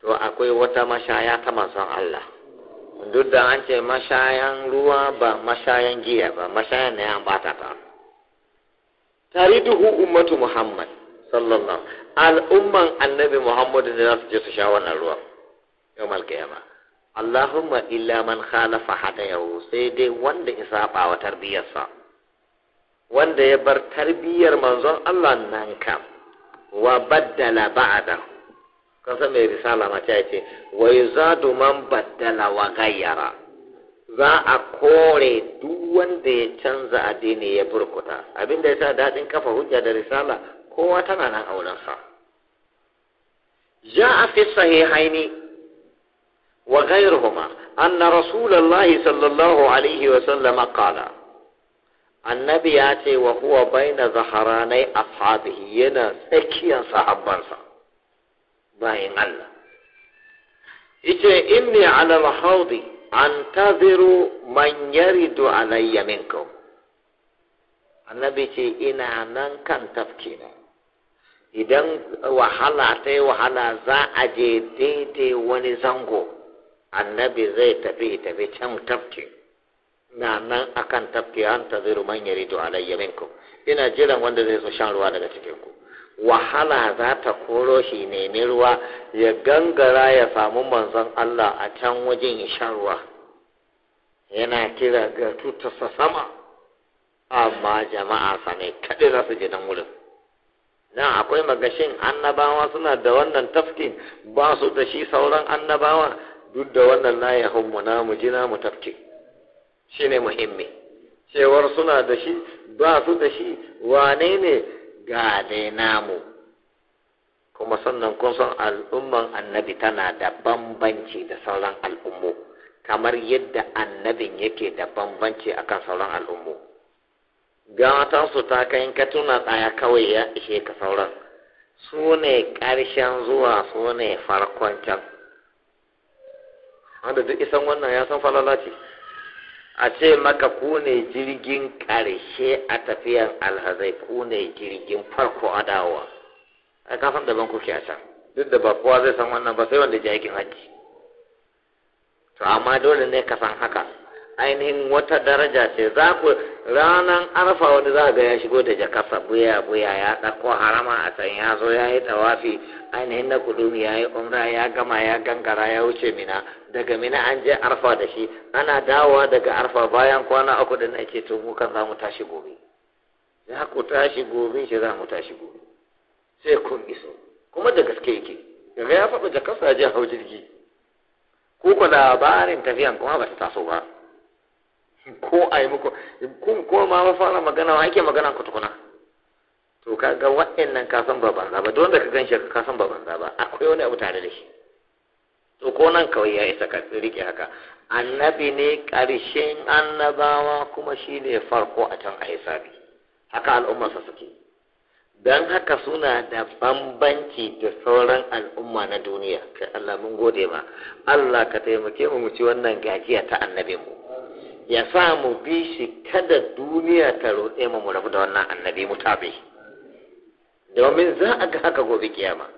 to akwai wata mashaya ta masan Allah duk da an ce mashayan ruwa ba mashayan giya ba mashayan na yan bata ta tariduhu ummatu muhammad sallallahu al'umman annabi muhammadu ne za su je su sha wannan ruwa yau malkiyama allahumma illa man khalafa hadayahu sai dai wanda ya saba wa tarbiyarsa wanda ya bar tarbiyar manzon allah nan kam wa baddala ba'dahu kan san mai risala ma ta wai wa yuzadu man baddala wa ghayyara za a kore duk wanda ya canza addini ya burkuta abinda yasa dadin kafa hujja da risala kowa tana nan auren sa a fi sahihaini wa ghayruhuma anna rasulullahi sallallahu alaihi wa sallam qala annabi ya ce wa huwa baina zaharanai ashabihi yana tsakiyar sahabbansa bayan Allah ice inni ala al an antaziru man yaridu alayya minkum annabi ce ina nan kan tafkina idan wahala ta yi wahala za a je daidai wani zango annabi zai tafi tafi can tafki na nan akan tafki an taziru man yaridu alayya minkum ina jiran wanda zai so shan ruwa daga cikin ku wahala za ta koro shi nemi ruwa ya gangara ya samu manzon Allah a can wajen ya yana kira ga tutarsa sama amma jama'a sane kaɗai za su je nan wurin nan akwai magashin annabawa suna da wannan tafkin ba su da shi sauran annabawa duk da wannan na ya hau na mu jina mu tafki Shi ne muhimmi cewar suna da shi ba su da shi wane ne ga dai namu kuma sannan kun san al'umman annabi tana da bambanci da sauran al'ummu kamar yadda annabin yake da bambanci akan sauran al'ummu gawatansu ta kai ka tuna tsaya kawai ya ishe ka sauran su ne ƙarshen zuwa su ne farkon can wanda duk isan wannan ya san falala ce a ce maka ku ne jirgin ƙarshe a tafiyar alhazai ku ne jirgin farko a dawowa a kafin daban kuke a can duk da ba kowa zai san wannan ba sai wanda ji aikin hajji to amma dole ne ka san haka ainihin wata daraja ce za ku ranar arfa wani za ga ya shigo da jakasa buya buya ya ɗauko harama a can ya zo ya yi tawafi ainihin na kudumi ya yi umra ya gama ya gangara ya wuce mina daga mina an je arfa da shi ana dawowa daga arfa bayan kwana uku da nake to mu kan za mu tashi gobe za ku tashi gobe shi za mu tashi gobe sai kun iso kuma da gaske yake daga ya faɗi jakasa ya je hau jirgi ko labarin tafiyan kuma ba ta taso ba ko a yi muku ko ma fara magana Wa ake magana ku tukuna to kaga waɗannan ka san ba banza ba don da ka gan shi ka san ba banza ba akwai wani abu tare da shi to ko nan kawai ya isa ka rike haka annabi ne ƙarshen annabawa kuma shi ne farko a can a hisabi haka al'ummarsa suke don haka suna da bambanci da sauran al'umma na duniya kai Allah mun gode ba Allah ka taimake mu mu ci wannan gajiya ta annabinmu mu ya sa mu bi shi kada duniya ta roɗe mu rabu da wannan annabi mutabi domin za a ga haka gobe kiyama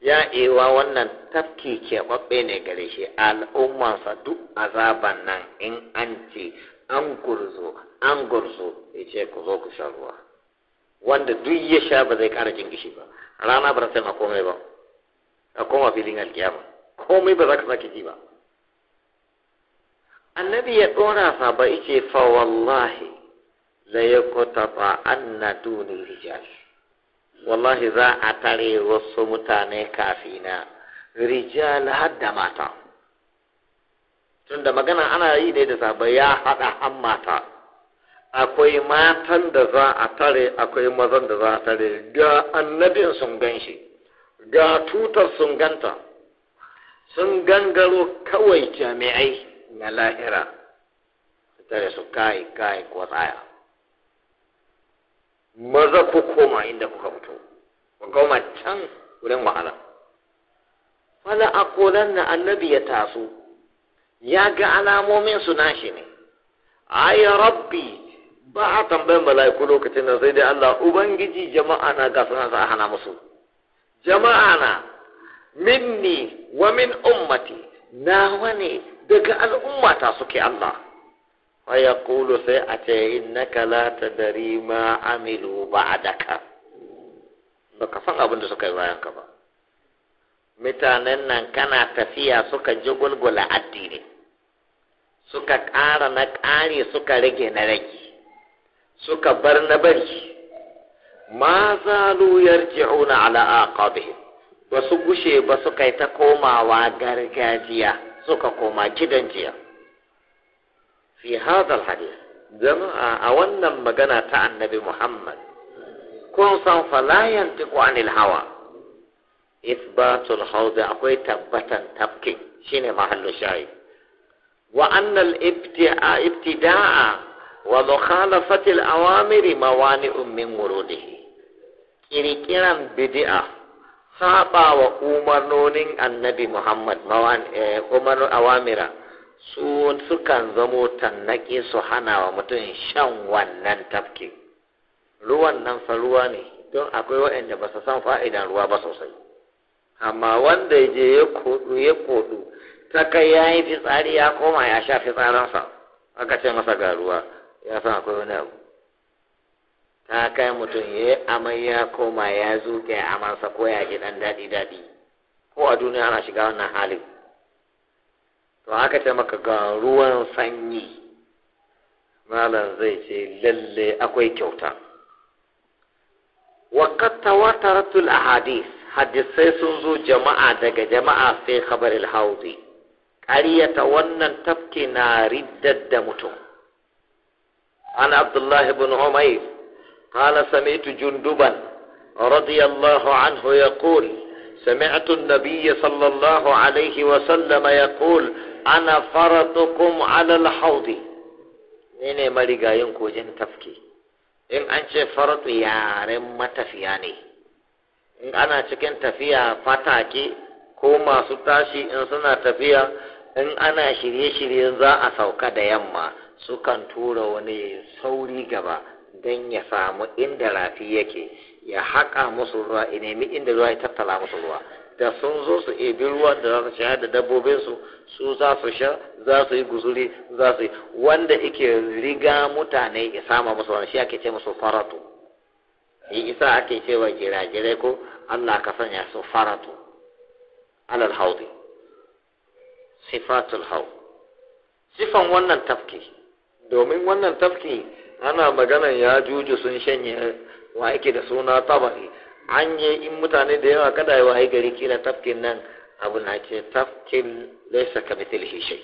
ya ewa wannan tafki keɓaɓɓe ne gare shi al'ummarsa duk azaban nan in an ce an gurzo an gurzo ya ce ku zo ku sha ruwa wanda duk ya sha ba zai ƙara jingishi ba rana ba ta komai ba a koma filin alkiyama komai ba za ka sake ji ba annabi ya ɗora sa ba ice fa wallahi la yakutata anna duni rijal wallahi za a tare wasu mutane kafina rijal har da mata tunda magana ana yi ne da zaba ya haɗa han mata akwai matan da za a tare akwai mazan da za a tare ga annabin sun gan shi ga tutar sun ganta sun gangaro kawai jami'ai na lahira tare su kai kai ko tsaya maza ku koma inda kuka fito ku koma can wurin wahala wala akolan na annabi ya taso ya ga alamomin su nashi ne ay rabbi ba a tambayin mala'iku lokacin da sai dai Allah ubangiji jama'a na ga suna sa hana musu jama'a na minni wa min ummati na wane daga al'ummata suke Allah ya kulu sai a ce innaka la dari ma amilu Ba ka san abin da suka yi bayan ka ba mutanen nan kana tafiya suka ji gulgula addini suka ƙara na ƙari suka rage na rage suka bar na bari ma zalu yarji'una ala aqabihim ba su gushe ba suka yi ta komawa gargajiya suka koma gidan jiya fi hadal hadis jama'a a wannan magana ta annabi muhammad kun san falayan tiku anil hawa isbatul hawdi akwai tabbatan tafkin shine mahallu shayi wa annal ibtida'a wa mukhalafatil awamiri mawani'un min wurudihi kirkiran bidi'a. saba wa umarnonin annabi Muhammad eh, umar awamira su sukan zamo tannake su hana wa mutum shan wannan tafki ruwan nan fa ruwa ne don akwai waɗanda ba su san fa'idan ruwa ba sosai amma wanda je ya kodu ya kodu ta kai ya yi fitsari ya koma ya sha fitsarinsa aka ce masa ga ruwa ya san akwai wani abu ta kai mutum ya yi amai ya koma ya zuke amansa ko ya ji dan daɗi daɗi ko a duniya ana shiga wannan halin to aka ce maka ga ruwan sanyi malam zai ce lalle akwai kyauta ratul a hadis, hadisai sun zo jama'a daga jama'a sai khabaril haudi ƙaryata wannan tafki na riddar da mutum an abdullahi bin umair قال سمعت جندبا رضي الله عنه يقول سمعت النبي صلى الله عليه وسلم يقول أنا فرطكم على الحوض نيني مريقا ينكو جن تفكي إن أنت فرط يا رم تفياني إن أنا cikin tafiya fatake ko masu tashi in suna tafiya in ana shirye-shiryen za a sauka da yamma sukan tura wani sauri gaba don ya samu inda rafi yake ya haƙa musu ruwa ya nemi inda ruwa ya tattala musu ruwa da sun zo su ebi ruwa da za su sha da dabbobinsu su za su sha za su yi guzuri za su yi wanda ike riga mutane ya sama musu wani shi ake ce musu faratu yi isa ake cewa gira-girai ko Allah ka sanya su faratu alal haudi sifatul hau sifan wannan tafki domin wannan tafki ana maganan ya juju sun shanye wa yake da suna tabari an yi in mutane da yawa kada wa yi gari kila tafkin nan abu na ce tafkin laisa ka mitil hishai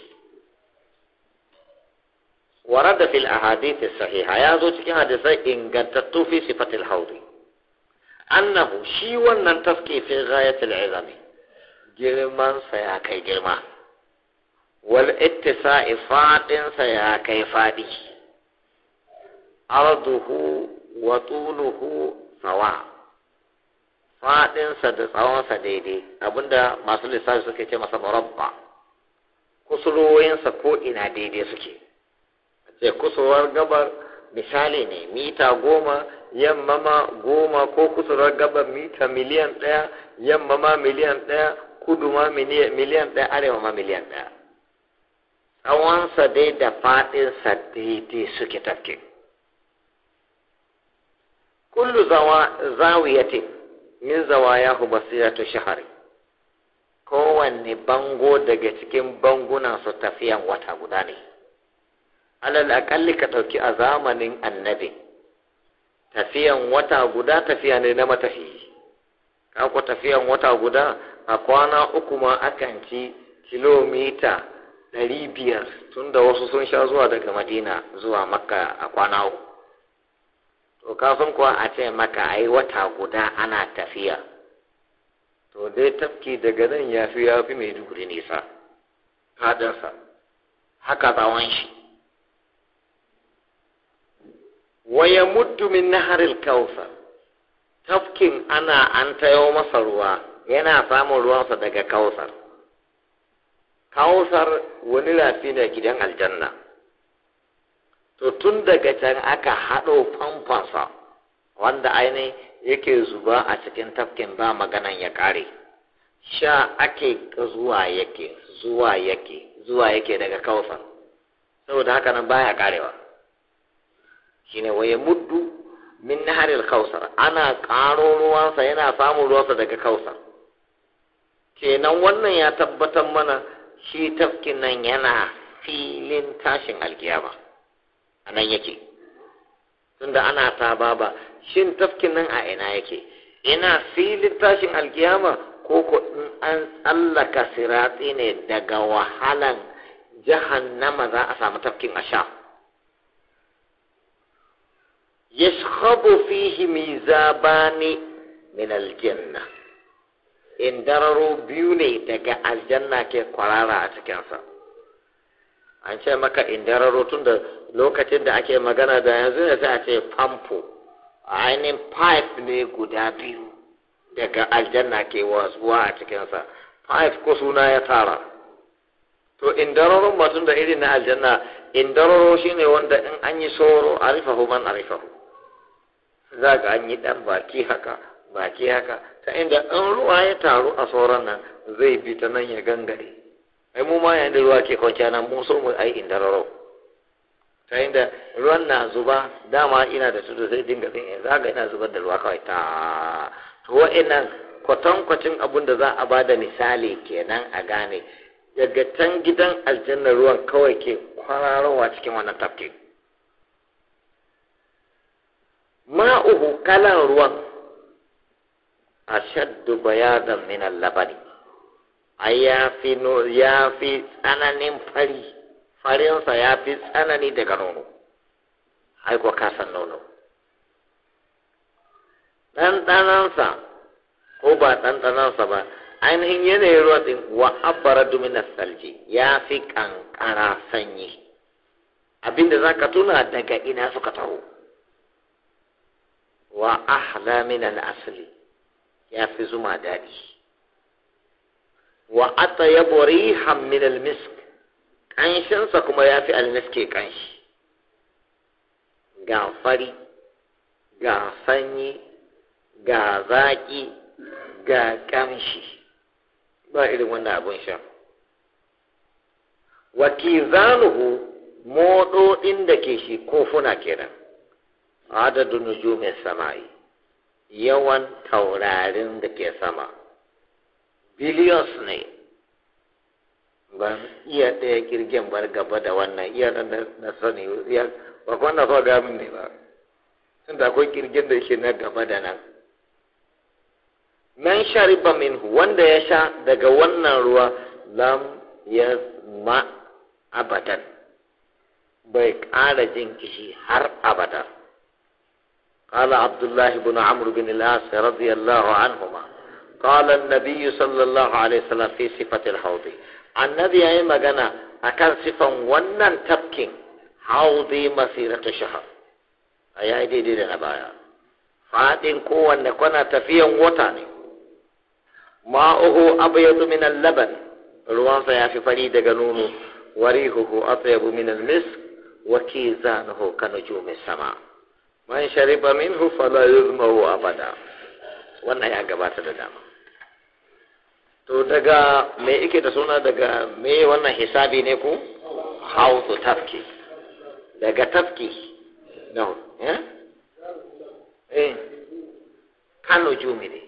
da fil ahadith sahiha ya zo cikin hadisai ingantattu fi sifatil hauri annahu shi wannan tafki fi ghayatil izami girman sa ya kai girma wal ittisa'i fadin sa ya kai fadi arduhu wa tuluhu sawa faɗinsa da tsawonsa daidai abinda masu lissafi suke ce masa murabba kusurorinsa ko ina daidai suke ce kusurwar gabar misali ne mita goma yamma ma goma ko kusurwar gabar mita miliyan ɗaya yamma ma miliyan ɗaya kudu ma miliyan ɗaya arewa ma miliyan ɗaya tsawonsa dai da faɗinsa daidai suke tafkin kullu zawiyati min zawayahu basiratu shahari kowanne bango daga cikin banguna su tafiyan wata guda ne alal akalli ka ɗauki a zamanin annabi tafiyan wata guda tafiya ne na matafiyi kako tafiyan wata guda a kwana uku ma akan ci kilomita ɗari biyar tunda wasu sun sha zuwa daga madina zuwa makka a kwana uku to ka san kuwa a ce maka ai wata guda ana tafiya to dai tafki daga nan ya fi ya fi mai duguri nisa fadinsa haka tsawon shi waya muddu min naharil kausa tafkin ana an tayo masa ruwa yana samun ruwansa daga kausar kausar wani lafi ne gidan aljanna to tun daga can aka haɗo famfansa wanda ainihin yake zuba a cikin tafkin ba maganan ya ƙare sha ake zuwa yake zuwa yake zuwa yake daga kawasan saboda haka nan baya ƙarewa shine waye muddu min naharil kausar ana ƙaro ruwansa yana samun ruwansa daga kausar kenan wannan ya tabbatar mana shi tafkin nan yana filin tashin alkiyama a nan yake tunda ana ta baba shin tafkin nan a ina yake ina filin tashin alkiyama ko ko in an tsallaka siratsi ne daga wahalan jahannama za a samu tafkin a sha yashkhabu fihi mizabani min aljanna in dararo biyu ne daga aljanna ke kwarara a cikinsa an ce maka in dararo tun da lokacin da ake magana da yanzu ne za a ce famfo ainihin pipe ne guda biyu daga aljanna ke wasuwa a cikinsa pipe ko suna ya tara to indararon batun da irin na aljanna indararo shine wanda in an yi soro arifahu man arifahu za ga an yi dan baki haka baki haka ta inda in ruwa ya taru a sauran nan zai bi ta nan ya gangare ai mu ma yayin ruwa ke kwanciya nan mu so mu ai indararo yayin da ruwan na zuba dama ina da tudu sai dinga zin in zaga ina zubar da ruwa kawai ta to wa'annan kwatankwacin abun da za a ba da misali kenan a gane daga can gidan aljanna ruwan kawai ke kwararowa cikin wannan tafki uhu kalan ruwan shaddu bayadan min al-labani ya fi tsananin fari farinsa ya fi tsanani daga nono aiko kasan nono ɗanɗanansa ko ba ɗanɗanansa ba ainihin yanayin ruwa ɗin wa abara dominas salji ya fi ƙanƙara sanyi abinda za ka tuna daga ina suka taho wa ahla min asali ya fi zuma daɗi wa ata yabo misk ƙanshinsa kuma ya fi almiske ƙanshi ga fari ga sanyi ga zaƙi ga ƙamshi ba irin wannan abin sha zanuhu moɗoɗin da ke shi kofuna kenan adadin mai sama'i yawan taurarin da ke sama billions ne ban iya ɗaya kirgen bar gaba da wannan iya nan na sani ya ba kwana fa ga min ne ba sun da akwai kirgen da yake na gaba da nan man shariba minhu wanda ya sha daga wannan ruwa lam yasma abadan bai ƙara jin kishi har abada قال عبد الله بن عمرو بن العاص رضي الله عنهما قال النبي صلى الله عليه وسلم في صفة الحوض annabi ya yi magana a kan sifan wannan tafkin haudi masirata shahar a ya yi daidai da na baya faɗin kowanne kwana tafiyan wata ne ma'uhu abu ya laban ruwansa ya fi fari daga nono warihuhu atyabu min misk wa kizanuhu kanujumi sama man shariba minhu fala yuzmahu abada wannan ya gabata da dama to daga me ike da suna daga me wannan hisabi ne ku? how to tafki daga tafki no eh, eh. kano jumi ne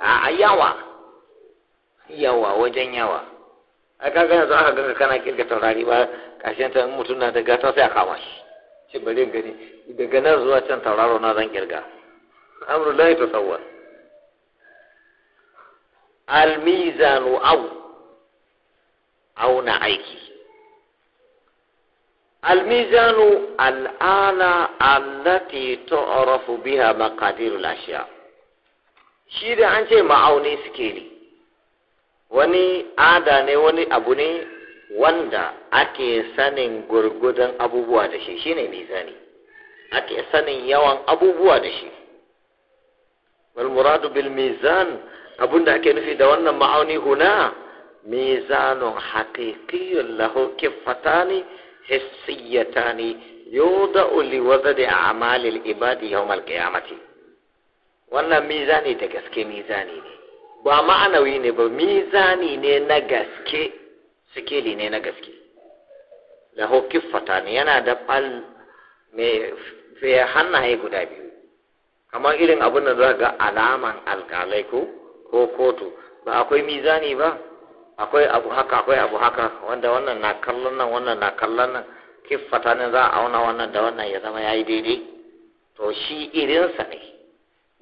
a yawa yawa wajen yawa a kaga yanzu aka ga kana kirga taurari ba kashin ta mutum na daga ta sai a kama shi shi bari gani daga nan zuwa can tauraro na zan kirga amru ta tsawon almizanu au auna aiki almizanu al'ana allati tu'rafu biha maqadiru al'ashiya shi da an ce ma'auni suke ne wani ada ne wani abu ne wanda ake sanin gurgudan abubuwa da shi shi ne mizani ake sanin yawan abubuwa da shi walmuradu bil mizan abun da ake nufi da wannan ma'auni huna mizanun haqiqiyyun lahu kiffatani hissiyatani yuda'u li wazadi a'mali amalil ibadi yau al wannan mizani da gaske mizani ne ba ma'anawi ne ba mizani ne na gaske sikeli ne na gaske lahu kiffatani yana da me mai hannaye guda biyu kamar irin abin da za ga alaman alkalai ko ko kotu ba akwai mizani ba akwai abu haka akwai abu haka wanda wannan na kallon nan wannan na kallon nan kiffata ne za a auna wannan da wannan ya zama yayi daidai to shi irinsa ne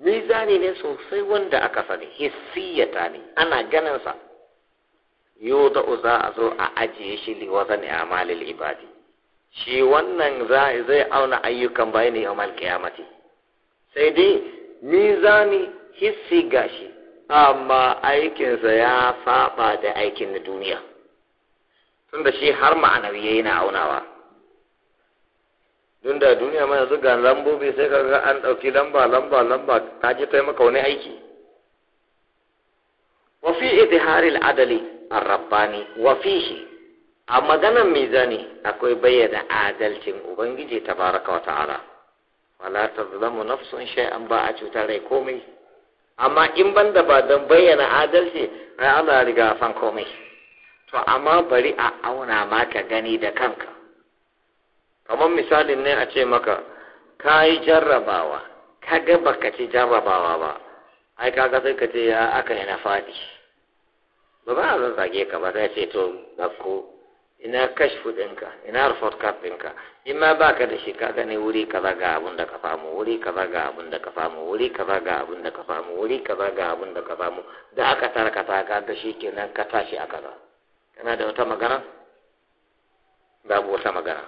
mizani ne sosai wanda aka sani hissiyata ne ana ganinsa yau za a zo a ajiye shi liwazan amalil ibadi shi wannan zai auna ayyukan bayani yau mal kiyamati sai dai mizani hissi gashi amma aikinsa ya saba da aikin na duniya tunda shi har ma'anar ya na aunawa don da duniya mana zuga lambobi sai ka an ɗauki lamba lamba lamba ta je ta maka wani aiki wafi idharil adali arrabbani wafihi a maganar mizani akwai bayyana adalcin ubangiji tabaraka wa ta'ala wala tazlamu nafsun shay'an ba a cutar rai komai amma in ban da ba don bayyana adalci ai ana riga san komai to amma bari a auna maka gani da kanka kamar misalin ne a ce maka ka yi jarrabawa ka ga baka ci jarrabawa ba ai ga sai ka ce ya aka yi na faɗi ba ba a zan zage ka ba sai ce to ina kashfu ɗinka ina report card ɗinka in ma baka da shi ka gane wuri kaza ga abun da ka famu wuri kaza ga abun da ka famu wuri kaza ga abun da ka famu wuri kaza ga abun da ka famu da aka tarkata ka ga shi kenan ka tashi a kaza kana da wata magana babu wata magana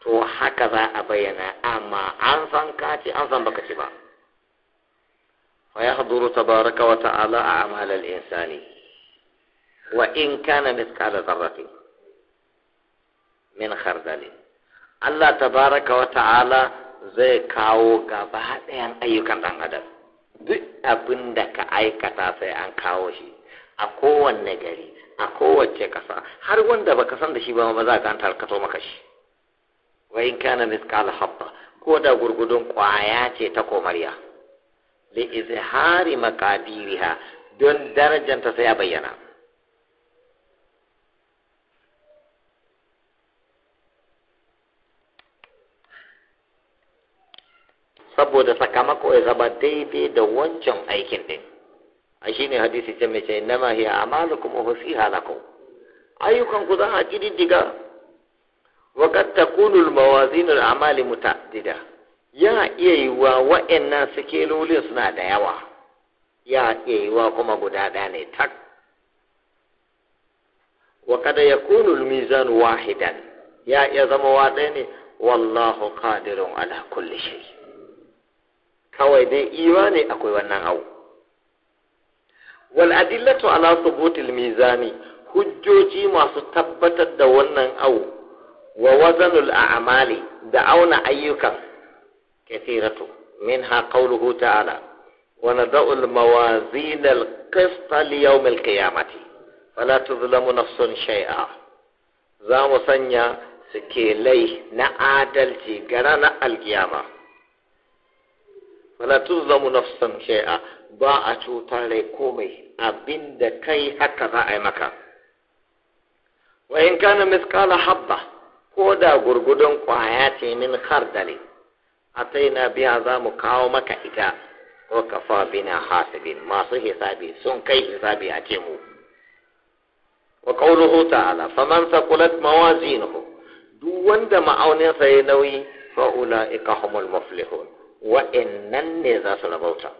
to haka za a bayyana amma an san ka ce an san baka ci ba fa haduru tabaraka wa ta'ala a'mal al-insani wa in kana mithqala dharratin min khardalin Allah tabaraka wa ta'ala zai kawo gaba ɗayan ayyukan ɗan adam duk abin da ka aikata sai an kawo shi a kowanne gari a kowace ƙasa har wanda baka san da shi ba ma za ka an tarkato maka shi wa in kana habba ko da gurgudun kwaya ce ta komariya li izhari makadiriha don darajanta sai ya bayyana saboda sakamako ya zama daidai da wancan aikin din a shi ne hadisi ce mai ce nama hiya malu kuma husi halako ayyukan ku za a kididdiga wa kad takunu al-mawazin al-amali ya iya wa wa'annan sikelolin suna da yawa ya iya yi wa kuma guda ɗaya ne tak wa ya kunul mizan wahidan ya iya zama wa ɗaya ne wallahu qadirun ala kulli kawai dai ne akwai wannan abu wal adillatu ala thubutil mizani hujjoji masu tabbatar da wannan au. wa wazanul a'mali da auna ayyukan kathiratu minha qawluhu ta'ala wa nada'ul mawazin al-qist li yawm al-qiyamati fala tuzlamu nafsun shay'a za mu sanya suke lai na adalci ga ranar alkiyama fala tuzlamu nafsan shay'a ba a cutar rai komai abinda kai haka za a yi maka wa in kana miskala habba ko da gurgudun kwaya ce min har sai na biya za mu kawo maka ita ko kafa bina hasibin masu hisabi sun kai hisabi a ce mu wa qawluhu ta'ala faman saqulat mawazinuhu duk wanda ma'auninsa ya nauyi fa ulaika humul muflihun wa'annan ne za su rabauta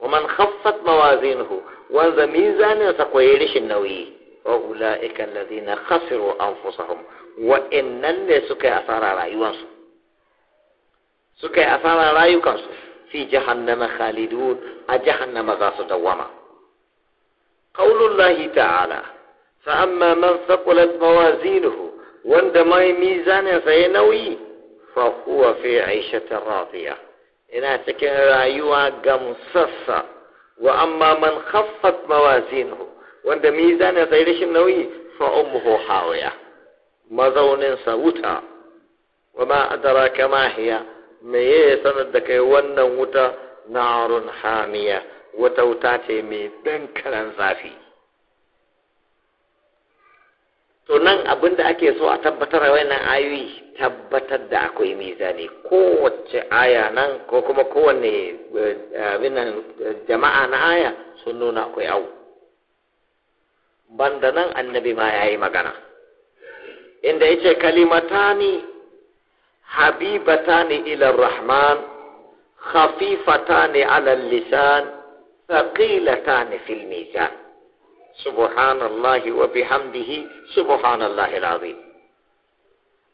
wa man khaffat mawazinuhu wanda mizaninsa ko ya rishin nauyi wa ula'ika allazina khasiru anfusahum wa'annan ne suka yi asara rayuwansu suka yi asara rayukansu fi jahannama khalidun a jahannama za su dawwama qaulullahi ta'ala fa amma man thaqulat mawazinuhu wanda mai mizaninsa ya nauyi fa huwa fi aishatin radiya ina cikin rayuwa gamsassa wa amma man khaffat mawazinuhu wanda mizanin zai rashin nauyi fa ummuhu hawiya mazaunin sa wuta wa ma adraka ma hiya me ya sanar da kai wannan wuta narun hamiya wata wuta ce mai kalan zafi to nan abin da ake so a tabbatar a wannan ayoyi tabbatar da akwai mizani kowace aya nan ko kuma kowane abinan jama'a na aya sun nuna akwai awu banda nan annabi ma ya yi magana inda ya ce kalimatani habibatani ilar rahman khafifatani alal lisan ثقيلتان في الميزان سبحان الله وبحمده سبحان الله العظيم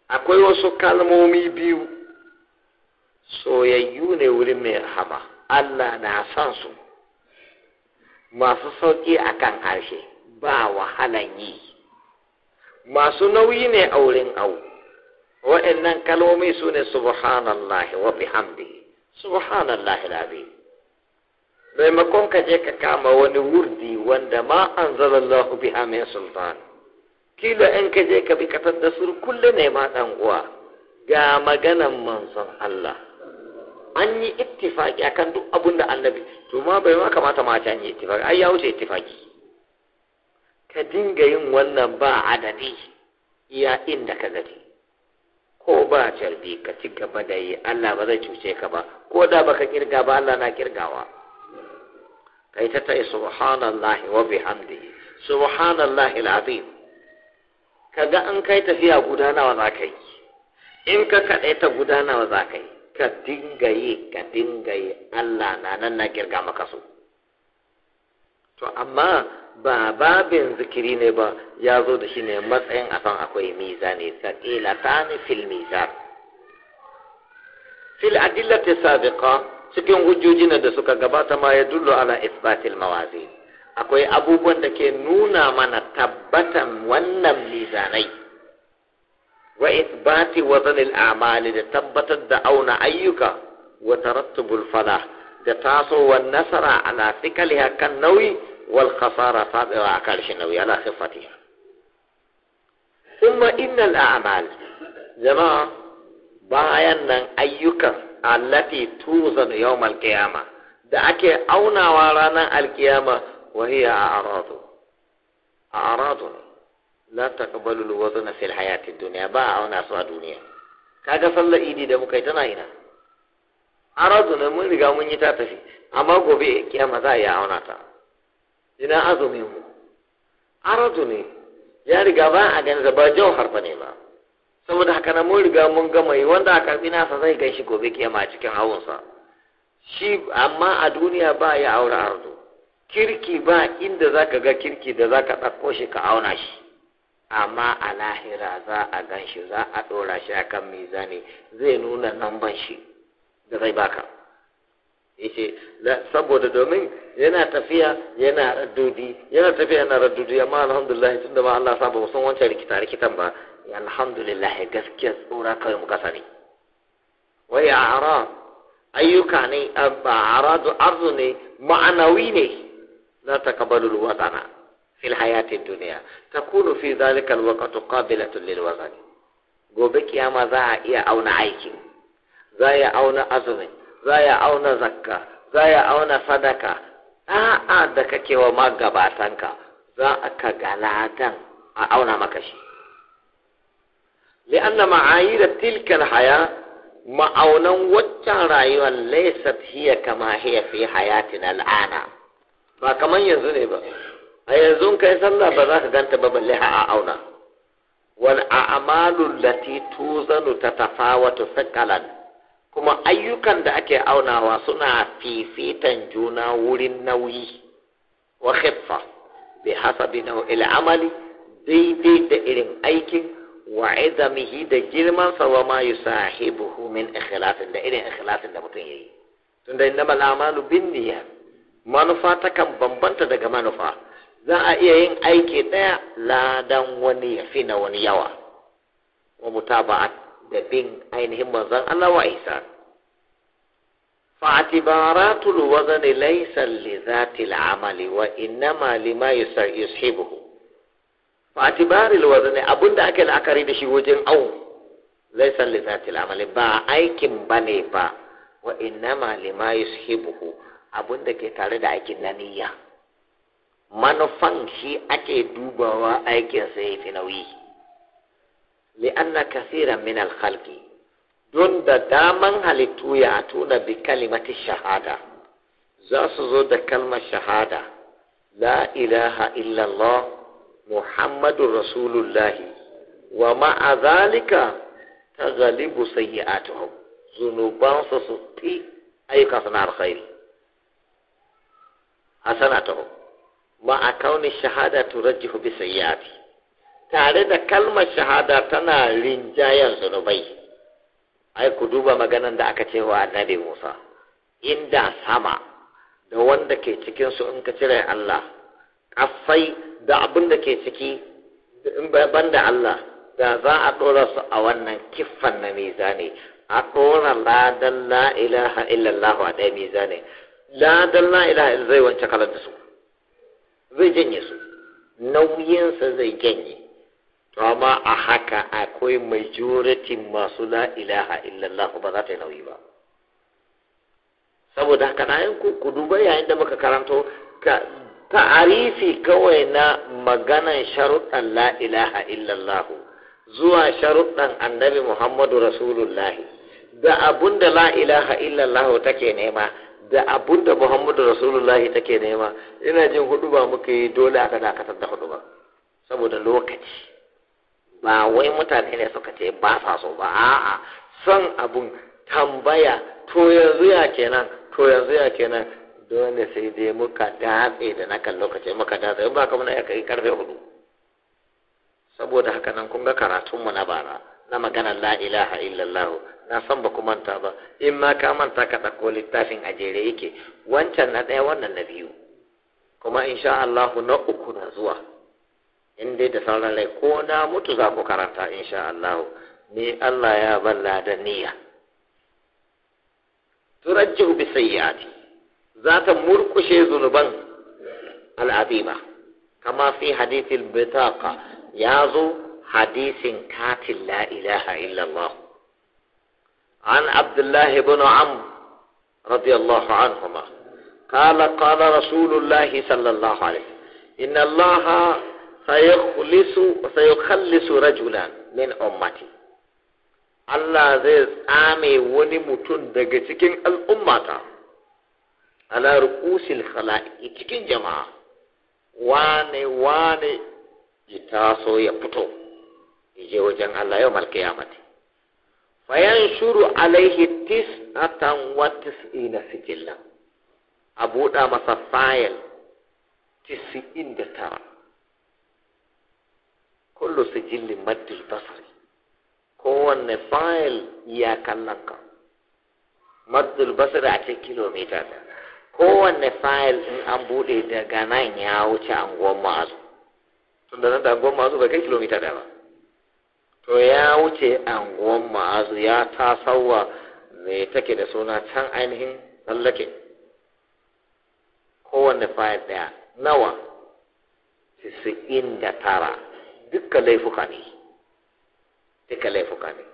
akwai wasu kalmomi biyu soyayyu ne wurin mai haba Allah na san su masu sauƙi a kan harshe ba wahalan yi masu nauyi ne a wurin au wa'annan kalmomi su ne subhanallah wa bihamdihi subhanallah labi maimakon ka je ka kama wani wurdi wanda ma an zalallahu biha min sultan kila in ka je ka bi ka sur, kulle ne ma dan uwa ga maganan manzon Allah an yi ittifaki akan duk abin da annabi to ma bai ma kamata ma ta yi ittifaki ai ya wuce ittifaki ka dinga yin wannan ba adadi iya inda ka gani ko ba carbi ka ci gaba da yi Allah ba zai cuce ka ba ko da baka kirga ba Allah na kirgawa kai ta ta subhanallahi wa bihamdihi subhanallahi alazim Ka ga an kai tafiya gudanawa za ka yi in ka kaɗai ta gudanawa za ka yi ka dinga yi ka dinga yi Allah na nan na kirga maka su to amma ba babin zikiri ne ba ya zo da shi ne matsayin a kan akwai miza ne saƙila ta ni fil miza fil adilla ta sabiqa cikin hujjoji ne da suka gabata ma ya dullo ala isbatil mawazi akwai abubuwan da ke nuna mana tabbatan wannan mizanai wa ithbati wazan al'amali da tabbatar da auna ayyuka wa tarattubul fala da tasowar nasara ala sikaliha kan nauyi wal khasara fadiwa a karshe nauyi ala siffatiha ثم إن الأعمال جماعة bayan nan ayyukan allati tuzan yawmal qiyama da ake aunawa ranar alkiyama wahiya a aradu a'radun la taqbalu al na fil hayati duniya, ba a auna su a duniya Ka ga sallar idi da muka yi tana ina a'radun mun riga mun yi ta tafi amma gobe kiyama za a yi auna ta ina azumin mu a'radun ya riga ba a ganin ba jauhar ba ne ba saboda haka na mun riga mun gama yi wanda a karbi nasa zai gan shi gobe kiyama a cikin hawansa shi amma a duniya ba ya aure arzu kirki ba inda za ka ga kirki da za ka ɗauko shi ka auna shi amma a lahira za a gan shi za a ɗora shi a kan mizani zai nuna namban shi da zai baka yace saboda domin yana tafiya yana raddudi yana tafiya yana raddudi amma alhamdulillah tunda ba Allah saba ba san wancan rikita rikitan ba alhamdulillah gaskiya tsora kawai muka sani wai a'ra ayyuka ne ba aradu arzu ne ma'anawi ne لا تقبل الوطن في الحياة الدنيا تكون في ذلك الوقت قابلة للوزن gobe kiyama za iya auna aikin za ya auna azumin za ya auna zakka za ya auna sadaka a'a da kake wa magabatanka za a ka galadan a auna maka shi haya ma'aunan waccan rayuwar laysat hiya kama hiya fi na al'ana ba kaman yanzu ne ba a yanzu kai sallah ba za ka ganta ba balle a auna wal a'malu lati tuzanu tatafawatu sakalan kuma ayyukan da ake aunawa suna fifitan juna wurin nauyi wa khiffa bi hasabi nau'il amali daidai da irin aikin wa izamihi da girman sa wa ma yusahibuhu min ikhlasin da irin ikhlasin da mutum yayi tunda innamal a'malu binniyat manufa ta kan bambanta daga manufa za a iya yin aiki ɗaya ladan wani ya fi na wani yawa wa muta ba da bin ainihin manzan Allah wa isa fa'atibaratul wazan laysa li zatil amali wa innama lima yusar yushibuhu fa'atibaril wazan abinda ake la'akari da shi wajen au laysa li zatil amali ba aikin bane ba wa ina innama lima buhu. abin da ke tare da aikin na niyya manufan shi ake dubawa aikin sai fi nauyi li'anna kasira min al don da daman halittu ya tuna bi kalimati shahada za su zo da kalmar shahada la ilaha illallah muhammadun rasulullahi wa ma'a zalika ta galibu sayyi'atuhum zunubansu su fi Ayyuka na alkhairi hasanatahu ma a kauni shahada turajjihu ya sayyiati tare da kalmar shahada tana rinjayen zunubai ai ku duba maganan da aka ce wa annabi Musa inda sama da wanda ke cikin su in ka cire Allah kasai da abin da ke ciki da Allah da za a ɗora su a wannan kiffan na mizani a ɗora ladan la ilaha illallah a ɗaya mizani ladan la ilaha in zai wance kalar da su zai janye su nauyinsa zai janye to amma a haka akwai majority masu la ilaha illallah ba za ta yi nauyi ba saboda haka na ku ku duba yayin da muka karanto ka ta'arifi kawai na maganan sharuɗan la ilaha illallah zuwa sharuɗan annabi muhammadu rasulullahi da abun da la ilaha illallah take nema da abun da Muhammadu Rasulullahi take nema ina jin hudu ba muka yi dole aka dakatar da hudu ba saboda lokaci ba wai mutane ne suka ce ba sa so ba a'a son abun tambaya to yanzu ya kenan to yanzu ya kenan dole sai dai muka datse da na kan lokaci muka datse ba ka muna ya kai karfe hudu saboda haka nan kun ga karatunmu na bara na magana la ilaha illallah na san ba manta ba in ma ka manta ka ɗauko littafin a jere yake wancan na ɗaya wannan na biyu kuma insha Allah na uku na zuwa in dai da sauran rai ko na mutu za ku karanta insha Allah ni Allah ya balla da niyya turajjihu bi sayyiati za ta murkushe zunuban al'azima kama fi hadithil bitaqa ya zo hadisin katin la ilaha illallah an abdullahi bin amr radiyallahu anhuma qala qala rasulullahi sallallahu alaihi inna allaha sayukhlisu sayukhallisu rajulan min ummati Allah zai tsame wani mutum daga cikin al'ummata ala rukusil khala'i cikin jama'a wane wane ya taso ya fito Ije wajen Allah yau mal kiyamati fayan shuru alaihi tis tis'atan wa tis'ina sijilla a buɗa masa fayil tis'in da tara kullu sijillin maddil basari kowanne fayil ya nan ka maddil basari a cikin kilomita da kowanne fayil in an buɗe daga nan ya wuce anguwan ma'azu tun da nan da anguwan ma'azu bai kai kilomita da ba to ya wuce anguwan ma'azu ya tasawa mai take da suna can ainihin tsallake kowanne fayil ɗaya nawa tisa'in da tara dukkan laifuka ne dukkan laifuka ne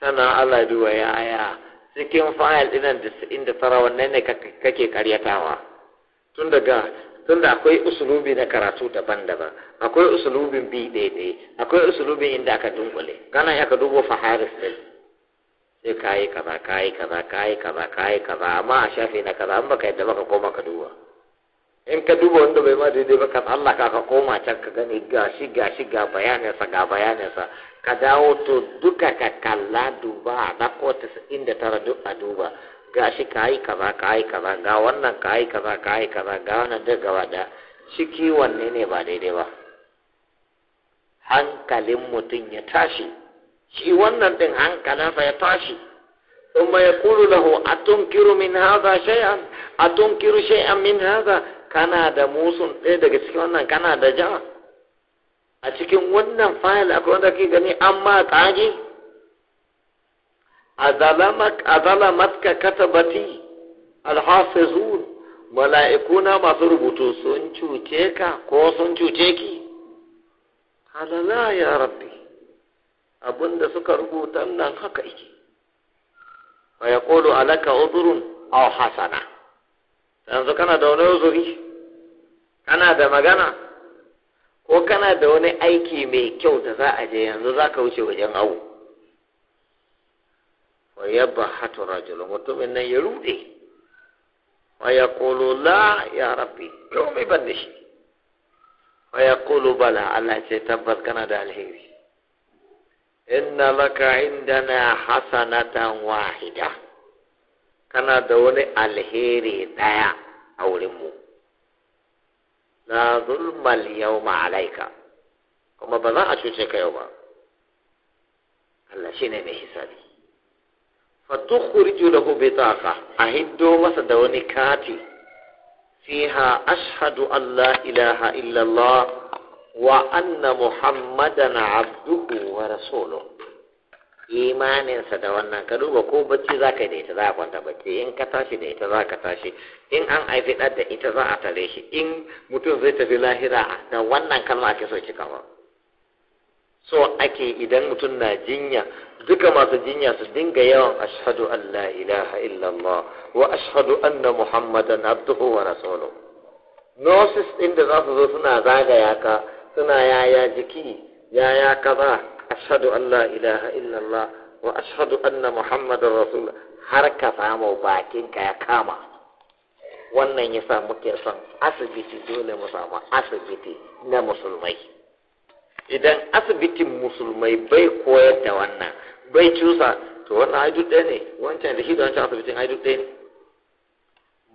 sana Allah duwa ya aya cikin fayil ɗinan tisa'in da tara wannan ne kake karyatawa tun daga tun da akwai usulubi na karatu daban-daban akwai usulubin bi daidai akwai usulubin inda aka dunkule kana ya ka dubo faharis din sai kayi kaza kayi kaza kayi kaza kayi kaza amma a shafi na kaza an baka yadda baka koma ka duba in ka duba wanda bai ma daidai ba ka Allah ka ka koma can ka gani gashi gashi ga shi ga sa ka dawo to duka ka kalla duba na inda tara duk a duba gashi kayi kaza kayi kaza ga wannan kayi kaza kayi kaza ga wannan duk gaba da ciki wanne ne ba daidai ba hankalin mutum ya tashi shi wannan ɗin hankalin ya tashi ya ثم يقول له haza من a tun أتنكر shay'an min haza? Kana da musun ɗaya daga cikin wannan kana da ja a cikin wannan fayil akwai wanda ke gani amma ma ƙage azalamatka katabati alhafizun mala'ikuna masu rubutu sun cuce ka ko sun cuce ki alala ya rabbi abin da suka rubuta nan haka yake fa ya kolo alaka uzurun aw hasana yanzu kana da wani uzuri kana da magana ko kana da wani aiki mai kyau da za a je yanzu za ka wuce wajen awo wa ya ba hatu rajulu mutumin nan ya rude wa ya kolo la ya rabbi yau mai ban da shi fa Kulu bala Allah ce tabbas kana da alheri inna laka indana hasanatan wahida kana da wani alheri daya a wurinmu la zulmal ma alaika kuma ba za a cuce ka yau ba Allah ne mai hisabi fatukhriju lahu bitaqa ahiddo masa da wani kati فيها أشهد أن لا إله إلا الله وأن محمدا عبده ورسوله imaninsa da wannan ka duba ko bacci za ka yi da ita za a kwanta bacci in ka tashi da ita za ka tashi in an haifi da ita za a tare shi in mutum zai tafi lahira da wannan kalma ake so kawo. so ake idan mutum na jinya duka masu jinya su dinga yawan ashadu an la ilaha illallah wa ashhadu anna muhammadan abduhu wa rasuluhu nurses din da za zo suna zagaya ka suna yaya jiki yaya kaza ashhadu an la ilaha illallah wa ashadu anna muhammadan rasul har ka samu bakin ka ya kama wannan yasa muke son asibiti dole mu samu asibiti na musulmai idan asibitin musulmai bai koyar da wannan bai cusa to wannan haidu ɗaya ne wancan da shi da wancan asibitin haidu ɗaya ne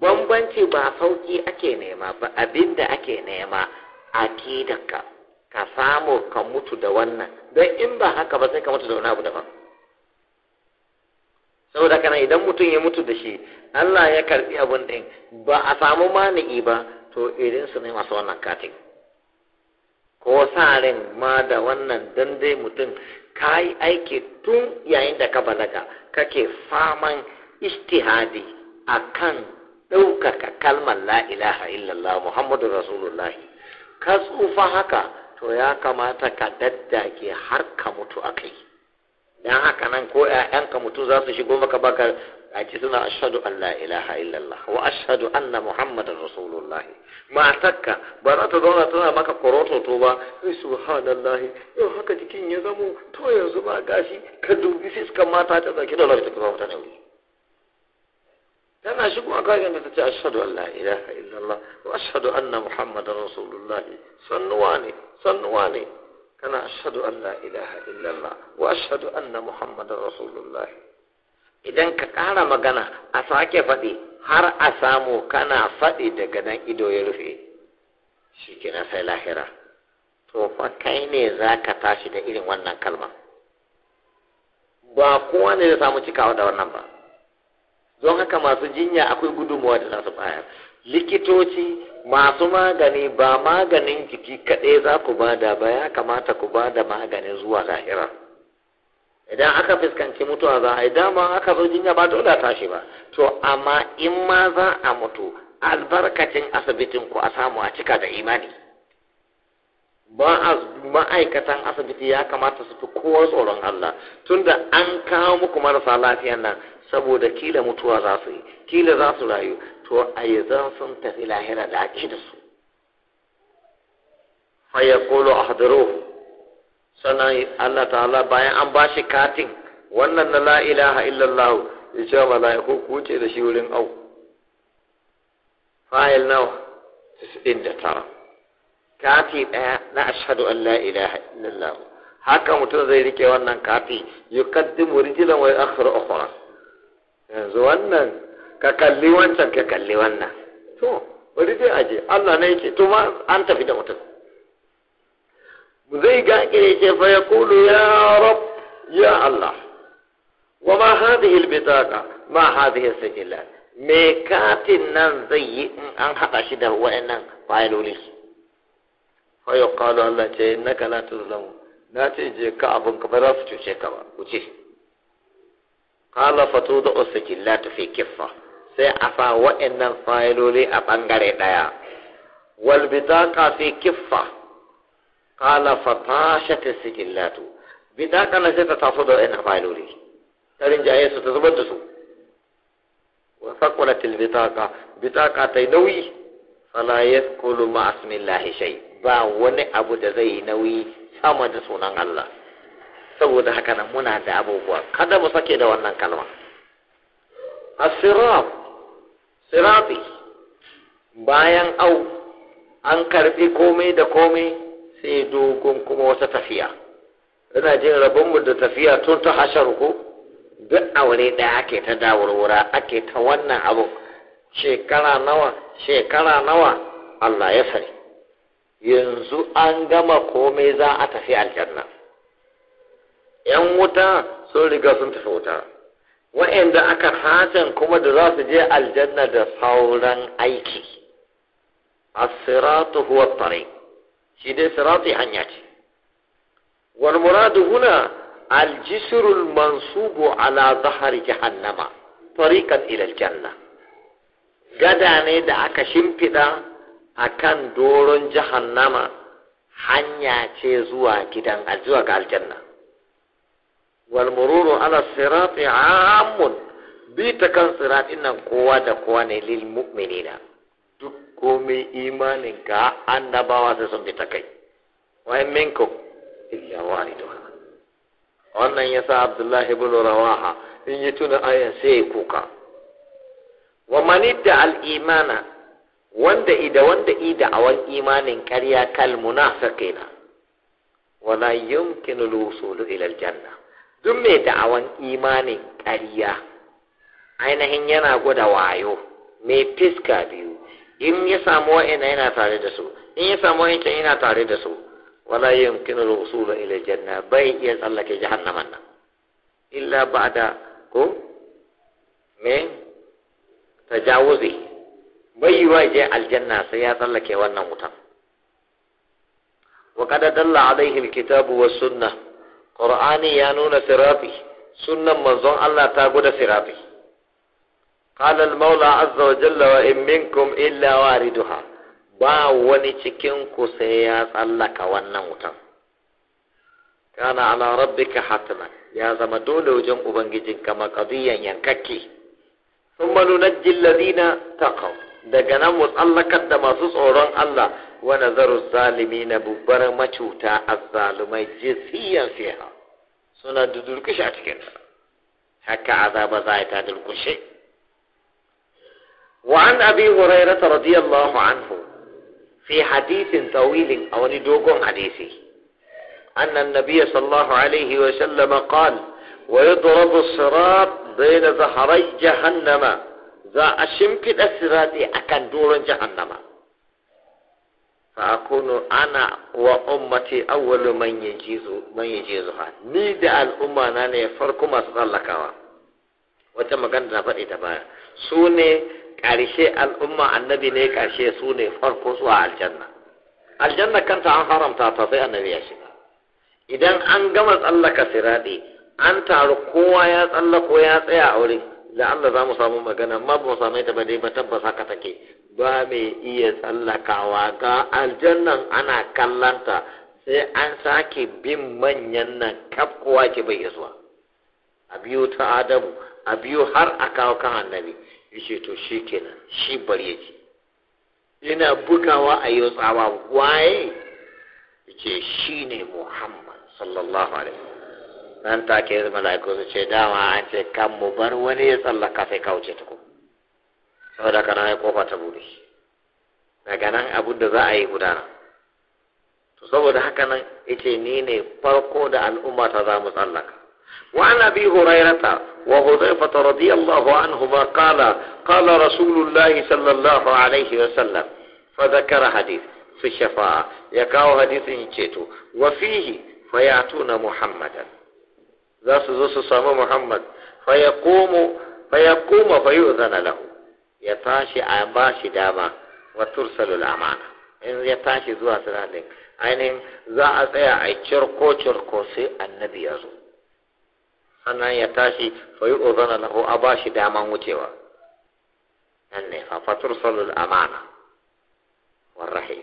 bambanci ba sauki ake nema ba abinda ake nema a akidanka ka samu ka mutu da wannan don in ba haka ba sai ka mutu da wani abu daban saboda kana idan mutum ya mutu da shi Allah ya karbi abun din ba a samu mani'i ba to irin su ne masu wannan katin ko sa rin ma da wannan dande mutum ka yi aiki tun yayin da ka balaga kake faman istihadi a kan ɗaukaka kalmar la'ilaha illallah muhammadu rasulullahi ka tsufa haka to ya kamata ka daddake har ka mutu a kai don haka nan ko 'ya'yanka mutum za su shigo maka baka أجدنا أشهد أن لا إله إلا الله وأشهد أن محمد رسول الله ما أتكى برأت دولة تنا مكا قروتو توبا إيه، سبحان الله يو إيه، هكا جكين يزمو تو يزما غاشي كدو بسيس كما تاتا كده الله تكفى وتنوي أنا أشكو أن أشهد أن لا إله إلا الله وأشهد أن محمد رسول الله سنواني سنواني أنا أشهد أن لا إله إلا الله وأشهد أن محمد رسول الله idan ka ƙara magana a sake faɗi har a samu kana faɗi daga nan ido ya rufe shi kina sai lahira to fa kai ne za ka tashi da irin wannan kalma ba kowa ne zai samu cikawa da wannan ba don haka masu jinya akwai gudunmuwa da za su bayar likitoci masu magani ba maganin jiki kaɗai za ku bada ba ya kamata ku ba da maganin zuwa lahira. idan aka fuskanci mutuwa za a yi dama aka zo jinya ba dole a tashi ba to amma in ma za a mutu albarkacin asibitin ku a samu a cika da imani ba a ma'aikatan asibiti ya kamata su fi kowa tsoron Allah tunda an kawo muku marasa lafiyan nan saboda kila mutuwa za su yi kila za su rayu to a yi zan sun tafi lahira da ake da su fayyakolo a hadarohu sannan Allah ta'ala bayan an bashi katin wannan na la ilaha illallah ya ce wa mala'iku ku wuce da shi wurin au fayil nawa da tara. kati ɗaya na ashadu an la ilaha illallah haka mutum zai rike wannan kati yukaddimu rijilan wa yakhru ukhra yanzu wannan ka kalli wancan ka kalli wannan to wani zai aje Allah ne yake to ma an tafi da mutum zai ga ce fa ya kulu ya rab ya Allah wa ma hadhihi albitaqa ma hadhihi sajila me katin nan zai yi in an haɗa shi da wayannan fayiloli fa ya qalu Allah ce innaka la tuzlamu na ce je ka abun ka ba za su cuce ka ba Kala qala fatudu as ta fi kiffa sai a fa wayannan fayiloli a bangare daya wal bitaqa fi kiffa ta fatashat as-sijillat bida kana sai ta taso da wa'annan fa'iloli ta rinjaye su ta zubar da su wa saqulat al-bitaqa bitaqa ta nauyi fala Kulu ma asmillahi lahishai. ba wani abu da zai yi nauyi sama da sunan Allah saboda haka nan muna da abubuwa kada mu sake da wannan kalma A sirat sirati bayan au an karbi komai da komai sai dogon kuma wata tafiya ina jin rabonmu da tafiya tun ta hashar ku duk aure ɗaya ake ta dawurwura ake ta wannan abu shekara nawa shekara nawa Allah ya sani yanzu an gama komai za a tafi aljanna yan wuta sun riga sun tafi wuta wa'anda aka hatan kuma da za su je aljanna da sauran aiki asiratu huwa tariq shi dai sirati hanya ce wal muradu huna al al mansub ala zahari jahannama tariqan ila al janna gada ne da aka shimfida akan doron jahannama hanya ce zuwa gidan zuwa ga aljanna wal mururu ala sirati ammun bi ta kan siratin nan kowa da kowa ne lil mu'minina komai imanin ka annabawa sai sun bi ta kai wa minkum illa wariduha wannan ya sa Abdullahi ibn Rawaha in yi tuna ayan sai ya kuka wa idda al-imana wanda ida wanda ida awan imanin ƙarya kal munafiqina wala yumkinu al-wusul ila al-janna duk mai da'awan imanin ƙarya ainihin yana gwada wayo mai fiska biyu in ya samu wa'ina yana tare da su in ya samu wa'ina yana tare da su wala yumkinu al-usul ila janna bai iya tsallake jahannaman nan illa ba'da ko me tajawuzi bai yi waje aljanna sai ya tsallake wannan wutan wa qad dalla alaihi al-kitabu was sunnah qur'ani ya nuna sirafi sunnan manzon Allah ta guda sirafi قال المولى عز وجل وإن منكم إلا واردها ba wani cikin ku sai ya tsallaka wannan wutan kana ala rabbika hatman ya zama dole wajen ubangijin kama qadiyan yankakke thumma nunajji alladhina taqaw daga nan mu tsallakar da masu tsoron Allah wa nazaru na bubbar macuta azzalumai jisiyan fiha suna dudurkushe a cikin haka azaba za ta durkushe وعن أبي هريرة رضي الله عنه في حديث طويل أو ندوكم حديثي أن النبي صلى الله عليه وسلم قال ويضرب الصراط بين ظهري جهنم ذا أشمك الصراط أكن دور جهنم فأكون أنا وأمتي أول من يجيز من يجيزها نيد الأمة فركم أصغر لك وتم قندنا فريد سوني Karshe al'umma annabi ne ƙarshe su ne farko su a aljanna aljanna kanta an haramta ta sai annabi ya shiga idan an gama tsallaka siraɗi an taru kowa ya tsallako ya tsaya a wurin da Allah za mu samu magana amma ba mu samu ita ba dai ba tabbas haka take ba mai iya tsallakawa ga aljannan ana kallanta sai an sake bin manyan nan kaf kowa ke bai iya zuwa a biyu ta adamu a biyu har a kawo kan annabi yace to shi kenan shi bari ya yana bugawa a yi tsawa waye yace shi ne muhammad sallallahu alaihi nan take yanzu mala'iku su ce dama an ce kan mu bar wani ya tsallaka sai kauce tukun saboda kana ya kofa ta bude daga nan abin da za a yi gudana to saboda haka nan ita ni ne farko da al'umma ta za mu tsallaka وعن أبي هريرة وهذيفة رضي الله عنهما قال قال رسول الله صلى الله عليه وسلم فذكر حديث في الشفاعة يكاو حديث يجيتو وفيه فيأتون محمدا ذاس ذاس سامو محمد فيقوم فيقوم فيؤذن له يتاشي عباشي داما وترسل الأمانة in ya tashi zuwa suna ainihin za a tsaya a cirko cirko sai annabi ya zo sannan ya tashi fa yi lahu a ba shi daman wucewa nan ne fa fatur salul amana warrahi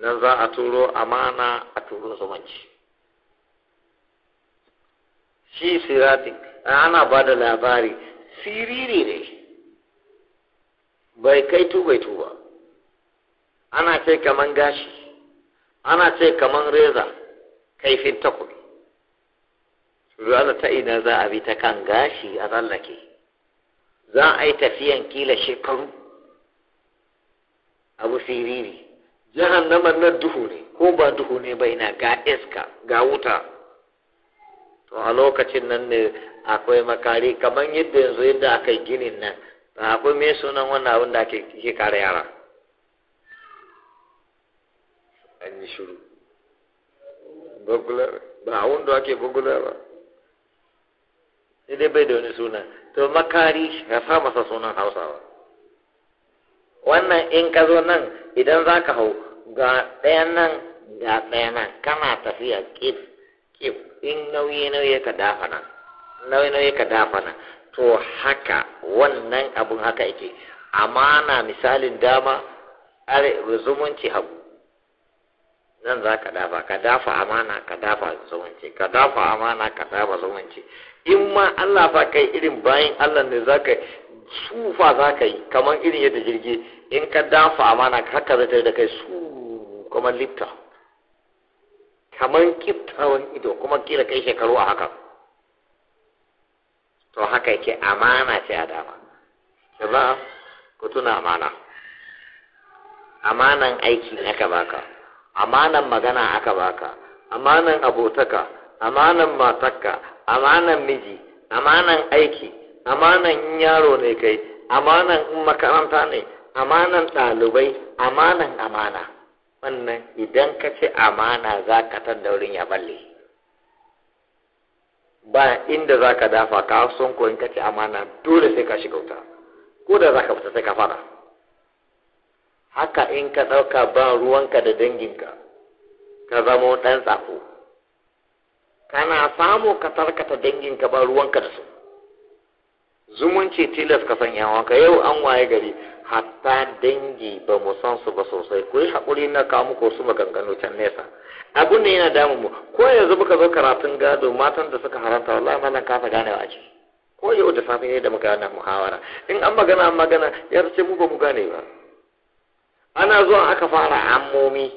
nan za a turo amana a turo zumunci shi siratik ana ba da labari siriri ne bai kai tu bai tuba ana ce kaman gashi ana ce kaman reza kaifin takobi ruwa ta ina za a bi ta kan gashi a tsallake za a yi tafiyan kila shekaru abu siriri na mannan duhu ne ko ba duhu ne ba ina ga iska ga wuta to a lokacin nan ne akwai makari kamar yadda yanzu yadda aka yi ginin nan ba akwai mai sunan wani abin da ake kare yara an yi shiru ba a wanda ake bugula ba sai dai bai da wani suna to makari ya sa masa sunan hausawa wannan in ka zo nan idan za ka hau ga ɗaya nan ga ɗaya nan kana tafiya kif kif in nauyi nauyi ka dafa nan nauyi nauyi ka dafa nan to haka wannan abun haka yake amana misalin dama zumunci hagu nan za ka dafa ka dafa amana ka dafa zumunci ka dafa amana ka dafa zumunci in ma Allah fa kai irin bayan Allah ne za ka sufa za ka yi kamar irin yadda jirgi in ka dafa amana haka zai da kai su kamar lifta kamar kiftawan ido kuma kila kai shekaru a haka to haka yake amana ce a dama ba ku tuna amana amanan aiki aka baka amanan magana aka baka amanan abotaka amanan matakka amanan miji amanan aiki amanan yaro ne kai amanan in makaranta ne amanan ɗalibai amanan amana wannan idan ka ce amana za ka ta wurin ya balle ba inda za ka dafa ka son ko in ka ce amana dole sai ka shiga wuta ko da za ka fita sai ka fara haka in ka ɗauka ba ruwanka da danginka ka zamo ɗan tsako kana samu ka tarkata danginka ba ruwanka da su zumunci tilas ka san yawanka yau an waye gari hatta dangi ba mu san su ba sosai ku yi haƙuri na kawo muku su maganganu can nesa abin da yana damu mu ko yanzu muka zo karatun gado matan da suka haranta wallahi malam kasa ganewa a ciki ko yau da safe ne da muka yana muhawara in an magana an magana ya ce mu ba mu gane ba ana zuwa aka fara ammomi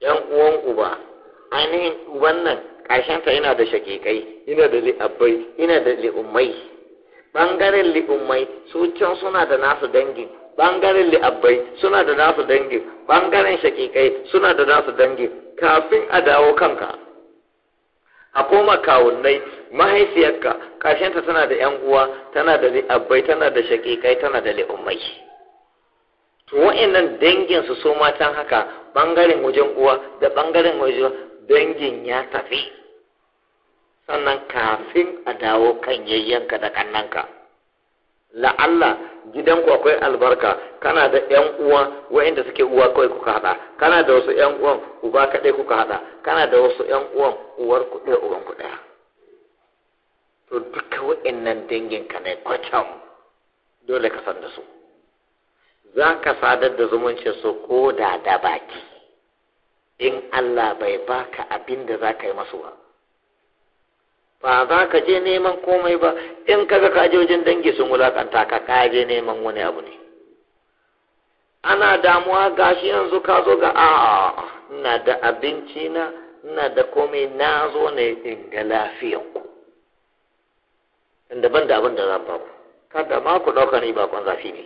yan uwan uba ainihin uban nan ƙarshenta ina da shakikai ina da li'abbai ina da li'ummai ɓangaren li'ummai su can suna da nasu dangi ɓangaren li'abbai suna da nasu dangi ɓangaren shakikai suna da nasu dangi kafin a dawo kanka a koma kawunnai mahaifiyarka ƙarshenta tana da yan uwa tana da li'abbai tana da shakikai tana da li'ummai to wa'annan dangin su so matan haka ɓangaren wajen uwa da ɓangaren wajen dangin ya tafi sannan kafin a dawo kan yayyanka da kannanka la'alla gidanku akwai albarka kana da yan uwa wa'inda suke uwa kawai kuka hada kana da wasu yan uwan uba kaɗai kuka hada kana da wasu yan uwan uwar ku ɗaya uban ku ɗaya to duka wa'innan dangin ka ne kwacan dole ka san da su za ka sadar da zumuncin su ko da da baki in Allah bai baka abin da za ka yi masu ba ba za ka je neman komai ba in ka ga kajojin dangi sun wulakanta ka ka je neman wani abu ne ana damuwa gashi yanzu ka zo ga a ina da abinci na ina da komai na zo ne in ga lafiyan ku daban da abin da za ba ku kada ma ku ɗauka ni bakon zafi ne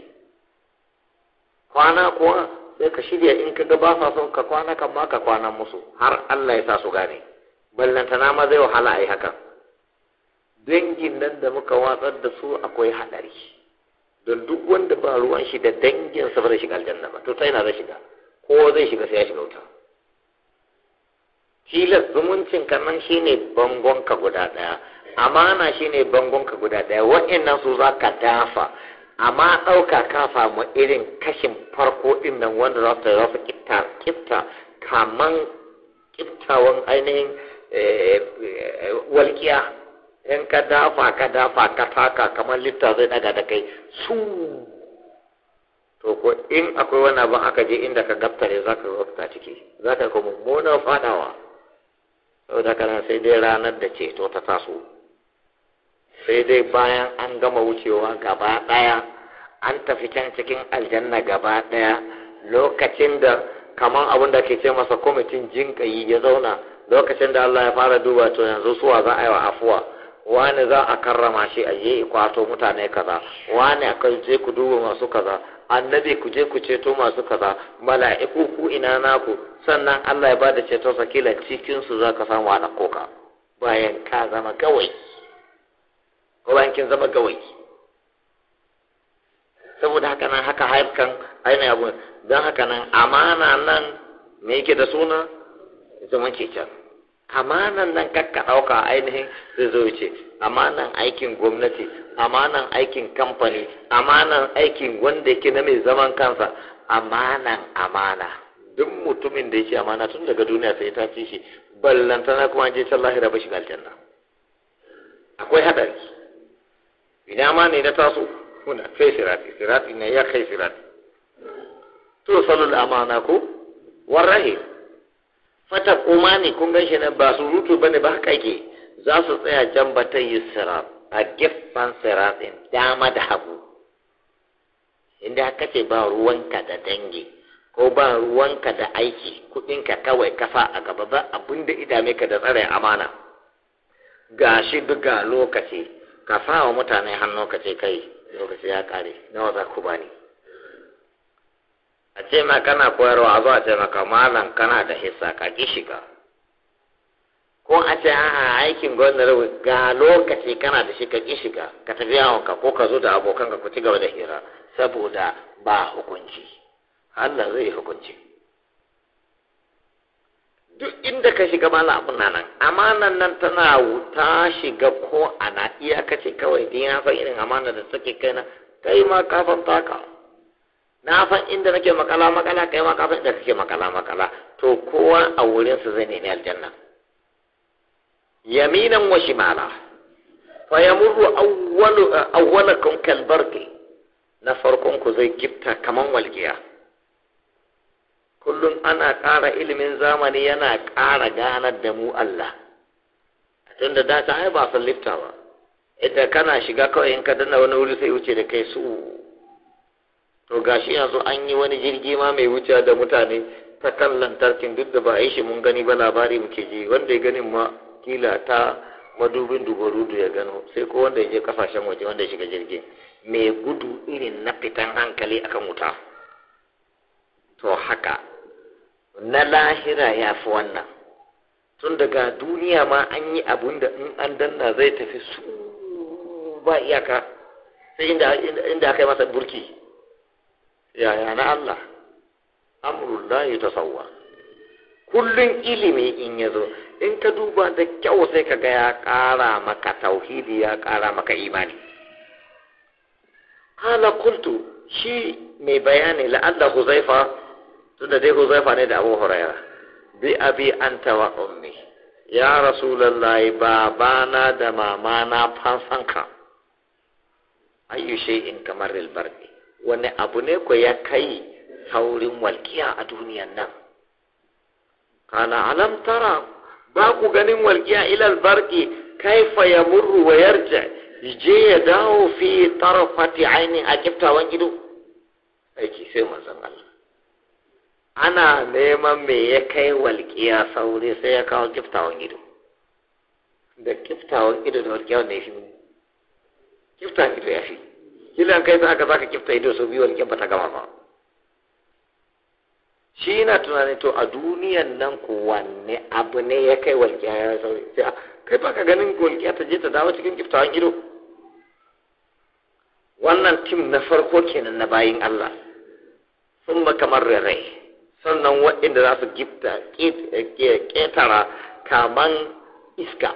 kwana kuwa sai ka shirya in ka ga ba sa son ka kwana kan ma ka kwana musu har Allah ya sa su gane ballantana ma zai wahala a yi hakan dangin nan da muka watsar da su akwai haɗari don duk wanda ba ruwan shi da dangin sa zai shiga aljanna ba to ta yana zai shiga ko zai shiga sai ya shiga wuta tilas zumuncin ka nan shine bangon ka guda ɗaya amana shine bangon ka guda ɗaya wa'annan su za ka dafa amma ɗauka ka samu irin kashin farko din nan wanda za su za su kitta kifta kaman kiftawan ainihin eh, eh, walƙiya in ka dafa ka dafa ka taka kamar litta zai daga da kai su to ko in akwai wani abin aka je inda ka ne za ka gafta ciki za ka kuma mummunan fadawa da kana sai dai ranar da ceto ta taso sai dai bayan an gama wucewa gaba daya an tafi can cikin aljanna gaba daya lokacin da kamar abin da ke ce masa kwamitin jinƙayi ya zauna lokacin da Allah ya fara duba to yanzu suwa za a yi wa afuwa wani za a karrama shi a yi kwato mutane kaza wani a je ku duba masu kaza annabi ku je ku ceto masu kaza mala'iku ku ina naku sannan Allah ya bada ceto sakila cikin su za ka samu a koka bayan ka zama gawai ko bayan kin zama gawai saboda haka nan haka haifkan aina abu don haka nan amana nan me yake da suna zaman ke can amanan nan kakka ɗauka ainihin zai zo ce amanan aikin gwamnati amanan aikin kamfani amanan aikin wanda yake na mai zaman kansa amanan amana duk mutumin da yake amana tun daga duniya sai ta ci shi ballantana kuma je can lahira ba shiga aljanna akwai hadari idan ma ne na taso kuna kai sirati sirati ne ya kai sirati to salul amana ko warrahi fata kuma ne kun gan shi nan ba surutu bane ba haka ke za su tsaya jan batan yi sirat a gefen ɗin, dama da hagu inda haka ce ba ruwanka da dangi ko ba ruwanka da aiki kuɗinka kawai kafa a gaba ba abinda idame ka da tsare amana Gashi shi ga lokaci ka wa mutane hannu ka ce kai lokaci ya kare nawa za ku bani a ce ma kana koyarwa a zo a ce maka malam kana da hissa ka ki shiga ko a ce a aikin gwamnati ga lokaci kana da shi ka ki shiga ka tafi yawonka ko ka zo da abokan ka ku ci gaba da hira saboda ba hukunci Allah zai hukunci duk inda ka shiga malam abin nan amanan nan tana wuta shiga ko ana kace kawai din ya san irin amanar da take kaina kai ma kafan taka na san inda nake makala makala kai ma san inda kake makala makala to kowa a wurin su zai nemi aljanna yaminan wa shimala fa yamuru awwalu eh, awwalakum kal barqi na farkon ku zai gifta kaman walgiya kullum ana ƙara ilimin zamani yana ƙara ganar da mu Allah tunda da ta ai ba san lifta ba Idan kana shiga kawai in ka danna wani wuri sai wuce da kai su to gashi yanzu an yi wani jirgi ma mai wuce da mutane ta kan lantarkin duk da ba a yi shi mun gani ba labari muke ji wanda ya ganin ma kila ta madubin dubarudu ya gano sai ko wanda ya je kasashen waje wanda ya shiga jirgin mai gudu irin na fitan hankali akan wuta to haka na lahira ya fi wannan tun daga duniya ma an yi abun da in an danna zai tafi su ba iyaka sai inda aka yi masa burki yaya na Allah amrullahi tasawwa kullun ilimi in yazo in ka duba da kyau sai ka ga ya ƙara maka tauhidi ya ƙara maka imani hala kultu shi mai bayani la'alla huzaifa tunda dai huzaifa ne da abu huraira bi abi anta wa ummi ya rasulullahi babana da mamana fansanka ayyu shay'in kamar albarq wani abu ne ko ya kai saurin walƙiya a duniyan nan kana alam tara ba ku ganin walƙiya ilal barki kaifa ya murru wa yarja je ya dawo fi tarafati aini a kiftawan ido aiki sai manzon Allah ana neman me ya kai walƙiya sauri sai ya kawo kiftawan ido da kiftawan ido da walƙiya wanda ya fi kiftawan ido ya fi kila kai ta aka zaka kifta ido sau biyu wani kin ta gama ba shi na tunanin to a duniyan nan ko wanne abu ne ya kai walƙiya ya sauri sai kai ba ka ganin walƙiya ta je ta dawo cikin kiftawan gido wannan tim na farko kenan na bayin Allah sun kamar rai sannan waɗanda za su gifta ƙetara kaman iska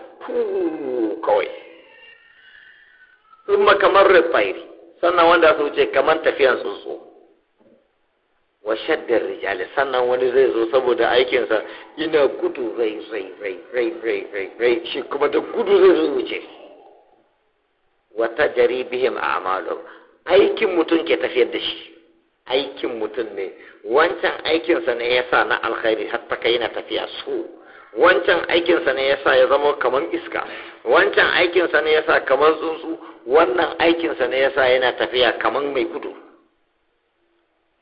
kawai sun kamar rai sannan wanda su wuce kamar tafiyan tsuntsu wa shaddar rijali sannan wani zai zo saboda aikinsa ina gudu rai rai rai rai rai rai rai shi kuma da gudu zai zo wuce wa jari bihim a'malu aikin mutum ke tafiyar da shi aikin mutum ne wancan aikinsa ne ya sa na alkhairi har ta kai na tafiya su wancan aikinsa ne yasa ya zama kamar iska wancan aikinsa ne yasa kamar tsuntsu wannan aikinsa ne yasa yana tafiya kamar mai gudu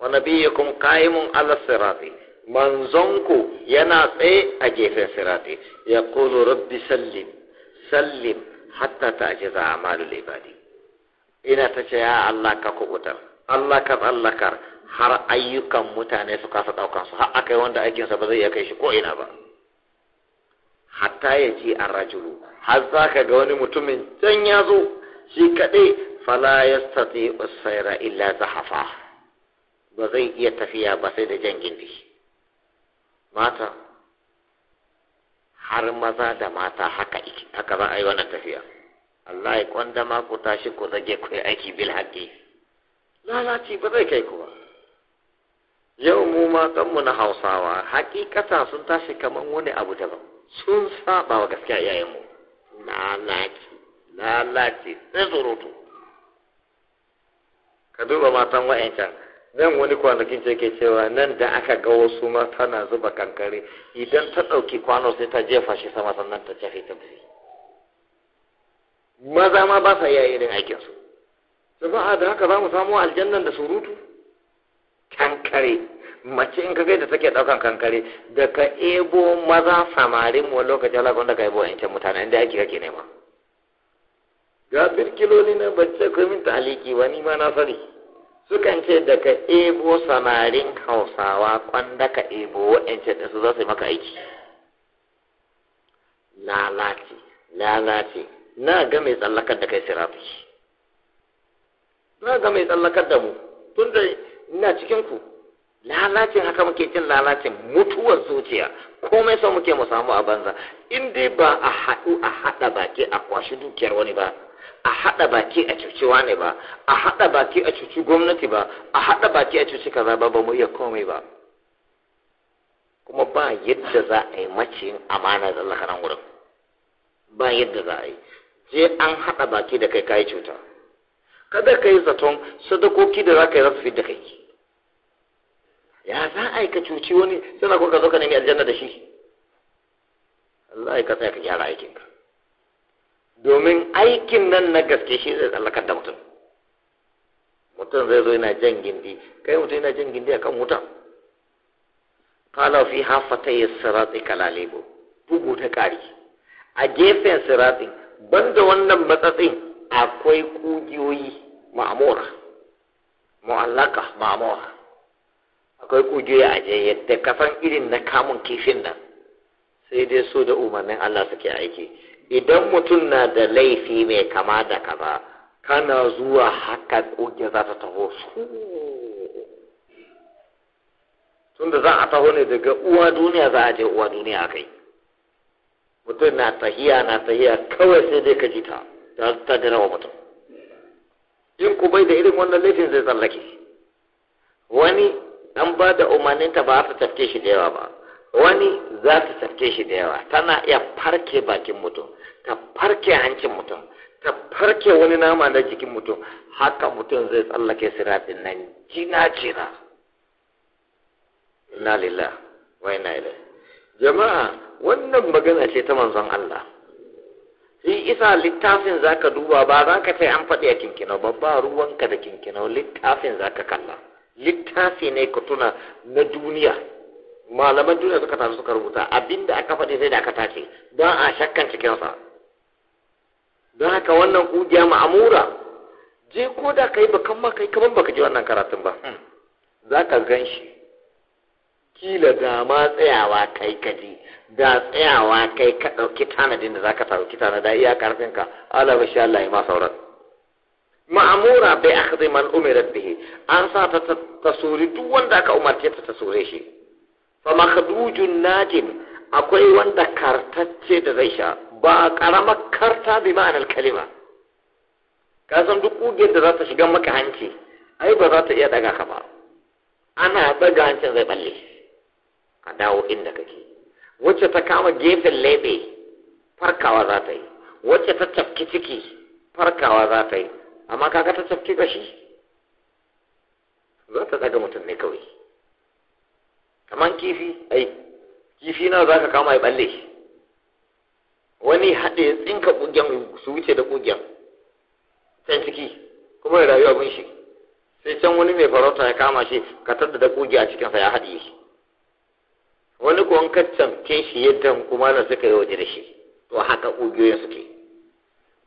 wa nabiyyukum qaimun ala sirati manzonku yana tsaye a gefen sirati ya qulu rabbi sallim sallim hatta ta'jiza amalul ibadi ina ta ce ya Allah ka kubutar Allah ka tsallakar har ayyukan mutane su kasa daukan su har akai wanda aikinsa ba zai iya kai shi ko ina ba hatta ya ji a rajulu har za ka ga wani mutumin can ya zo shi kaɗai fala ya stati usaira illa zahafa ba zai iya tafiya ba sai da jan gindi mata har maza da mata haka haka za a yi wannan tafiya Allah ya kwanda ma ku tashi ku zage ku yi aiki bil haƙi lalaci ba zai kai ku ba yau mu ma kanmu na hausawa hakikata sun tashi kaman wani abu daban sun saba wa gaskiya iyayenmu lalaci lalaci sai surutu ka duba matan wa'ancan nan wani kwanakin ce ke cewa nan da aka ga wasu mata tana zuba kankare idan ta ɗauki kwano sai ta jefa shi sama sannan ta cefe ta bisi maza ma ba sa iya irin aikinsu jama'a da haka za mu samu aljannan da surutu kankare mace in ka kai da take daukan kankare da ka ebo maza samarin mu lokacin Allah wanda ka ebo yancin mutane inda yake kake nema ga birkiloli na bacce ko min taliki wani ma na sani sukan ce da ka ebo samarin hausawa kwanda ka ebo yancin din su za su yi maka aiki lalace lalace na ga mai tsallakar da kai sirafi na ga mai tsallakar da mu tun da ina cikin ku lalacin haka muke cin lalacin mutuwar zuciya komai sau muke mu samu a banza in dai ba a haɗu a haɗa baki a kwashi dukiyar wani ba a haɗa baki a cuciwa ne ba a haɗa baki a cuci gwamnati ba a haɗa baki a cuci kaza ba ba mu iya komai ba kuma ba yadda za a yi maciyin amana da Allah nan wurin ba yadda za a yi je an haɗa baki da kai kayi cuta kada ka yi zaton sadakoki da za ka yi za fi da kai ya za a yi ka cuci wani sannan kuka zo ka nemi aljanna da shi Allah ya ka tsaya ka gyara aikinka domin aikin nan na gaske shi zai tsallakar da mutum mutum zai zo yana jan gindi kai mutum yana jan gindi akan wuta qala fi hafata sirati kalalibu bugu ta kari a gefen sirati banda wannan matsatsin akwai kugiyoyi ma'amura mu'allaka ma'amura akwai kugiya a jayyar da kasan irin na kamun kifin nan sai dai su da umarnin Allah suke aiki idan mutum na da laifi mai kama da kaza kana zuwa haka kugiya za ta taho su tunda za a taho ne daga uwa duniya za a je uwa duniya a kai mutum na tahiya na tahiya kawai sai dai ka ji ta ta dira wa mutum in ku bai da irin wannan laifin zai tsallake wani an ba da umarninta ba ta tafke shi da yawa ba wani za ta tafke shi da yawa tana iya farke bakin mutum ta farke hancin mutum ta farke wani nama na jikin mutum haka mutum zai tsallake sirafin nan jina jina na lillah wai na ila jama'a wannan magana ce ta manzon Allah shi isa littafin zaka duba ba za ka ce an faɗi a kinkinau ba ba ruwanka da kinkinau littafin zaka kalla littafi ne ka tuna na duniya malaman duniya suka tafi suka rubuta abinda aka faɗi sai da aka tace don a shakkan cikinsa don haka wannan kugiya ma'amura je ko da ka yi ba kan kai kaman baka ji wannan karatun ba hmm. za ka gan shi kila da ma tsayawa kai ka ji da tsayawa kai ka ɗauki tanadin da za ka ɗauki tanada iya karfinka ala bashi Allah ya ma sauran ma'amura bai akhdhi man bihi an sa ta tasuri duk wanda aka umarce ta tasure shi fa makhdujun najim akwai wanda kartacce da zai sha ba karamar karta bi ma'anar kalima ka san duk kugiyar da za ta shiga maka hanci ai ba za ta iya daga ka ba ana daga hancin zai balle a dawo inda kake wacce ta kama gefen lebe farkawa za ta yi wacce ta tafki ciki farkawa za ta yi amma kaga ta tsafki shi. za ta tsaga mutum ne kawai kamar kifi ai kifi na za ka kama ya balle wani haɗe ya tsinka ƙugiyar su wuce da ƙugiyar can ciki kuma ya rayu abin shi sai can wani mai farauta ya kama shi ka tadda da ƙuge a cikinsa ya haɗe shi wani kuwan kaccan ke shi yadda kuma na suka yi waje da shi to haka ƙugiyoyin suke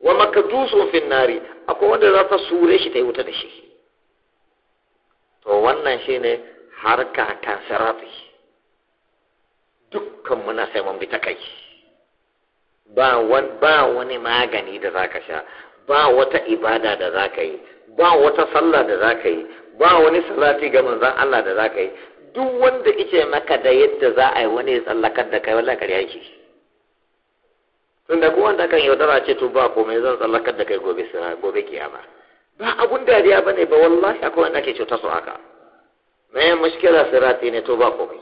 wa makadusun fin nari akwai wanda za ta sure shi ta yi wuta da shi to wannan shi ne harka kan sirafi dukkan muna sai mun bi ta kai ba wani magani da za ka sha ba wata ibada da za ka yi ba wata sallah da za ka yi ba wani salati ga manzan Allah da za ka yi duk wanda ice maka da yadda za a yi wani tsallakar da kai wallahi kariya shi tunda ko wanda kan yaudara ce to ba komai zan tsallakar da kai gobe sira gobe kiyama ba abun dariya bane ba wallahi akwai wanda ake cuta su haka me mushkila sirati ne to ba komai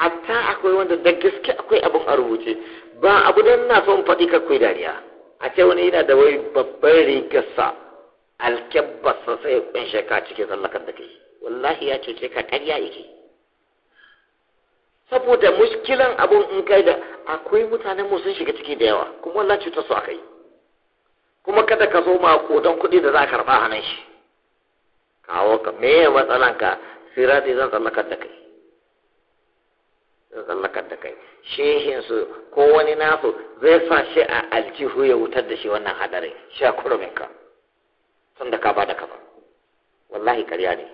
hatta akwai wanda da gaske akwai abun a rubuce ba abu da na son faɗi ka kai dariya a ce wani yana da wai babban rigarsa alkyabbasa sai ɗan kunshe cikin tsallakar da kai wallahi ya cuce ka ƙarya yake saboda mushkilan abun in kai da akwai mutanen mu sun shiga ciki da yawa kuma wannan cutar su akai kuma kada ka zo ma kodan kuɗi da za ka karɓa nan shi kawo ka me ya matsalan ka dai zan tsallakar da kai zan tsallakar da kai shehin su ko wani nasu zai sa shi a aljihu ya wutar da shi wannan hadarin shi a kurumin ka tun da ka ba da kafa wallahi karya ne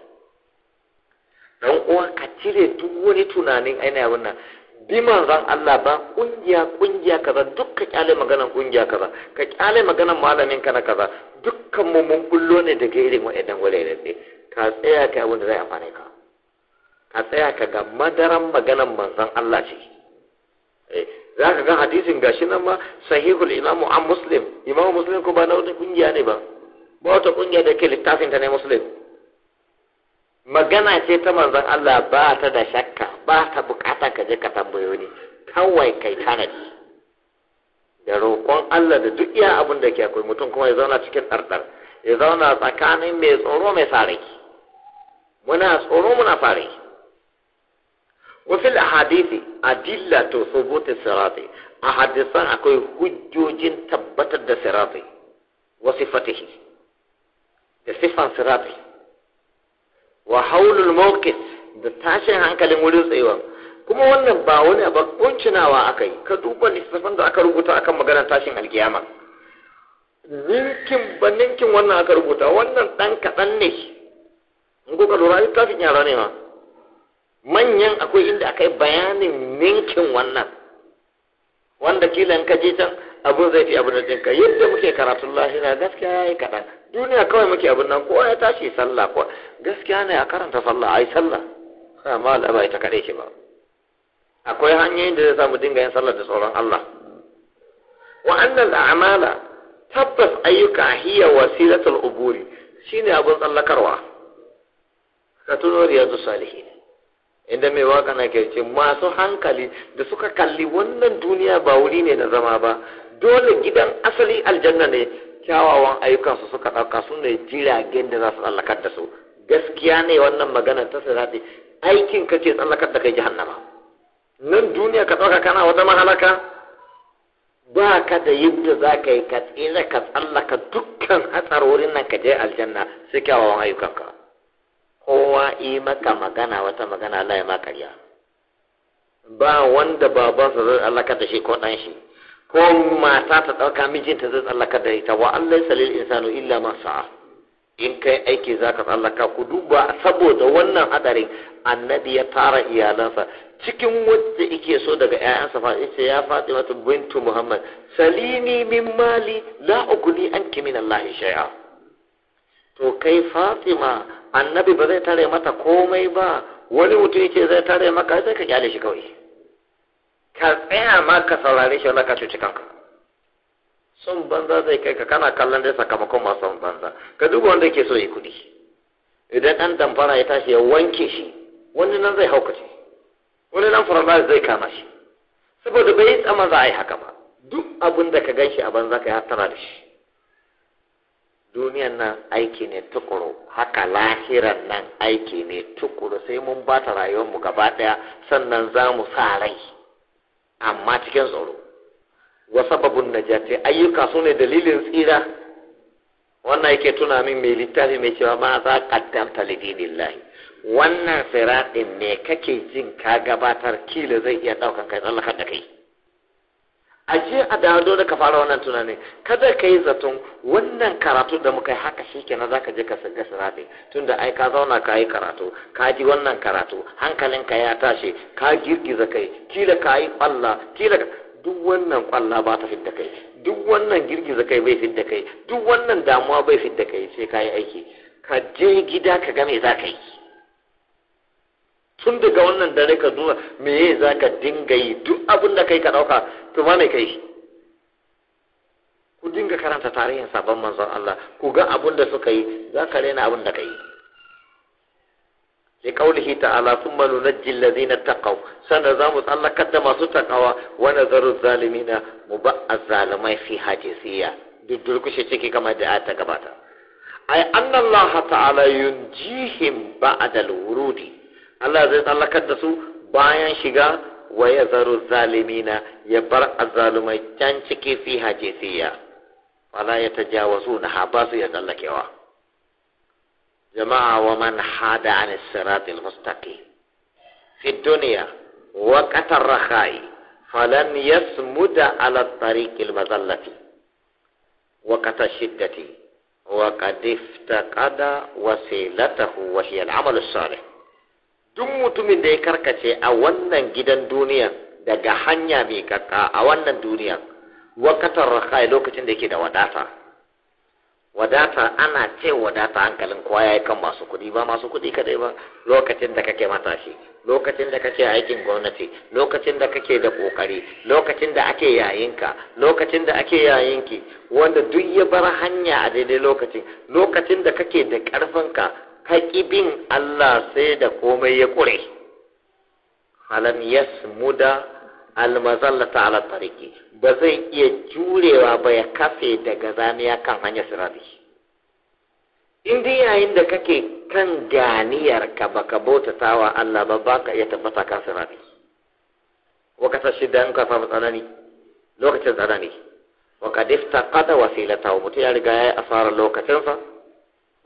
dan uwa ka cire duk wani tunanin ainihin wannan bi manzan Allah ba kungiya kungiya kaza duk ka kyale maganan kungiya kaza ka kyale maganan malamin ka na kaza dukkan mu mun bullo ne daga irin wa'annan wuraren ne ka tsaya ka abin da zai amfane ka ka tsaya ka ga madaran maganan manzan Allah ce eh, za ka ga hadisin gashi nan ma sahihul imamu an muslim imamu muslim ko ba na wata kungiya ne ba ba wata kungiya da ke littafin ta ne muslim magana ce ta manzon Allah ba ta da shakka ba ta bukata ka je ka tambayo ni kawai kai tanadi da roƙon Allah da duk iya abin da ke akwai mutum kuma ya zauna cikin ɗarɗar ya zauna tsakanin mai tsoro mai sare muna tsoro muna fare wafil hadisi adilla to sobote sirati a hadisan akwai hujjojin tabbatar da sirati wasu fatihi da sifan sirati wa haulul mawqif da tashin hankalin wurin tsayuwa kuma wannan ba wani ba kuncinawa akai ka duba lissafin da aka rubuta akan maganar tashin alkiyama ninkin ba ninkin wannan aka rubuta wannan dan kaɗan ne in kuka lura littafin yara ne ma manyan akwai inda aka yi bayanin ninkin wannan wanda kila in ka je can abin zai fi abin da jinka yadda muke karatun lahira gaskiya ya yi kaɗan duniya kawai muke abin nan kowa ya tashi sallah ko gaskiya ne a karanta sallah ai sallah amma Allah bai ta kare shi ba akwai hanyoyin da zai samu dinga yin sallah da tsoron Allah wa annal a'mala tabbas ayyuka hiya wasilatul uburi shine abin tsallakarwa ka tuno riyadu salihin inda mai waka na ke ce masu hankali da suka kalli wannan duniya ba wuri ne na zama ba dole gidan asali aljanna ne kyawawan ayyukansu suka ɗauka su ne jiragen da za su tsallakar da su gaskiya ne wannan magana ta sirati aikin ka ce tsallakar da kai jahannama nan duniya ka ɗauka kana wata mahalaka ba ka da yadda za ka yi ka tsira ka tsallaka dukkan hatsarorin nan ka je aljanna sai kyawawan ayyukanka kowa yi maka magana wata magana Allah ya ma karya ba wanda babansa zai tsallakar da shi ko ɗan shi ko mata ta ɗauka mijinta zai tsallaka da ita wa Allah salil insanu illa ma sa'a in kai aiki za ka tsallaka ku duba saboda wannan hadarin annabi ya tara iyalansa cikin wacce ike so daga ƴaƴansa fa ita ya faɗi mata bintu Muhammad salini min mali la ugni anki min Allah shay'a to kai Fatima annabi ba zai tare mata komai ba wani mutum yake zai tare maka sai ka kyale shi kawai ka tsaya ma ka saurare shi ka cuci kanka son banza zai kai ka kana kallon dai sakamakon masu son banza ka duba wanda ke so yi kuɗi idan ɗan damfara ya tashi ya wanke shi wani nan zai haukace wani nan fara zai kama shi saboda bai yi tsama za a yi haka ba duk abin da ka gan shi a banza ka tara da shi duniyan nan aiki ne tukuru haka lahiran nan aiki ne tukuru sai mun bata rayuwarmu gaba ɗaya sannan za mu sa rai amma cikin tsoro wa sababun najati ayyuka su ne dalilin tsira wannan yake tuna min mai littafi mai cewa ma za qaddamta lidinillahi wannan siratin ne kake jin ka gabatar kila zai iya ɗaukan kai tsallakar da kai A jiya a dado da ka fara wannan tunani kada ka yi zaton wannan karatu da muka yi haka shi kenan za ka je ka sirga sirafi tunda ai ka zauna ka yi karatu ka ji wannan karatu hankalin ka ya tashi ka girgiza kai kila ka yi kwalla kila duk wannan kwalla ba ta fidda kai duk wannan girgiza kai bai fidda kai duk wannan damuwa bai fidda kai sai ka yi aiki ka je gida ka ga me za ka yi tun daga wannan dare ka nuna meye za ka dinga yi duk abin da kai ka ɗauka to ma mai kai ku dinga karanta tarihin sabon manzon Allah ku ga abin da suka yi za ka raina abin da ka yi sun qawlihi na thumma nunajji alladhina taqaw sannan za mu tsallakar da masu takawa wa nazaru zalimina mubaa zalimai fi hajisiya duk durkushe ciki kamar da ta gabata ay anna allaha ta'ala yunjihim ba'da alwurudi Allah zai tsallakar da su bayan shiga wa ya zaru zalimina ya bar azzalumai can ciki fi hajesiya wala ya tajawazu na haba su ya tsallakewa jama'a wa man hada an siratil mustaqim fi dunya wa qatar rakhai falan yasmuda ala tariqil mazallati wa qatar shiddati وقد افتقد وسيلته وهي العمل الصالح duk mutumin da ya karkace a wannan gidan duniya daga hanya mai kakka a wannan duniya wakatar raka lokacin da yake da wadata wadata ana ce wadata hankalin kowa ya kan masu kuɗi ba masu kuɗi kadai ba lokacin da kake matashi lokacin da kake aikin gwamnati lokacin da kake da kokari lokacin da ake yayinka lokacin da ake yayinki wanda duk ya bar hanya a daidai lokacin lokacin da kake da karfinka ka bin Allah sai da komai ya ƙure halam yasmuda almazallata ala tariki ba zai iya jurewa ba ya kafe daga zaniya kan hanyar sirari in yayin da kake kan ganiyar ka baka bautata wa Allah ba ka iya tabbata kan sirari ta shida in ka samu tsanani lokacin tsanani waka difta kada wasilata mutum ya riga ya yi asarar lokacinsa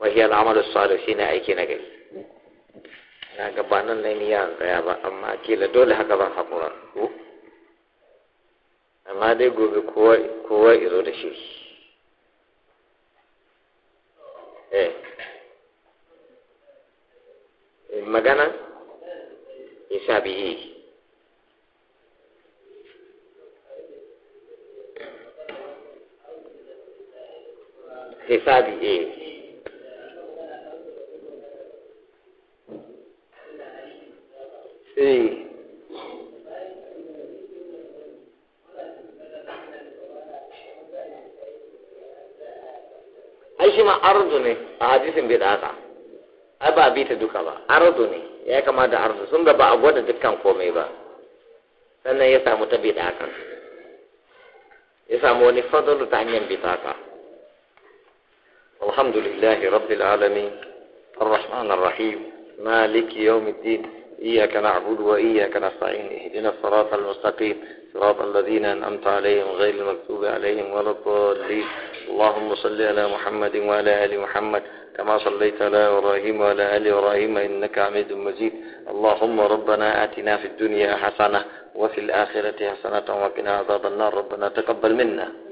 وهي العمل الصالح شيء na aiki na gabanin nan ya tsaya ba amma kila dole haka ba ban ko. amma dai gobe kowa izo da shi eh, eh magana isa yi. hisabi eh eh ai shi ma arzu ne a hadisin bai da ai ba bi ta duka ba arzu ne ya kamata da arzu sun ga ba a gwada dukkan komai ba sannan ya samu ta bai da ya samu wani fadalu ta hanyar bai da haka alhamdulillahi rabbil alamin الرحمن الرحيم مالك يوم الدين إياك نعبد وإياك نستعين اهدنا الصراط المستقيم صراط الذين أنعمت عليهم غير المكتوب عليهم ولا الضالين اللهم صل على محمد وعلى آل محمد كما صليت على إبراهيم وعلى آل إبراهيم إنك حميد مجيد اللهم ربنا آتنا في الدنيا حسنة وفي الآخرة حسنة وقنا عذاب النار ربنا تقبل منا